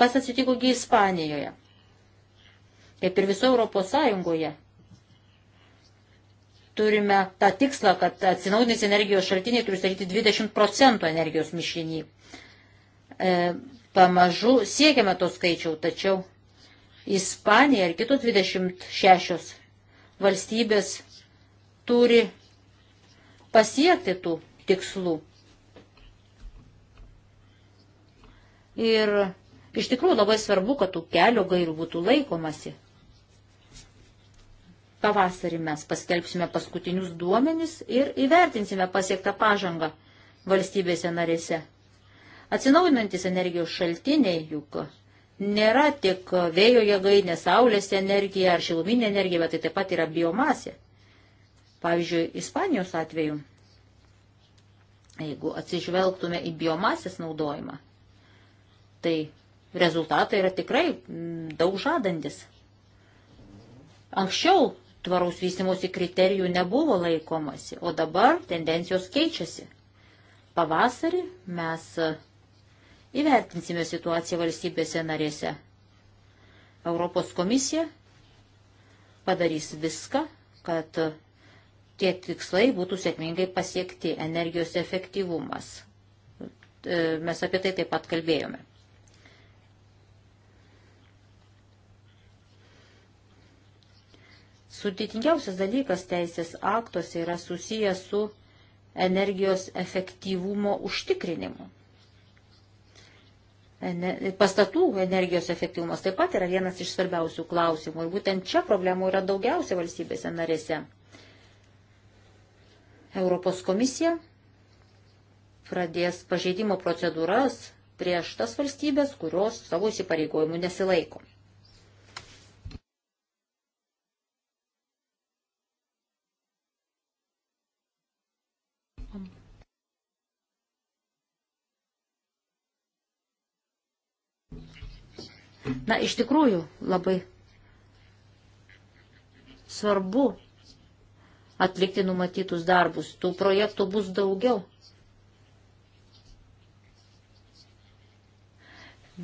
Kas atsitiko Ispanijoje? Kaip ir viso Europos Sąjungoje, turime tą tikslą, kad atsinaudinis energijos šaltiniai turi sudaryti 20 procentų energijos mišinį. E, pamažu siekiame to skaičiau, tačiau Ispanija ir kitos 26 valstybės turi pasiekti tų tikslų. Ir iš tikrųjų labai svarbu, kad tų kelio gairių būtų laikomasi. Pavasarį mes paskelbsime paskutinius duomenis ir įvertinsime pasiektą pažangą valstybėse narėse. Atsinaujinantis energijos šaltiniai juk nėra tik vėjo jėgainė, saulės energija ar šiluminė energija, bet tai taip pat yra biomasė. Pavyzdžiui, Ispanijos atveju, jeigu atsižvelgtume į biomasės naudojimą, tai rezultatai yra tikrai mm, daug žadantis. Anksčiau tvaraus vystimosi kriterijų nebuvo laikomasi, o dabar tendencijos keičiasi. Pavasarį mes įvertinsime situaciją valstybėse narėse. Europos komisija padarys viską, kad tie tikslai būtų sėkmingai pasiekti energijos efektyvumas. E, mes apie tai taip pat kalbėjome. sudėtingiausias dalykas teisės aktuose yra susijęs su energijos efektyvumo užtikrinimu. Pastatų energijos efektyvumas taip pat yra vienas iš svarbiausių klausimų ir būtent čia problemų yra daugiausia valstybėse narėse. Europos komisija pradės pažeidimo procedūras prieš tas valstybės, kurios savo įsipareigojimų nesilaiko. Na, iš tikrųjų, labai svarbu atlikti numatytus darbus. Tų projektų bus daugiau.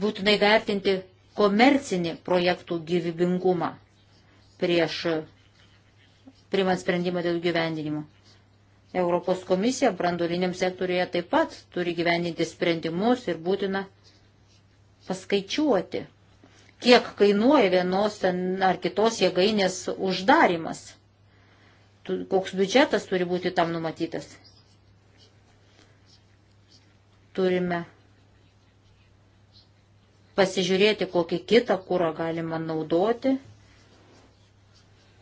Būtinai vertinti komercinį projektų gyvybingumą prieš primant sprendimą dėl gyvendinimo. Europos komisija brandoliniam sektorėje taip pat turi gyvendinti sprendimus ir būtina paskaičiuoti kiek kainuoja vienos ar kitos jėgainės uždarimas, koks biudžetas turi būti tam numatytas. Turime pasižiūrėti, kokį kitą kūrą galima naudoti,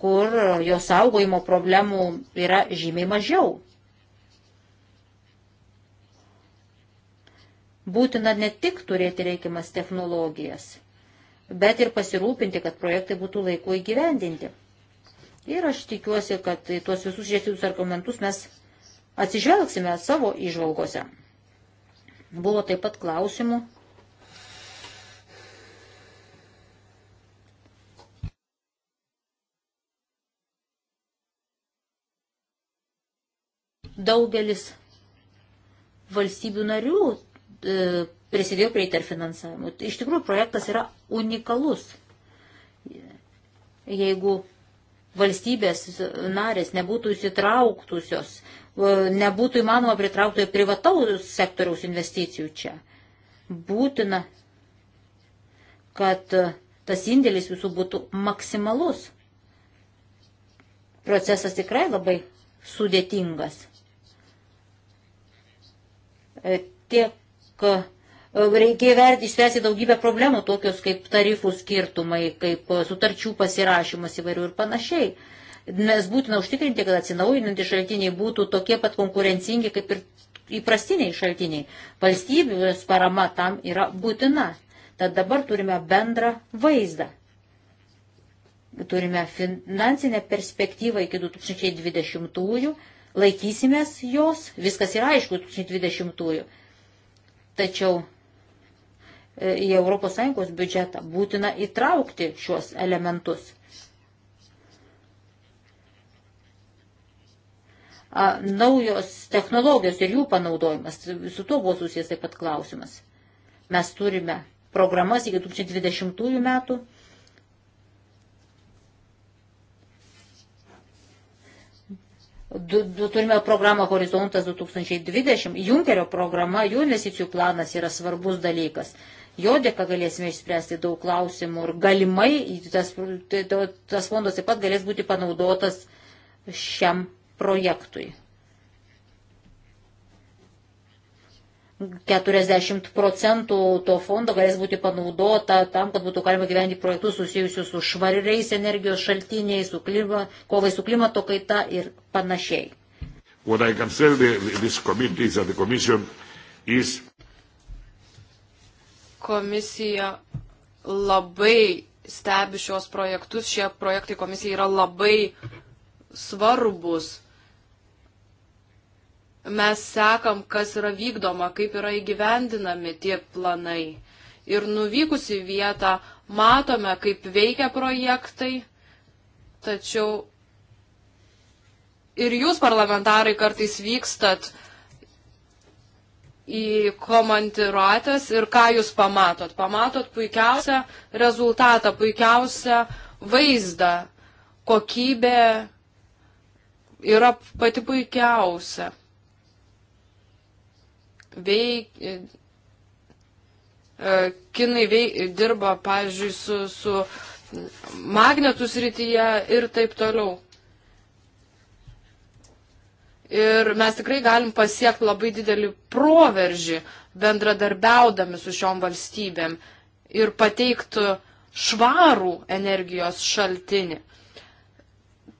kur jo saugojimo problemų yra žymiai mažiau. Būtina ne tik turėti reikiamas technologijas, bet ir pasirūpinti, kad projektai būtų laiku įgyvendinti. Ir aš tikiuosi, kad tuos visus žiesius argumentus mes atsižvelgsime savo išvalgose. Buvo taip pat klausimų. Daugelis valstybių narių e, prisidėjo prie interfinansavimo. Tai iš tikrųjų, projektas yra unikalus. Jeigu valstybės narės nebūtų įsitrauktusios, e, nebūtų įmanoma pritraukti privataus sektoriaus investicijų čia. Būtina, kad e, tas indėlis jūsų būtų maksimalus. Procesas tikrai labai sudėtingas. E, tiek Reikia verti išspręsti daugybę problemų, tokios kaip tarifų skirtumai, kaip e, sutarčių pasirašymas įvairių ir panašiai. Nes būtina užtikrinti, kad atsinaujinantys šaltiniai būtų tokie pat konkurencingi kaip ir įprastiniai šaltiniai. Valstybės parama tam yra būtina. Tad dabar turime bendrą vaizdą. Turime finansinę perspektyvą iki 2020-ųjų, laikysimės jos, viskas yra aišku 2020-ųjų. Tačiau E, į ES biudžetą. Būtina įtraukti šiuos elementus. Naujos technologijos ir jų panaudojimas, su to buvo susijęs taip pat klausimas. Mes turime programas iki 2020 metų. Du, du, turime programą Horizontas 2020, Junkerio programa, jų investicijų planas yra svarbus dalykas. Jo dėka galėsime išspręsti daug klausimų ir galimai tas, tai, tas fondas taip pat galės būti panaudotas šiam projektui. 40 procentų to fondo galės būti panaudota tam, kad būtų galima gyventi projektus susijusius su švariais energijos šaltiniais, su klima, kovai su klimato kaita ir panašiai. Is... Komisija labai stebi šios projektus, šie projektai komisijai yra labai svarbus. Mes sekam, kas yra vykdoma, kaip yra įgyvendinami tie planai. Ir nuvykus į vietą matome, kaip veikia projektai, tačiau ir jūs parlamentarai kartais vykstat į komandiruotės ir ką jūs pamatot? Pamatot puikiausią rezultatą, puikiausią vaizdą, kokybė yra pati puikiausia. Veik, e, kinai veik, dirba, pavyzdžiui, su, su magnetų srityje ir taip toliau ir mes tikrai galim pasiekti labai didelį proveržį bendradarbiaudami su šiom valstybėm ir pateiktų švarų energijos šaltinį.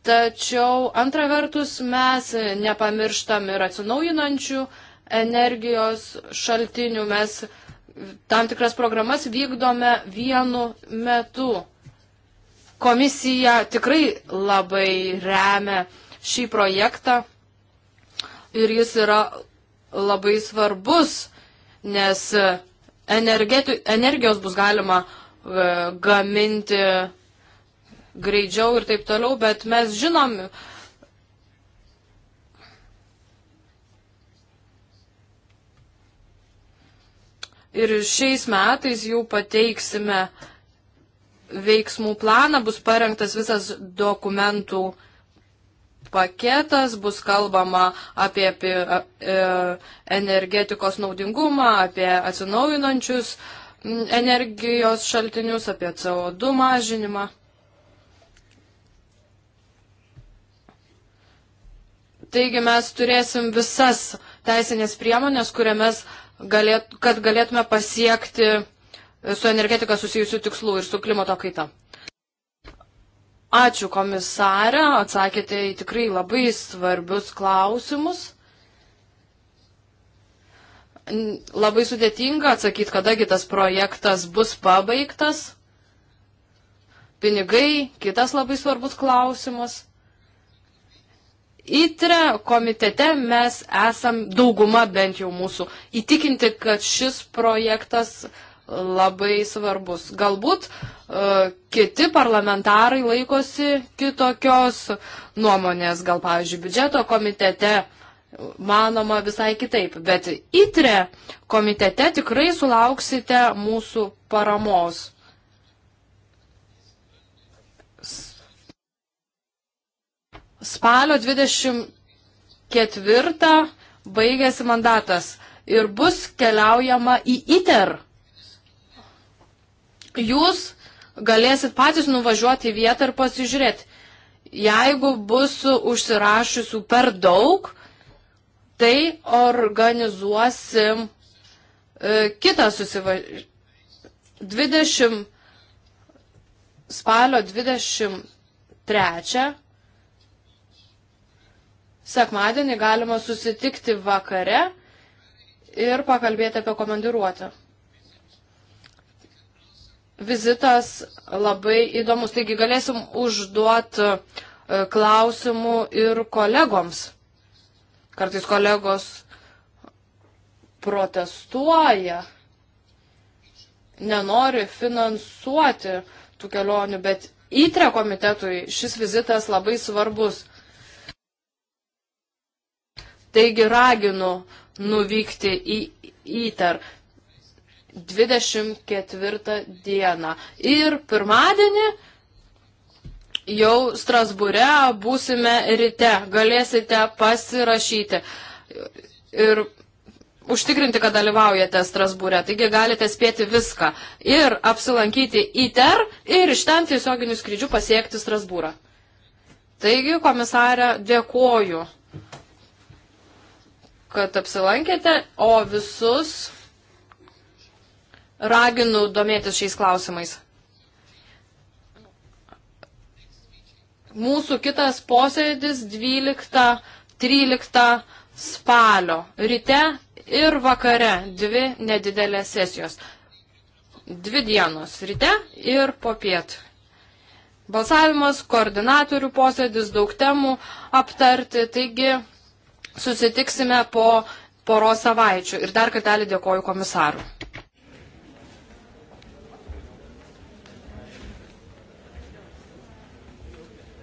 Tačiau antra vertus mes nepamirštam ir atsinaujinančių energijos šaltinių, mes tam tikras programas vykdome vienu metu. Komisija tikrai labai remia šį projektą ir jis yra labai svarbus, nes energijos bus galima e, gaminti greičiau ir taip toliau, bet mes žinom, Ir šiais metais jau pateiksime veiksmų planą, bus parengtas visas dokumentų paketas, bus kalbama apie, apie e, energetikos naudingumą, apie atsinaujinančius energijos šaltinius, apie CO2 mažinimą. Taigi mes turėsim visas teisinės priemonės, kuriamis galėt, kad galėtume pasiekti su energetika susijusių tikslų ir su klimato kaita. Ačiū komisarė, atsakėte į tikrai labai svarbius klausimus. Labai sudėtinga atsakyti, kadagi tas projektas bus pabaigtas. Pinigai, kitas labai svarbus klausimas. ITRE komitete mes esam dauguma bent jau mūsų įtikinti, kad šis projektas uh, labai svarbus. Galbūt uh, kiti parlamentarai laikosi kitokios nuomonės, gal, pavyzdžiui, biudžeto komitete manoma visai kitaip, bet ITRE komitete tikrai sulauksite mūsų paramos. Spalio 24 baigėsi mandatas ir bus keliaujama į ITER jūs galėsit patys nuvažiuoti į vietą ir pasižiūrėti. Jeigu bus užsirašysiu per daug, tai organizuosim e, kitą susivažiavimą. 20 spalio 23 sekmadienį galima susitikti vakare ir pakalbėti apie komandiruotę vizitas labai įdomus. Taigi galėsim užduoti e, klausimų ir kolegoms. Kartais kolegos protestuoja, nenori finansuoti tų kelionių, bet įtre komitetui šis vizitas labai svarbus. Taigi raginu nuvykti į įtar. 24 dieną. Ir pirmadienį jau Strasbūre būsime ryte, galėsite pasirašyti ir užtikrinti, kad dalyvaujate Strasbūre. Taigi galite spėti viską ir apsilankyti ITER ir iš ten tiesioginių skrydžių pasiekti Strasbūrą. Taigi, komisarė, dėkoju, kad apsilankėte, o visus raginu domėtis šiais klausimais. Mūsų kitas posėdis 12-13 spalio. Ryte ir vakare dvi nedidelės sesijos. Dvi dienos. Ryte ir popiet. Balsavimas, koordinatorių posėdis, daug temų aptarti. Taigi susitiksime po poros savaičių. Ir dar kartelį dėkoju komisarui.